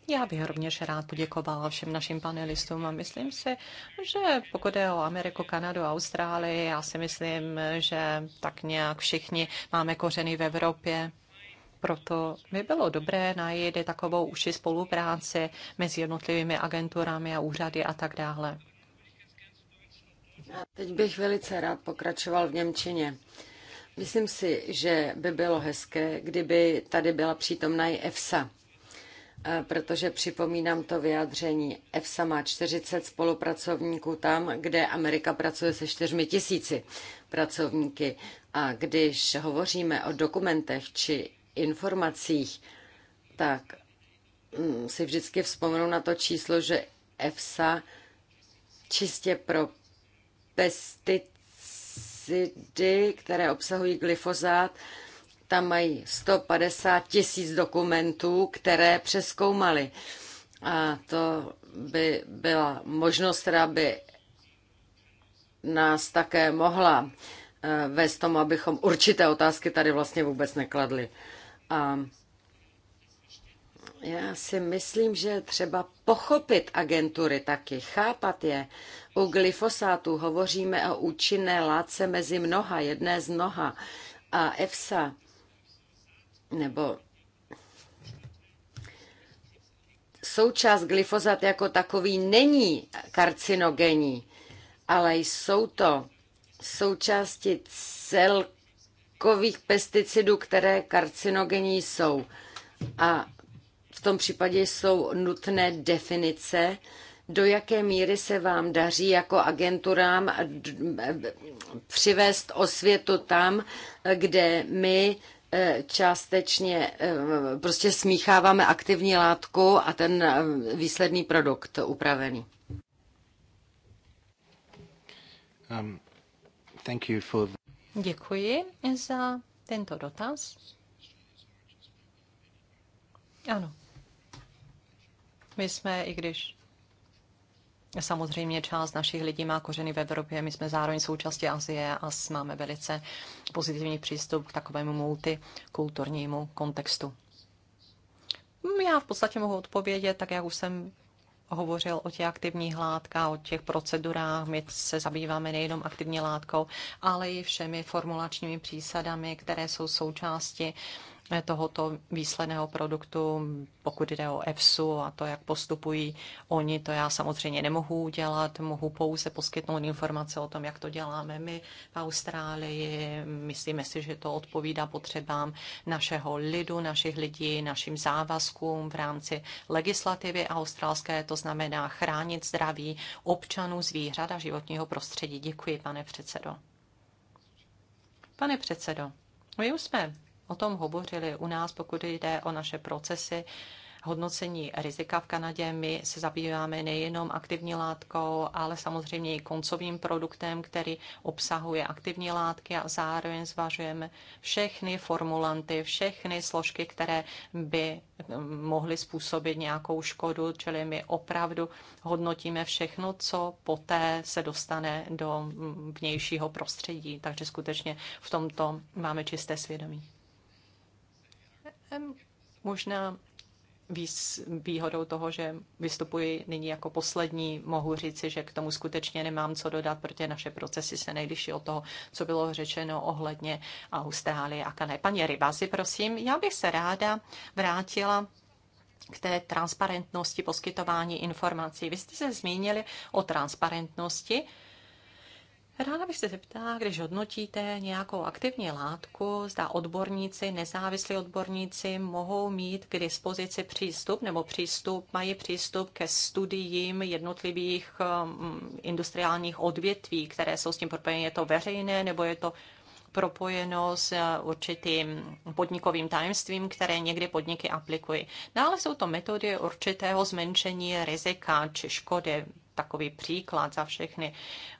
Speaker 2: Já bych rovněž rád poděkoval všem našim panelistům a myslím si, že pokud je o Ameriku, Kanadu, Austrálii, já si myslím, že tak nějak všichni máme kořeny v Evropě. Proto by bylo dobré najít takovou uši spolupráci mezi jednotlivými agenturami a úřady a tak dále.
Speaker 1: A teď bych velice rád pokračoval v Němčině. Myslím si, že by bylo hezké, kdyby tady byla přítomná i EFSA Eh, protože připomínám to vyjádření. EFSA má 40 spolupracovníků tam, kde Amerika pracuje se 4 tisíci pracovníky. A když hovoříme o dokumentech či informacích, tak mm, si vždycky vzpomenu na to číslo, že EFSA čistě pro pesticidy, které obsahují glyfozát, tam mají 150 tisíc dokumentů, které přeskoumali. A to by byla možnost, která by nás také mohla eh, vést tomu, abychom určité otázky tady vlastně vůbec nekladli. A já si myslím, že třeba pochopit agentury taky, chápat je. U glyfosátu hovoříme o účinné látce mezi mnoha, jedné z mnoha. A EFSA nebo součást glyfozat jako takový není karcinogenní, ale jsou to součásti celkových pesticidů, které karcinogenní jsou. A v tom případě jsou nutné definice, do jaké míry se vám daří jako agenturám přivést osvětu tam, kde my E, částečně e, prostě smícháváme aktivní látku a ten e, výsledný produkt upravený.
Speaker 4: Um, thank you for...
Speaker 2: Děkuji za tento dotaz. Ano. My jsme, i když Samozřejmě část našich lidí má kořeny v Evropě, my jsme zároveň součástí Asie a máme velice pozitivní přístup k takovému multikulturnímu kontextu. Já v podstatě mohu odpovědět, tak jak už jsem hovořil o těch aktivních látkách, o těch procedurách. My se zabýváme nejenom aktivní látkou, ale i všemi formulačními přísadami, které jsou součástí Eh, tohoto výsledného produktu, pokud jde o EFSU a to, jak postupují oni, to já samozřejmě nemohu udělat, mohu pouze poskytnout informace o tom, jak to děláme my v Austrálii. Myslíme si, že to odpovídá potřebám našeho lidu, našich lidí, našim závazkům v rámci legislativy australské, to znamená chránit zdraví občanů, zvířat a životního prostředí. Děkuji, pane předsedo. Pane předsedo, my už jsme o tom hovořili u nás, pokud jde o naše procesy hodnocení rizika v Kanadě. My se zabýváme nejenom aktivní látkou, ale samozřejmě i koncovým produktem, který obsahuje aktivní látky a zároveň zvažujeme všechny formulanty, všechny složky, které by hm, mohly způsobit nějakou škodu, čili my opravdu hodnotíme všechno, co poté se dostane do hm, vnějšího prostředí. Takže skutečně v tomto máme čisté svědomí. Možná výhodou toho, že vystupuji nyní jako poslední, mohu říci, že k tomu skutečně nemám co dodat, protože naše procesy se nejliší od toho, co bylo řečeno ohledně Austrálie a Kané. Paní Rybazi, prosím, já bych se ráda vrátila k té transparentnosti poskytování informací. Vy jste se zmínili o transparentnosti Ráda bych se zeptala, když hodnotíte nějakou aktivní látku, zda odborníci, nezávislí odborníci mohou mít k dispozici přístup nebo přístup, mají přístup ke studiím jednotlivých um, industriálních odvětví, které jsou s tím propojeny. Je to veřejné nebo je to propojeno s uh, určitým podnikovým tajemstvím, které někdy podniky aplikují. Dále jsou to metody určitého zmenšení rizika či škody takový příklad za všechny.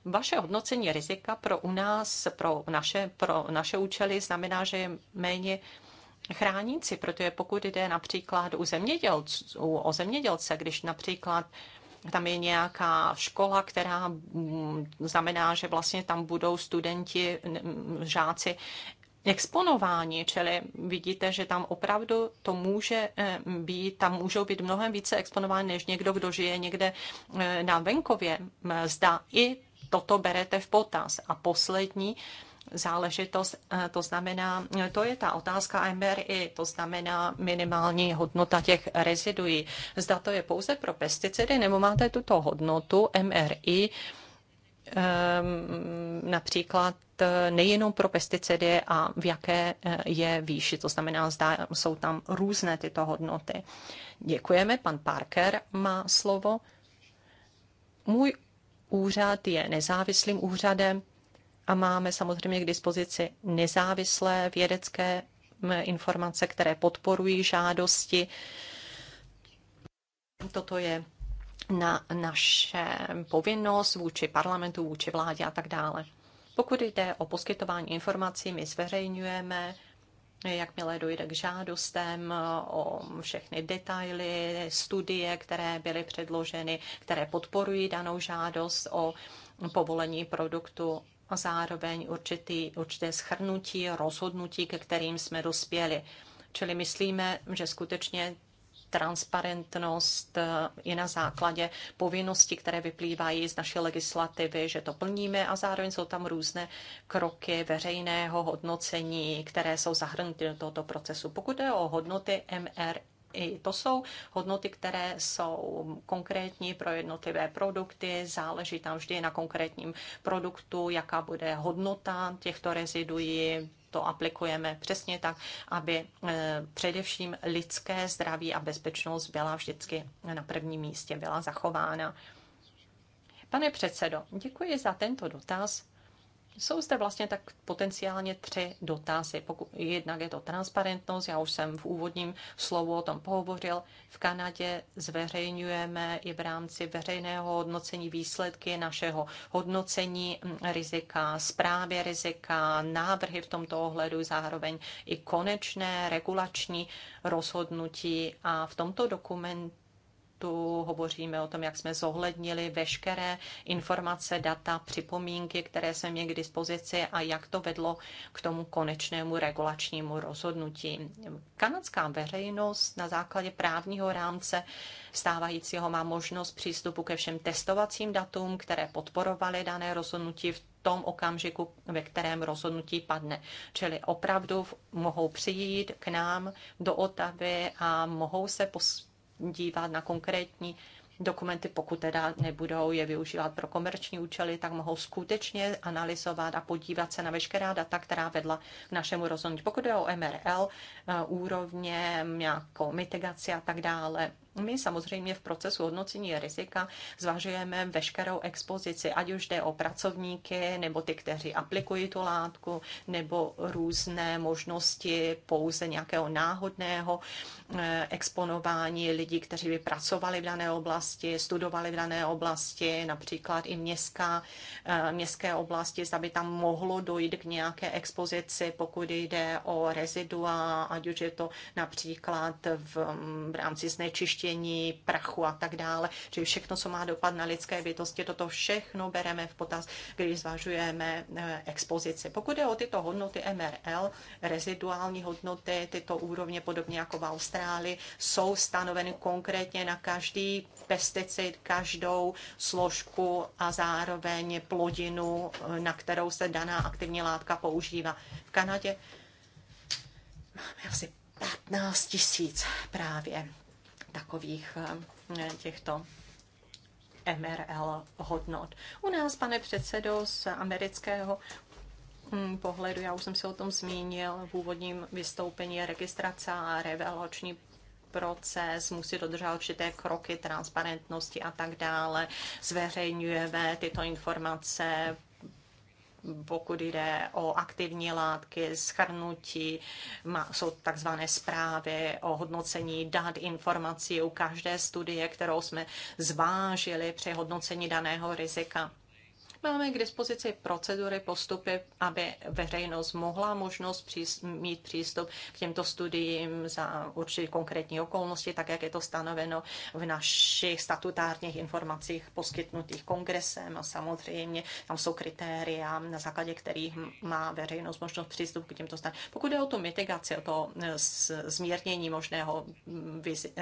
Speaker 2: Vaše hodnocení rizika pro u nás, pro naše, pro naše účely znamená, že je méně chránící, protože pokud jde například u zemědělců, o zemědělce, když například tam je nějaká škola, která mm, znamená, že vlastně tam budou studenti, žáci exponováni, čili vidíte, že tam opravdu to může eh, být, tam můžou být mnohem více exponováni než někdo, kdo žije někde eh, na venkově. Zda i toto berete v potaz. A poslední záležitost, eh, to znamená, to je ta otázka MRI, to znamená minimální hodnota těch reziduí. Zda to je pouze pro pesticidy, nebo máte tuto hodnotu MRI, Ehm, například e, nejenom pro pesticidy a v jaké e, je výši. To znamená, zda jsou tam různé tyto hodnoty. Děkujeme. Pan Parker má slovo. Můj úřad je nezávislým úřadem a máme samozřejmě k dispozici nezávislé vědecké informace, které podporují žádosti. Toto je na naše povinnost vůči parlamentu, vůči vládě a tak dále. Pokud jde o poskytování informací, my zveřejňujeme, jakmile dojde k žádostem o všechny detaily, studie, které byly předloženy, které podporují danou žádost o povolení produktu a zároveň určitý, určité schrnutí rozhodnutí, ke kterým jsme dospěli. Čili myslíme, že skutečně transparentnost eh, i na základě povinností, které vyplývají z naší legislativy, že to plníme a zároveň jsou tam různé kroky veřejného hodnocení, které jsou zahrnuty do tohoto procesu. Pokud je o hodnoty MR, i to jsou hodnoty, které jsou konkrétní pro jednotlivé produkty, záleží tam vždy na konkrétním produktu, jaká bude hodnota těchto reziduí, to aplikujeme přesně tak, aby eh, především lidské zdraví a bezpečnost byla vždycky na prvním místě, byla zachována. Pane předsedo, děkuji za tento dotaz. Jsou zde vlastně tak potenciálně tři dotazy. Pokud, jednak je to transparentnost, já už jsem v úvodním slovu o tom pohovořil. V Kanadě zveřejňujeme i v rámci veřejného hodnocení výsledky našeho hodnocení rizika, zprávy rizika, návrhy v tomto ohledu, zároveň i konečné regulační rozhodnutí. A v tomto dokumentu tu hovoříme o tom, jak jsme zohlednili veškeré informace, data, připomínky, které jsme měli k dispozici a jak to vedlo k tomu konečnému regulačnímu rozhodnutí. Kanadská veřejnost na základě právního rámce stávajícího má možnost přístupu ke všem testovacím datům, které podporovaly dané rozhodnutí v tom okamžiku, ve kterém rozhodnutí padne. Čili opravdu mohou přijít k nám do Otavy a mohou se pos- dívat na konkrétní dokumenty, pokud teda nebudou je využívat pro komerční účely, tak mohou skutečně analyzovat a podívat se na veškerá data, která vedla k našemu rozhodnutí. Pokud je o MRL, eh, úrovně, nějakou mitigaci a tak dále, my samozřejmě v procesu hodnocení rizika zvažujeme veškerou expozici, ať už jde o pracovníky, nebo ty, kteří aplikují tu látku, nebo různé možnosti pouze nějakého náhodného eh, exponování lidí, kteří by pracovali v dané oblasti, studovali v dané oblasti, například i městská, eh, městské oblasti, zda by tam mohlo dojít k nějaké expozici, pokud jde o rezidua, ať už je to například v, mm, v rámci znečištění čištění prachu a tak dále, čili všechno, co má dopad na lidské bytosti, toto všechno bereme v potaz, když zvažujeme eh, expozici. Pokud je o tyto hodnoty MRL, reziduální hodnoty, tyto úrovně, podobně jako v Austrálii, jsou stanoveny konkrétně na každý pesticid, každou složku a zároveň plodinu, eh, na kterou se daná aktivní látka používá. V Kanadě máme asi 15 tisíc právě takových eh, těchto MRL hodnot. U nás, pane předsedo, z amerického hm, pohledu, já už jsem se o tom zmínil v úvodním vystoupení, registrace a revelační proces, musí dodržovat určité kroky transparentnosti a tak dále. Zveřejňujeme tyto informace pokud jde o aktivní látky, schrnutí, jsou takzvané zprávy o hodnocení dat, informací u každé studie, kterou jsme zvážili při hodnocení daného rizika. Máme k dispozici procedury, postupy, aby veřejnost mohla možnost mít přístup k těmto studiím za určitě konkrétní okolnosti, tak jak je to stanoveno v našich statutárních informacích poskytnutých kongresem a samozřejmě tam jsou kritéria, na základě kterých má veřejnost možnost přístup k těmto studiím. Pokud je o tu mitigaci, o to e, zmírnění možného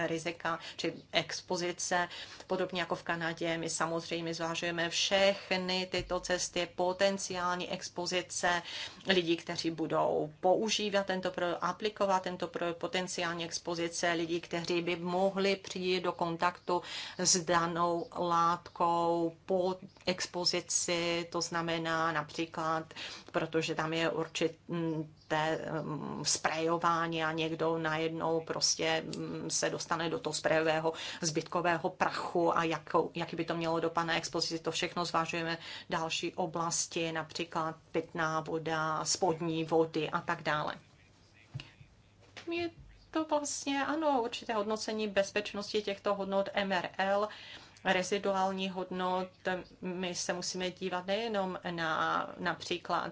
Speaker 2: rizika či expozice, podobně jako v Kanadě, my samozřejmě zvážujeme všechny tyto cesty, potenciální expozice lidí, kteří budou používat tento projekt, aplikovat tento projekt, potenciální expozice lidí, kteří by mohli přijít do kontaktu s danou látkou po expozici, to znamená například protože tam je určité mm, sprejování a někdo najednou prostě mm, se dostane do toho sprejového zbytkového prachu a jakou, jaký by to mělo dopad na expozici. To všechno zvažujeme další oblasti, například pitná voda, spodní vody a tak dále. Je to vlastně, ano, určité hodnocení bezpečnosti těchto hodnot MRL reziduální hodnot. My se musíme dívat nejenom na například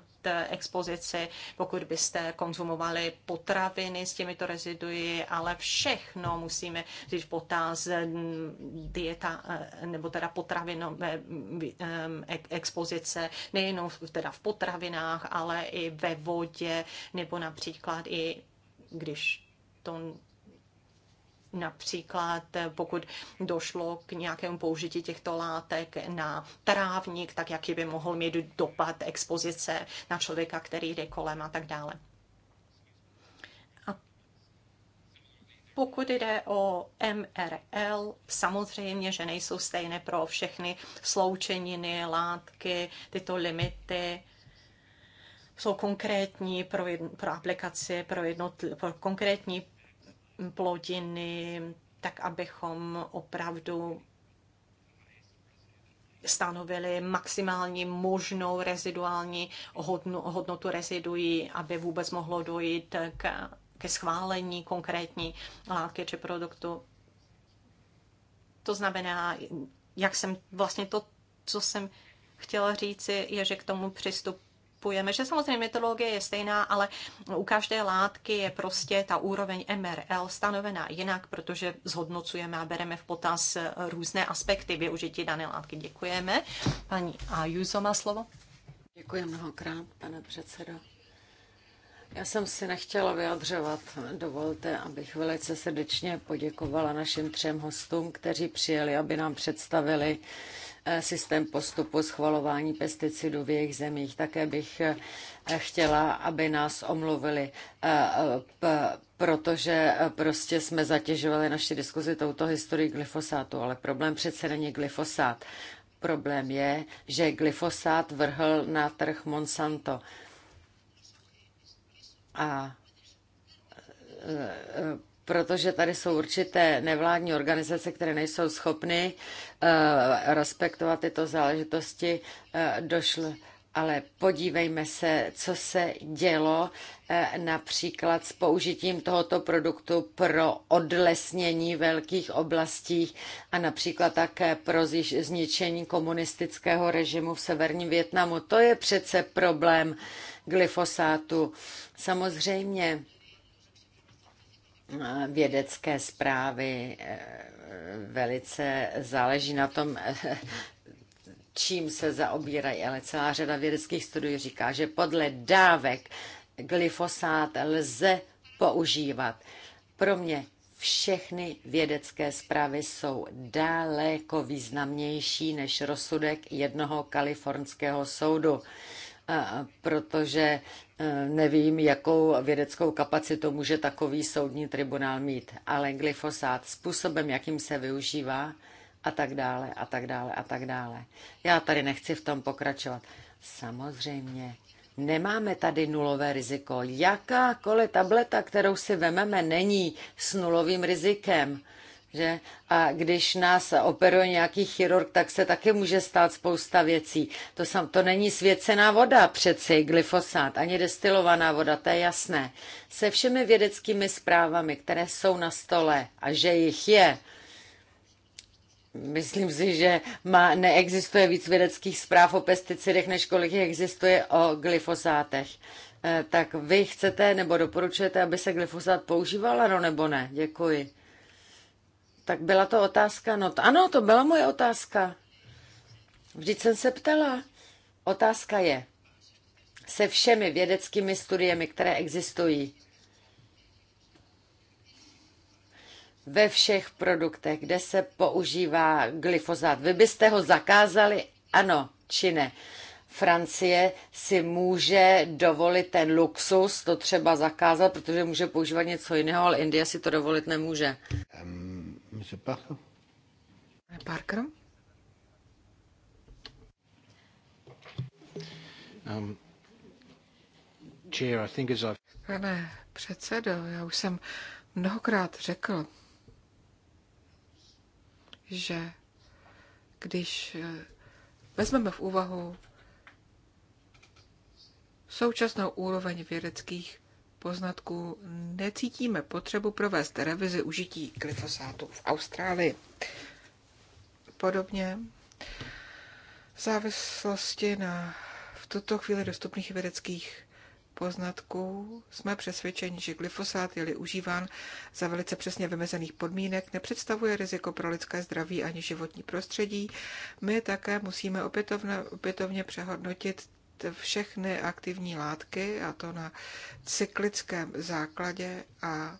Speaker 2: expozici, pokud byste konzumovali potraviny s těmito reziduji, ale všechno musíme říct potaz dieta e, nebo teda potravinové e, expozice, nejenom teda v potravinách, ale i ve vodě nebo například i když to Například eh, pokud došlo k nějakému použití těchto látek na trávník, tak jaký by mohl mít dopad expozice na člověka, který jde kolem a tak dále. Pokud jde o MRL, samozřejmě, že nejsou stejné pro všechny sloučeniny, látky, tyto limity jsou konkrétní pro, jedno, pro aplikaci, pro, jednotl, pro konkrétní plodiny, tak abychom opravdu stanovili maximální možnou reziduální hodnotu reziduí, aby vůbec mohlo dojít k, ke schválení konkrétní látky či produktu. To znamená, jak jsem vlastně to, co jsem chtěla říci, je, že k tomu přistup kupujeme, že samozřejmě metodologie je stejná, ale u každé látky je prostě ta úroveň MRL stanovená jinak, protože zhodnocujeme a bereme v potaz různé aspekty využití dané látky.
Speaker 1: Děkujeme. Paní Ajuzo má slovo. Děkuji mnohokrát, pane předsedo. Já jsem si nechtěla vyjadřovat. Dovolte, abych velice srdečně poděkovala našim třem hostům, kteří přijeli, aby nám představili Eh, systém postupu schvalování pesticidů v jejich zemích. Také bych eh, chtěla, aby nás omluvili, eh, protože prostě jsme zatěžovali naši diskuzi touto historií glyfosátu, ale problém přece není glyfosát. Problém je, že glyfosát vrhl na trh Monsanto. A protože tady jsou určité nevládní organizace, které nejsou schopny eh, respektovat tyto záležitosti, eh, došlo. Ale podívejme se, co se dělo eh, například s použitím tohoto produktu pro odlesnění velkých oblastí a například také pro zničení komunistického režimu v severním Větnamu. To je přece problém glyfosátu. Samozřejmě vědecké zprávy. Eh, velice záleží na tom, eh, čím se zaobírají, ale celá řada vědeckých studií říká, že podle dávek glyfosát lze používat. Pro mě všechny vědecké zprávy jsou daleko významnější než rozsudek jednoho kalifornského soudu protože e, nevím, jakou vědeckou kapacitu může takový soudní tribunál mít, ale glyfosát, způsobem, jakým se využívá a tak dále, a tak dále, a tak dále. Já tady nechci v tom pokračovat. Samozřejmě, nemáme tady nulové riziko. Jakákoliv tableta, kterou si vememe, není s nulovým rizikem že a když nás operuje nějaký chirurg, tak se taky může stát spousta věcí. To, sam, to není svěcená voda přeci, glyfosát, ani destilovaná voda, to je jasné. Se všemi vědeckými zprávami, které jsou na stole a že jich je, Myslím si, že má, neexistuje víc vědeckých zpráv o pesticidech, než kolik existuje o glyfosátech. Eh, tak vy chcete nebo doporučujete, aby se glyfosát používal, ano nebo ne? Děkuji. Tak byla to otázka. No, ano, to byla moje otázka. Vždyť jsem se ptala. Otázka je, se všemi vědeckými studiemi, které existují, ve všech produktech, kde se používá glyfozát. Vy byste ho zakázali? Ano, či ne? Francie si může dovolit ten luxus, to třeba zakázat, protože může používat něco jiného, ale Indie si to dovolit nemůže.
Speaker 4: Um. Mr. Parker. Parker. Um, chair, I think as I've...
Speaker 3: Pane předsedo, já už jsem mnohokrát řekl, že když eh, vezmeme v úvahu současnou úroveň vědeckých poznatků necítíme potřebu provést revizi užití glyfosátu v Austrálii. Podobně v závislosti na v tuto chvíli dostupných vědeckých poznatků jsme přesvědčeni, že glyfosát je-li užíván za velice přesně vymezených podmínek, nepředstavuje riziko pro lidské zdraví ani životní prostředí. My také musíme opětovně, opětovně přehodnotit všechny aktivní látky, a to na cyklickém základě a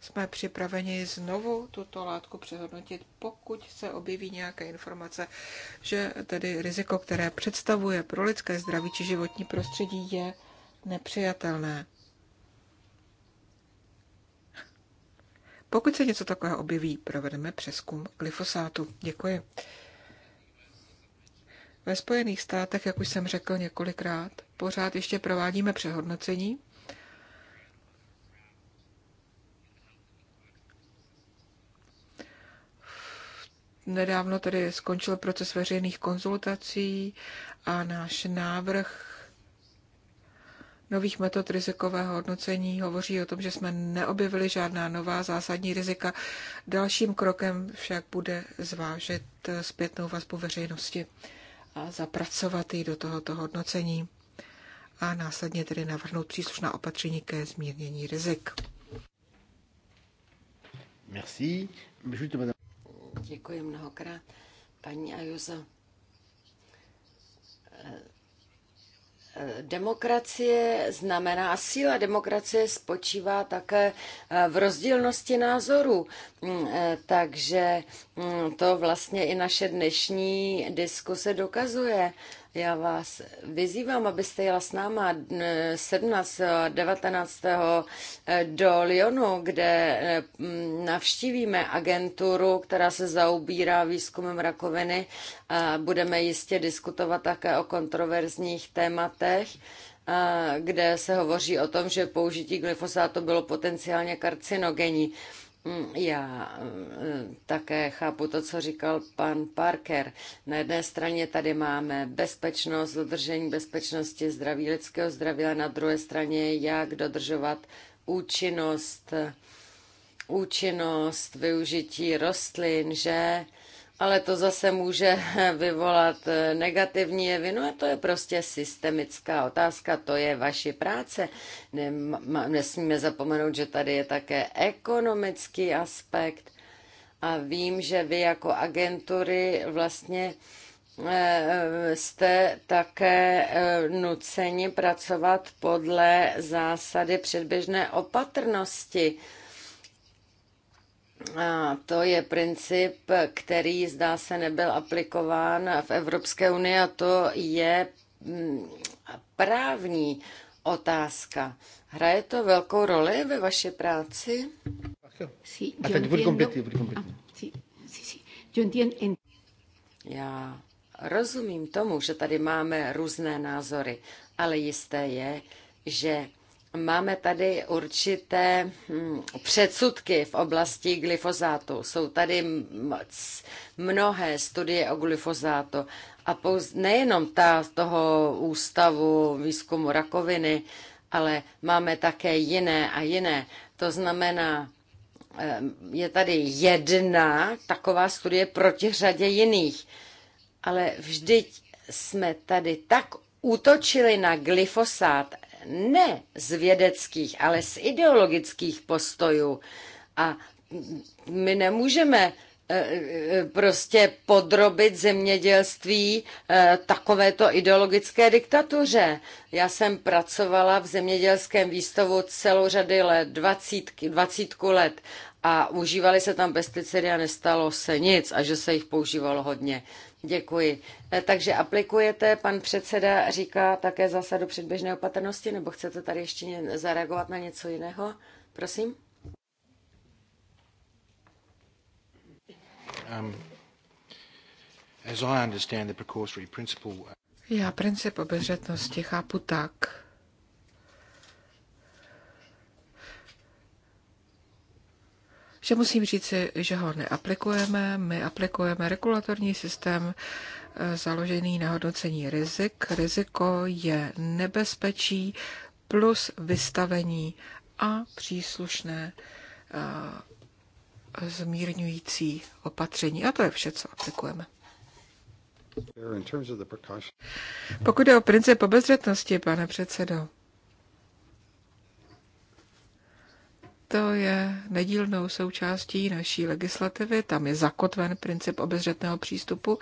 Speaker 3: jsme připraveni znovu tuto látku přehodnotit, pokud se objeví nějaké informace, že tedy riziko, které představuje pro lidské zdraví či životní prostředí, je nepřijatelné. Pokud se něco takového objeví, provedeme přeskum glyfosátu. Děkuji. Ve Spojených státech, jak už jsem řekl několikrát, pořád ještě provádíme přehodnocení. Nedávno tedy skončil proces veřejných konzultací a náš návrh nových metod rizikového hodnocení hovoří o tom, že jsme neobjevili žádná nová zásadní rizika. Dalším krokem však bude zvážit zpětnou vazbu veřejnosti a zapracovat ji do tohoto hodnocení a následně tedy navrhnout příslušná opatření ke zmírnění rizik.
Speaker 1: Merci. Děkuji mnohokrát. Paní Ajuza. Demokracie znamená síla. Demokracie spočívá také eh, v rozdílnosti názorů. Mm, eh, takže mm, to vlastně i naše dnešní diskuse dokazuje. Já vás vyzývám, abyste jela s náma 17. Eh, a 19. Eh, do Lyonu, kde eh, navštívíme agenturu, která se zaobírá výzkumem rakoviny. A budeme jistě diskutovat také o kontroverzních tématech kde se hovoří o tom, že použití glyfosátu bylo potenciálně karcinogenní. Já eh, také chápu to, co říkal pan Parker. Na jedné straně tady máme bezpečnost, dodržení bezpečnosti zdraví lidského zdraví, a na druhé straně jak dodržovat účinnost, účinnost využití rostlin, že ale to zase může *laughs* vyvolat eh, negativní jevy. No a to je prostě systemická otázka, to je vaši práce. Nesmíme zapomenout, že tady je také ekonomický aspekt. A vím, že vy jako agentury vlastně eh, eh, jste také nuceni pracovat podle zásady předběžné opatrnosti a to je princip, který zdá se nebyl aplikován v Evropské unii a to je mm, právní otázka. Hraje to velkou roli ve vaší práci? Sí, yo entiendo. Ah, yo entiendo. Já rozumím tomu, že tady máme různé názory, ale jisté je, že Máme tady určité hm, předsudky v oblasti glyfozátu. Jsou tady mnohé studie o glyfozátu a nejenom ta z toho ústavu výzkumu rakoviny, ale máme také jiné a jiné. To znamená, eh, je tady jedna taková studie proti řadě jiných. Ale vždyť jsme tady tak útočili na glyfosát ne z vědeckých, ale z ideologických postojů. A my nemůžeme eh, eh, prostě podrobit zemědělství eh, takovéto ideologické diktatuře. Já jsem pracovala v zemědělském výstavu celou řady let, 20, 20 let a užívali se tam pesticidy a nestalo se nic a že se jich používalo hodně. Děkuji. E, takže aplikujete, pan předseda říká také zásadu předběžné opatrnosti, nebo chcete tady ještě zareagovat na něco jiného? Prosím.
Speaker 4: Um, uh,
Speaker 3: Já princip obezřetnosti chápu tak, že musím říci, že ho neaplikujeme. My aplikujeme regulatorní systém eh, založený na hodnocení rizik. Riziko je nebezpečí plus vystavení a příslušné eh, zmírňující opatření. A to je vše, co aplikujeme. Pokud je o princip obezřetnosti, pane předsedo, to je nedílnou součástí naší legislativy, tam je zakotven princip obezřetného přístupu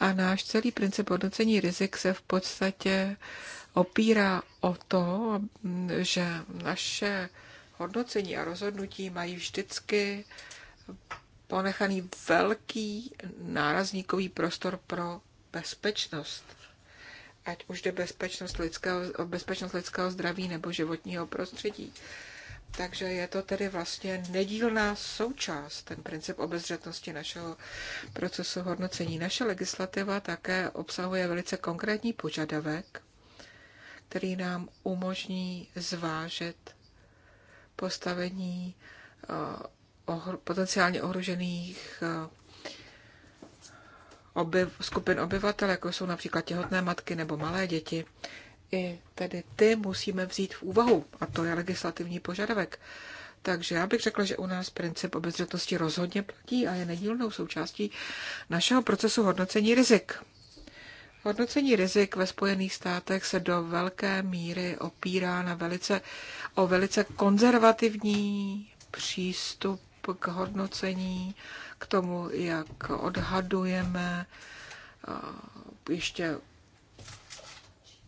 Speaker 3: a náš celý princip hodnocení rizik se v podstatě opírá o to, že naše hodnocení a rozhodnutí mají vždycky ponechaný velký nárazníkový prostor pro bezpečnost. Ať už jde bezpečnost lidského, bezpečnost lidského zdraví nebo životního prostředí. Takže je to tedy vlastně nedílná součást, ten princip obezřetnosti našeho procesu hodnocení. Naše legislativa také obsahuje velice konkrétní požadavek, který nám umožní zvážet postavení eh, potenciálně ohrožených eh, obyv, skupin obyvatel, jako jsou například těhotné matky nebo malé děti i tedy ty musíme vzít v úvahu. A to je legislativní požadavek. Takže já bych řekla, že u nás princip obezřetnosti rozhodně platí a je nedílnou součástí našeho procesu hodnocení rizik. Hodnocení rizik ve Spojených státech se do velké míry opírá na velice, o velice konzervativní přístup k hodnocení, k tomu, jak odhadujeme eh, ještě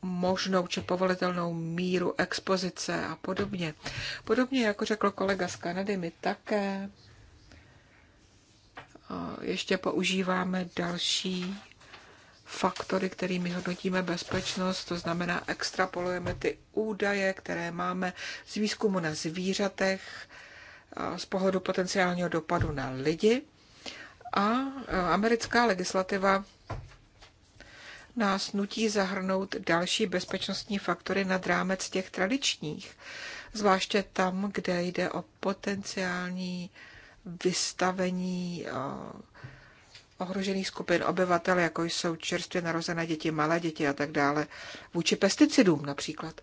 Speaker 3: možnou či povolitelnou míru expozice a podobně. Podobně, jako řekl kolega z Kanady, my také ještě používáme další faktory, kterými hodnotíme bezpečnost, to znamená extrapolujeme ty údaje, které máme z výzkumu na zvířatech, z pohledu potenciálního dopadu na lidi. A americká legislativa nás nutí zahrnout další bezpečnostní faktory nad rámec těch tradičních, zvláště tam, kde jde o potenciální vystavení eh, ohrožených skupin obyvatel, jako jsou čerstvě narozené děti, malé děti a tak dále, vůči pesticidům například.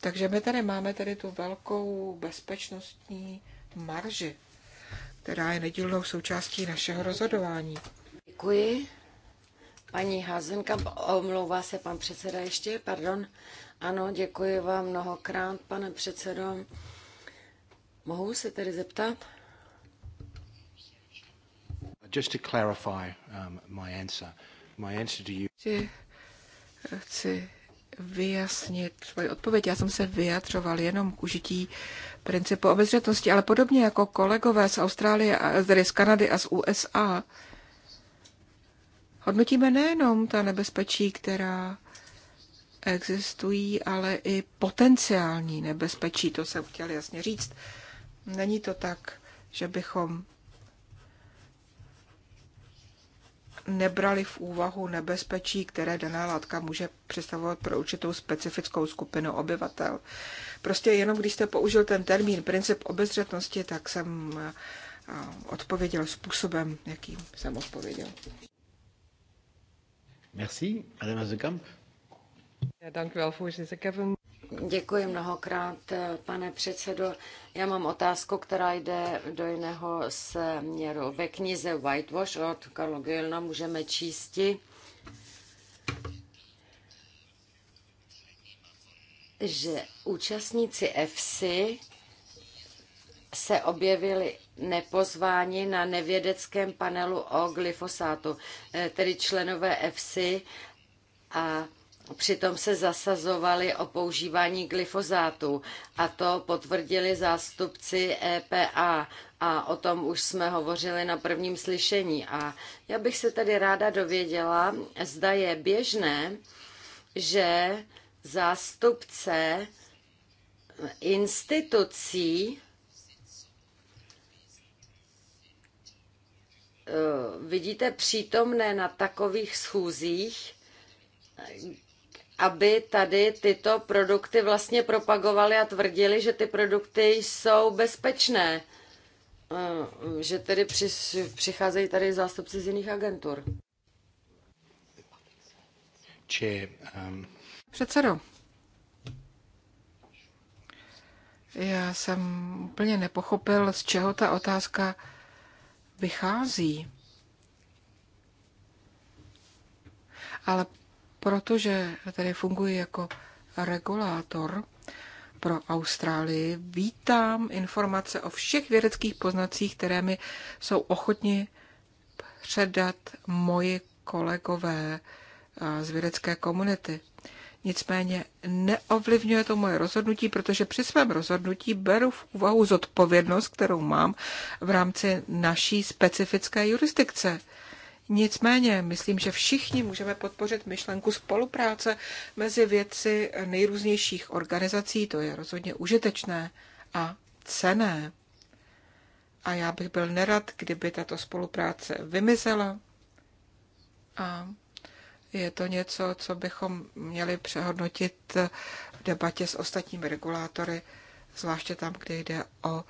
Speaker 3: Takže my tady máme tady tu velkou bezpečnostní marži, která je nedílnou součástí našeho rozhodování. Děkuji. Paní
Speaker 1: Hazenkamp, omlouvá se pan předseda ještě, pardon. Ano, děkuji vám mnohokrát, pane předsedo. Mohu se tedy zeptat?
Speaker 4: Just to clarify um, my answer. My answer to you...
Speaker 3: Chci, chci vyjasnit svoji odpověď. Já jsem se vyjadřoval jenom k užití principu obezřetnosti, ale podobně jako kolegové z Austrálie, tedy z Kanady a z USA, Hodnotíme nejenom ta nebezpečí, která existují, ale i potenciální nebezpečí, to jsem chtěl jasně říct. Není to tak, že bychom nebrali v úvahu nebezpečí, které daná látka může představovat pro určitou specifickou skupinu obyvatel. Prostě jenom když jste použil ten termín princip obezřetnosti, tak jsem eh, odpověděl způsobem, jakým jsem odpověděl.
Speaker 4: Merci, Madame Azekamp.
Speaker 3: Děkuji
Speaker 1: mnohokrát, pane předsedo. Já mám otázku, která jde do jiného směru. Ve knize Whitewash od Karlo Gilna můžeme čísti, že účastníci EFSI se objevili nepozváni na nevědeckém panelu o glyfosátu, eh, tedy členové EFSI a Přitom se zasazovali o používání glyfozátu a to potvrdili zástupci EPA a o tom už jsme hovořili na prvním slyšení. A já bych se tedy ráda dověděla, zda je běžné, že zástupce institucí Eh, vidíte přítomné na takových schůzích, aby tady tyto produkty vlastně propagovali a tvrdili, že ty produkty jsou bezpečné. Eh, že tedy při, přicházejí tady zástupci z jiných agentur.
Speaker 4: Či, um...
Speaker 3: Předsedo, já jsem úplně nepochopil, z čeho ta otázka vychází. Ale protože tady funguji jako regulátor pro Austrálii, vítám informace o všech vědeckých poznacích, které mi jsou ochotni předat moji kolegové eh, z vědecké komunity nicméně neovlivňuje to moje rozhodnutí, protože při svém rozhodnutí beru v úvahu zodpovědnost, kterou mám v rámci naší specifické jurisdikce. Nicméně, myslím, že všichni můžeme podpořit myšlenku spolupráce mezi věci nejrůznějších organizací, to je rozhodně užitečné a cené. A já bych byl nerad, kdyby tato spolupráce vymizela. A je to něco, co bychom měli přehodnotit v debatě s ostatními regulátory, zvláště tam, kde jde o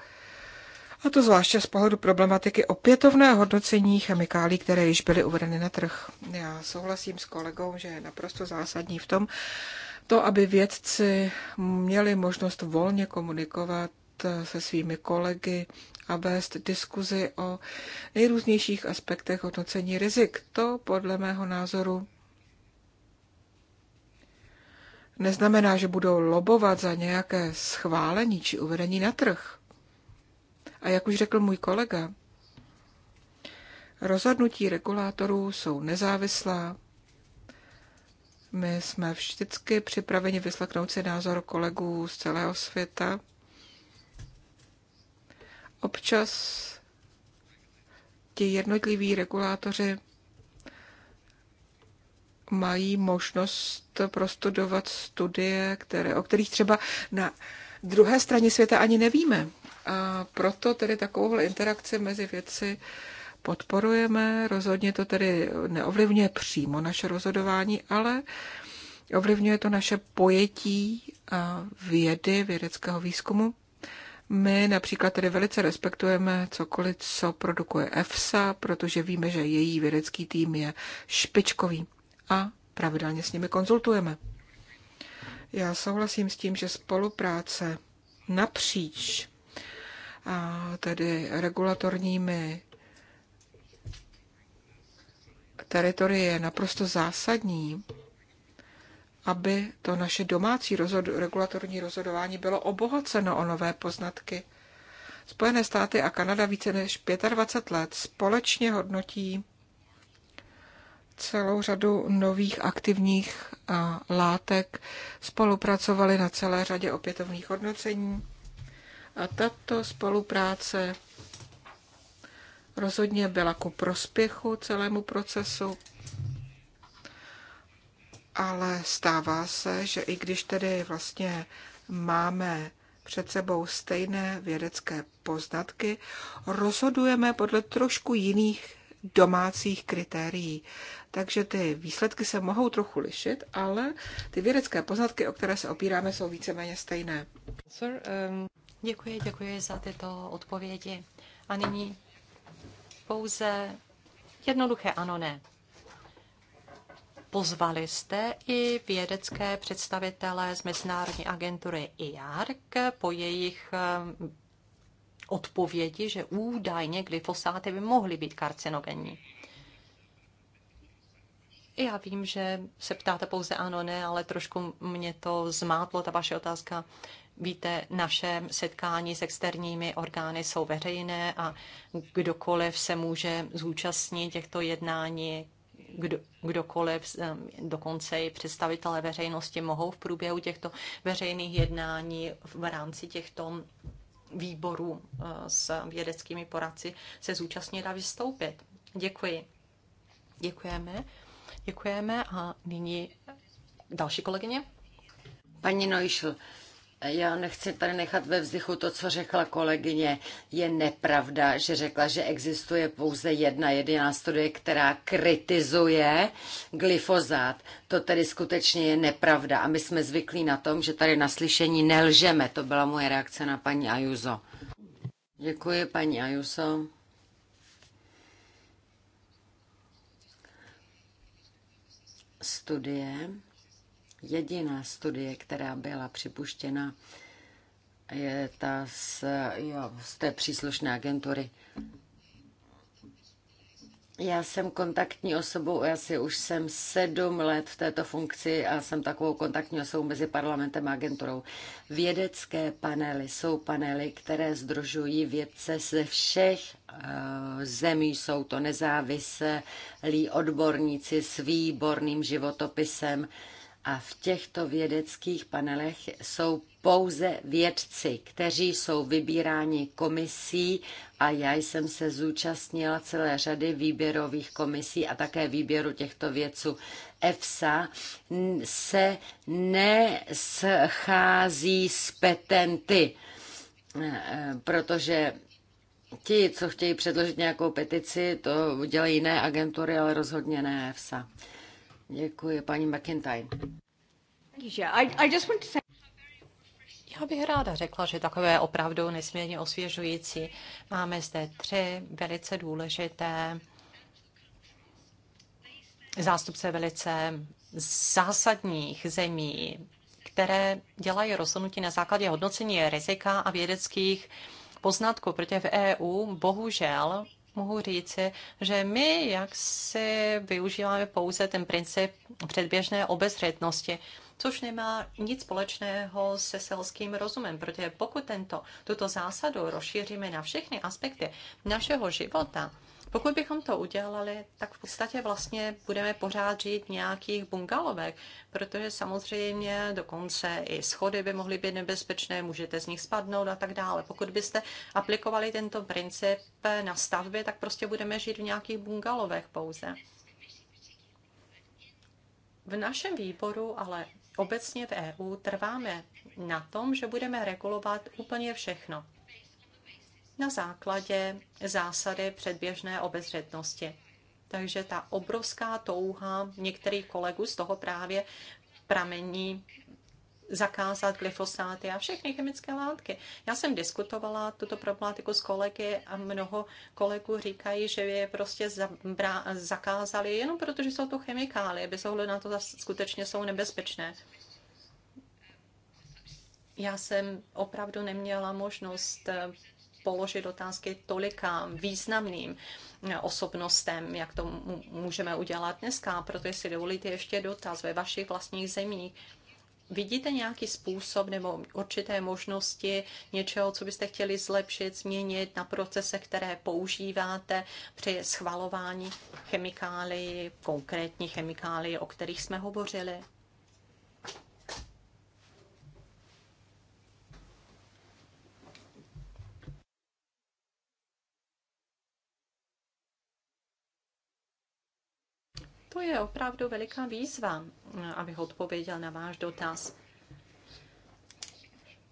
Speaker 3: a to zvláště z pohledu problematiky opětovné hodnocení chemikálí, které již byly uvedeny na trh. Já souhlasím s kolegou, že je naprosto zásadní v tom, to, aby vědci měli možnost volně komunikovat se svými kolegy a vést diskuzi o nejrůznějších aspektech hodnocení rizik. To podle mého názoru neznamená, že budou lobovat za nějaké schválení či uvedení na trh. A jak už řekl můj kolega, rozhodnutí regulátorů jsou nezávislá. My jsme vždycky připraveni vyslechnout si názor kolegů z celého světa. Občas ti jednotliví regulátoři mají možnost prostudovat studie, které, o kterých třeba na druhé straně světa ani nevíme. A proto tedy takovouhle interakci mezi věci podporujeme. Rozhodně to tedy neovlivňuje přímo naše rozhodování, ale ovlivňuje to naše pojetí vědy, vědeckého výzkumu. My například tedy velice respektujeme cokoliv, co produkuje EFSA, protože víme, že její vědecký tým je špičkový a pravidelně s nimi konzultujeme. Já souhlasím s tím, že spolupráce napříč tedy regulatorními teritorie je naprosto zásadní, aby to naše domácí rozhod- regulatorní rozhodování bylo obohaceno o nové poznatky. Spojené státy a Kanada více než 25 let společně hodnotí celou řadu nových aktivních látek, spolupracovali na celé řadě opětovných hodnocení a tato spolupráce rozhodně byla ku prospěchu celému procesu, ale stává se, že i když tedy vlastně máme před sebou stejné vědecké poznatky, rozhodujeme podle trošku jiných domácích kritérií. Takže ty výsledky se mohou trochu lišit, ale ty vědecké poznatky, o které se opíráme, jsou víceméně stejné.
Speaker 2: Sir, um... Děkuji, děkuji za tyto odpovědi. A nyní pouze jednoduché ano, ne. Pozvali jste i vědecké představitele z Mezinárodní agentury IARC po jejich um, odpovědi, že údajně glyfosáty by mohly být karcinogenní. Já vím, že se ptáte pouze ano, ne, ale trošku mě to zmátlo, ta vaše otázka. Víte, naše setkání s externími orgány jsou veřejné a kdokoliv se může zúčastnit těchto jednání, kdo, kdokoliv, ehm, dokonce i představitelé veřejnosti mohou v průběhu těchto veřejných jednání v rámci těchto výborů eh, s vědeckými poradci se zúčastnit a vystoupit. Děkuji. Děkujeme. Děkujeme
Speaker 1: a nyní další kolegyně. Paní Neuschl, já nechci tady nechat ve vzduchu to, co řekla kolegyně. Je nepravda, že řekla, že existuje pouze jedna jediná studie, která kritizuje glyfozát. To tedy skutečně je nepravda. A my jsme zvyklí na tom, že tady na slyšení nelžeme. To byla moje reakce na paní Ajuzo. Děkuji, paní Ajuso. Studie Jediná studie, která byla připuštěna, je ta z, jo, z té příslušné agentury. Já jsem kontaktní osobou, si už jsem sedm let v této funkci a jsem takovou kontaktní osobou mezi parlamentem a agenturou. Vědecké panely jsou panely, které združují vědce ze všech eh, zemí. Jsou to nezávislí odborníci s výborným životopisem a v těchto vědeckých panelech jsou pouze vědci, kteří jsou vybíráni komisí a já jsem se zúčastnila celé řady výběrových komisí a také výběru těchto vědců. EFSA se neschází s petenty, protože ti, co chtějí předložit nějakou petici, to udělají jiné agentury, ale rozhodně ne EFSA. Děkuji, paní McIntyre. Já
Speaker 2: bych ráda řekla, že takové opravdu nesmírně osvěžující. Máme zde tři velice důležité zástupce velice zásadních zemí, které dělají rozhodnutí na základě hodnocení rizika a vědeckých poznatků, protože v EU bohužel mohu říci, že my jak se využíváme pouze ten princip předběžné obezřetnosti, což nemá nic společného se selským rozumem, protože pokud tento, tuto zásadu rozšíříme na všechny aspekty našeho života, pokud bychom to udělali, tak v podstatě vlastně budeme pořád žít v nějakých bungalovek, protože samozřejmě dokonce i schody by mohly být nebezpečné, můžete z nich spadnout a tak dále. Pokud byste aplikovali tento princip na stavby, tak prostě budeme žít v nějakých bungalovech pouze. V našem výboru, ale obecně v EU, trváme na tom, že budeme regulovat úplně všechno na základě zásady předběžné obezřetnosti. Takže ta obrovská touha některých kolegů z toho právě pramení zakázat glyfosáty a všechny chemické látky. Já jsem diskutovala tuto problematiku s kolegy a mnoho kolegů říkají, že je prostě zakázali jenom proto, že jsou to chemikálie, bez ohledu na to, skutečně jsou nebezpečné. Já jsem opravdu neměla možnost položit otázky tolika významným eh, osobnostem, jak to můžeme udělat dneska, protože si dovolíte ještě dotaz ve vašich vlastních zemích. Vidíte nějaký způsob nebo určité možnosti něčeho, co byste chtěli zlepšit, změnit na procese, které používáte při schvalování chemikálií, konkrétní chemikálií, o kterých jsme hovořili? To je opravdu veliká výzva, abych odpověděl na váš dotaz.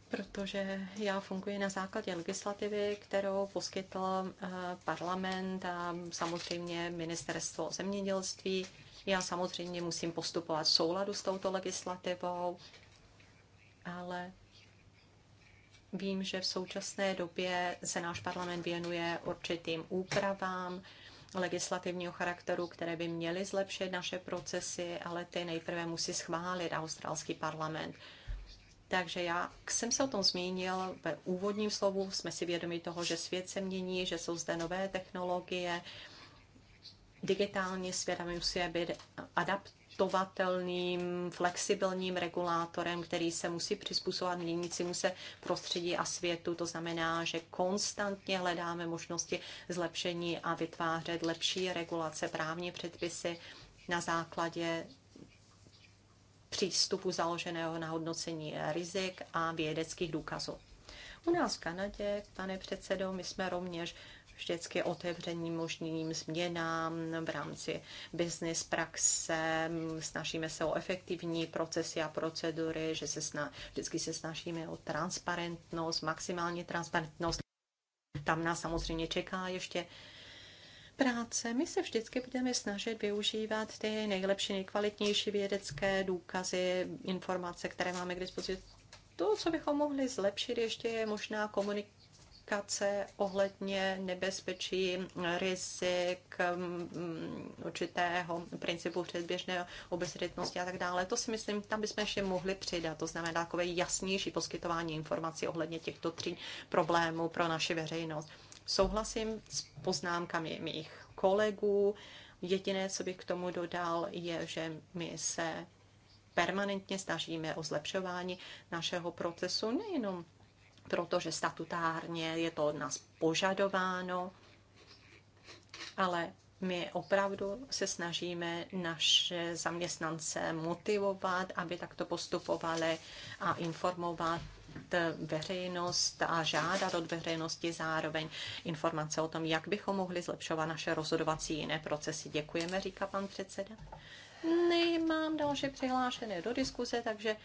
Speaker 2: Protože já funguji na základě legislativy, kterou poskytl eh, parlament a samozřejmě ministerstvo zemědělství. Já samozřejmě musím postupovat v souladu s touto legislativou, ale vím, že v současné době se náš parlament věnuje určitým úpravám, legislativního charakteru, které by měly zlepšit naše procesy, ale ty nejprve musí schválit australský parlament. Takže já jsem se o tom zmínil ve úvodním slovu, jsme si vědomi toho, že svět se mění, že jsou zde nové technologie, digitální svět a musíme být adapt, adaptovatelným, flexibilním regulátorem, který se musí přizpůsobovat měnícímu se prostředí a světu. To znamená, že konstantně hledáme možnosti zlepšení a vytvářet lepší regulace, právní předpisy na základě přístupu založeného na hodnocení rizik a vědeckých důkazů. U nás v Kanadě, pane předsedo, my jsme rovněž vždycky otevření možným změnám v rámci business praxe, snažíme se o efektivní procesy a procedury, že se sna- vždycky se snažíme o transparentnost, maximální transparentnost. Tam nás samozřejmě čeká ještě práce. My se vždycky budeme snažit využívat ty nejlepší, nejkvalitnější vědecké důkazy, informace, které máme k dispozici. To, co bychom mohli zlepšit, ještě je možná komunikace komunikace ohledně nebezpečí, rizik, mm, mm, určitého principu předběžné obezřetnosti a tak dále. To si myslím, tam bychom ještě mohli přidat. To znamená takové jasnější poskytování informací ohledně těchto tří problémů pro naši veřejnost. Souhlasím s poznámkami mých kolegů. Jediné, co bych k tomu dodal, je, že my se permanentně snažíme o zlepšování našeho procesu, nejenom protože statutárně je to od nás požadováno, ale my opravdu se snažíme naše zaměstnance motivovat, aby takto postupovali a informovat veřejnost a žádat od veřejnosti zároveň informace o tom, jak bychom mohli zlepšovat naše rozhodovací jiné procesy. Děkujeme, říká pan předseda. Nemám další přihlášené do diskuze, takže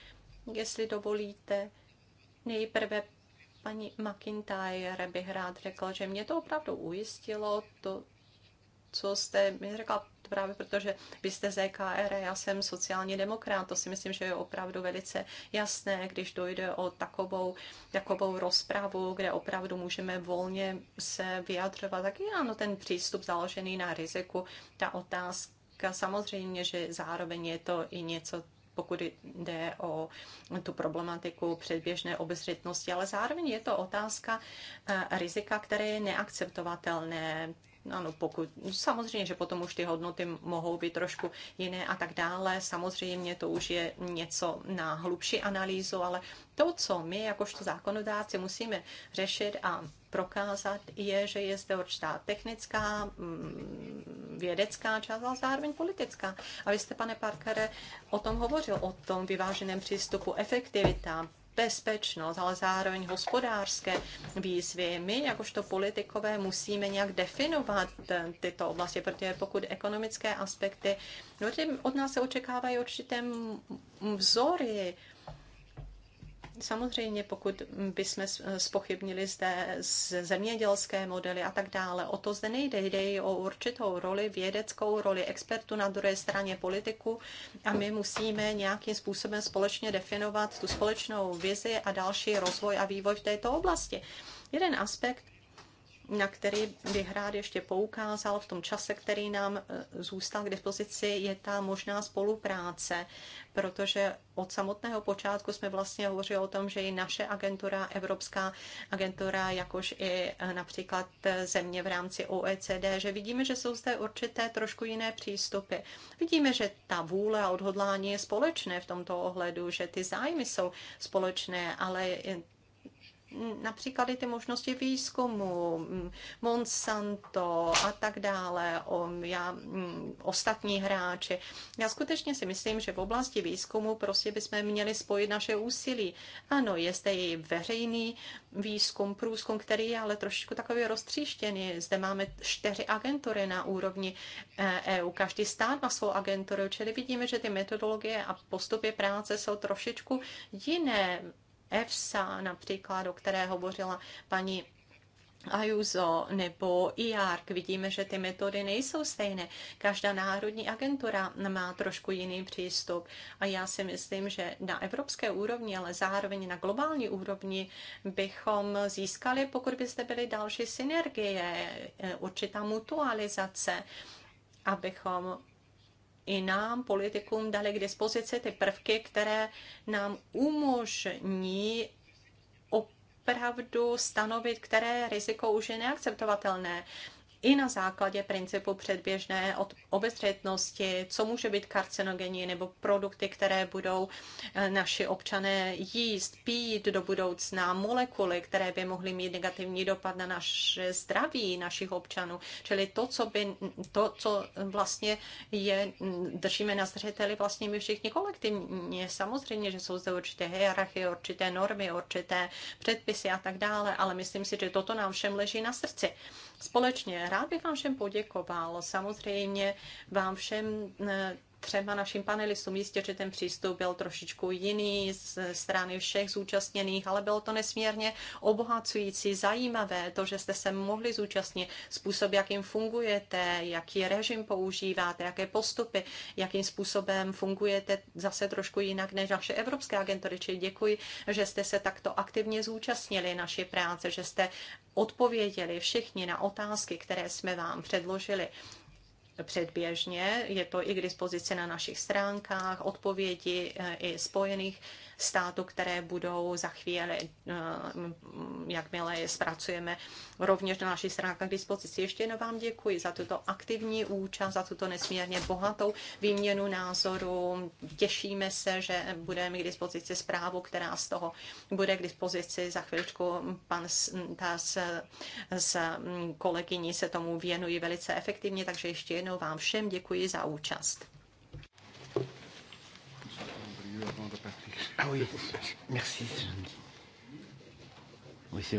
Speaker 2: jestli dovolíte, nejprve paní McIntyre bych rád řekla, že mě to opravdu ujistilo, to, co jste mi řekla, právě protože vy jste ZKR e a já jsem sociální demokrat, to si myslím, že je opravdu velice jasné, když dojde o takovou, takovou rozpravu, kde opravdu můžeme volně se vyjadřovat, tak je ano, ten přístup založený na riziku, ta otázka, samozřejmě, že zároveň je to i něco, pokud jde o tu problematiku předběžné obezřetnosti, ale zároveň je to otázka eh, rizika, které je neakceptovatelné ano, no, pokud, samozřejmě, že potom už ty hodnoty mohou být trošku jiné a tak dále. Samozřejmě to už je něco na hlubší analýzu, ale to, co my jakožto zákonodáci musíme řešit a prokázat, je, že je zde určitá technická, mm, vědecká část, ale zároveň politická. A vy jste, pane Parkere, o tom hovořil, o tom vyváženém přístupu, efektivita, bezpečnost, ale zároveň hospodářské výzvy. My, jakožto politikové, musíme nějak definovat eh, tyto oblasti, protože pokud ekonomické aspekty, no, od nás se očekávají určité vzory, Samozřejmě, pokud bychom spochybnili zde zemědělské modely a tak dále, o to zde nejde. Jde i o určitou roli, vědeckou roli expertu na druhé straně politiku a my musíme nějakým způsobem společně definovat tu společnou vizi a další rozvoj a vývoj v této oblasti. Jeden aspekt na který bych rád ještě poukázal v tom čase, který nám e, zůstal k dispozici, je ta možná spolupráce, protože od samotného počátku jsme vlastně hovořili o tom, že i naše agentura, Evropská agentura, jakož i e, například země v rámci OECD, že vidíme, že jsou zde určité trošku jiné přístupy. Vidíme, že ta vůle a odhodlání je společné v tomto ohledu, že ty zájmy jsou společné, ale například i ty možnosti výzkumu, mm, Monsanto a tak dále, o, já, mm, ostatní hráči. Já skutečně si myslím, že v oblasti výzkumu prostě bychom měli spojit naše úsilí. Ano, je zde i veřejný výzkum, průzkum, který je ale trošičku takový roztříštěný. Zde máme čtyři agentury na úrovni EU. Eh, e Každý stát má svou agenturu, čili vidíme, že ty metodologie a postupy práce jsou trošičku jiné EFSA například, o které hovořila paní Ajuzo nebo IARC. Vidíme, že ty metody nejsou stejné. Každá národní agentura má trošku jiný přístup. A já si myslím, že na evropské úrovni, ale zároveň na globální úrovni bychom získali, pokud by zde byly další synergie, e, určitá mutualizace, abychom i nám, politikům, dali k dispozici ty prvky, které nám umožní opravdu stanovit, které riziko už je neakceptovatelné i na základě principu předběžné od obezřetnosti, co může být karcinogenní nebo produkty, které budou eh, naši občané jíst, pít do budoucna, molekuly, které by mohly mít negativní dopad na naše zdraví našich občanů. Čili to, co, by, to, co vlastně je, mm, držíme na zřeteli vlastně my všichni kolektivně. Samozřejmě, že jsou zde určité hierarchie, určité normy, určité předpisy a tak dále, ale myslím si, že toto nám všem leží na srdci společně. Rád bych vám všem poděkoval. Samozřejmě vám všem eh, třeba našim panelistům. Jistě, že ten přístup byl trošičku jiný z strany všech zúčastněných, ale bylo to nesmírně obohacující, zajímavé, to, že jste se mohli zúčastnit, způsob, jakým fungujete, jaký režim používáte, jaké postupy, jakým způsobem fungujete zase trošku jinak než naše evropské agentury. Čili děkuji, že jste se takto aktivně zúčastnili naší práce, že jste odpověděli všichni na otázky, které jsme vám předložili předběžně. Je to i k dispozici na našich stránkách, odpovědi eh, i spojených státu, které budou za chvíli, eh, mm, jakmile je zpracujeme, rovněž na naší stránce k dispozici. Ještě jednou vám děkuji za tuto aktivní účast, za tuto nesmírně bohatou výměnu názorů. Těšíme se, že budeme k dispozici zprávu, která z toho bude k dispozici za chvíličku. Pan Tas s kolegyní se tomu věnují velice efektivně, takže ještě jednou vám všem děkuji za účast.
Speaker 4: Ah oui, merci. Oui, c'est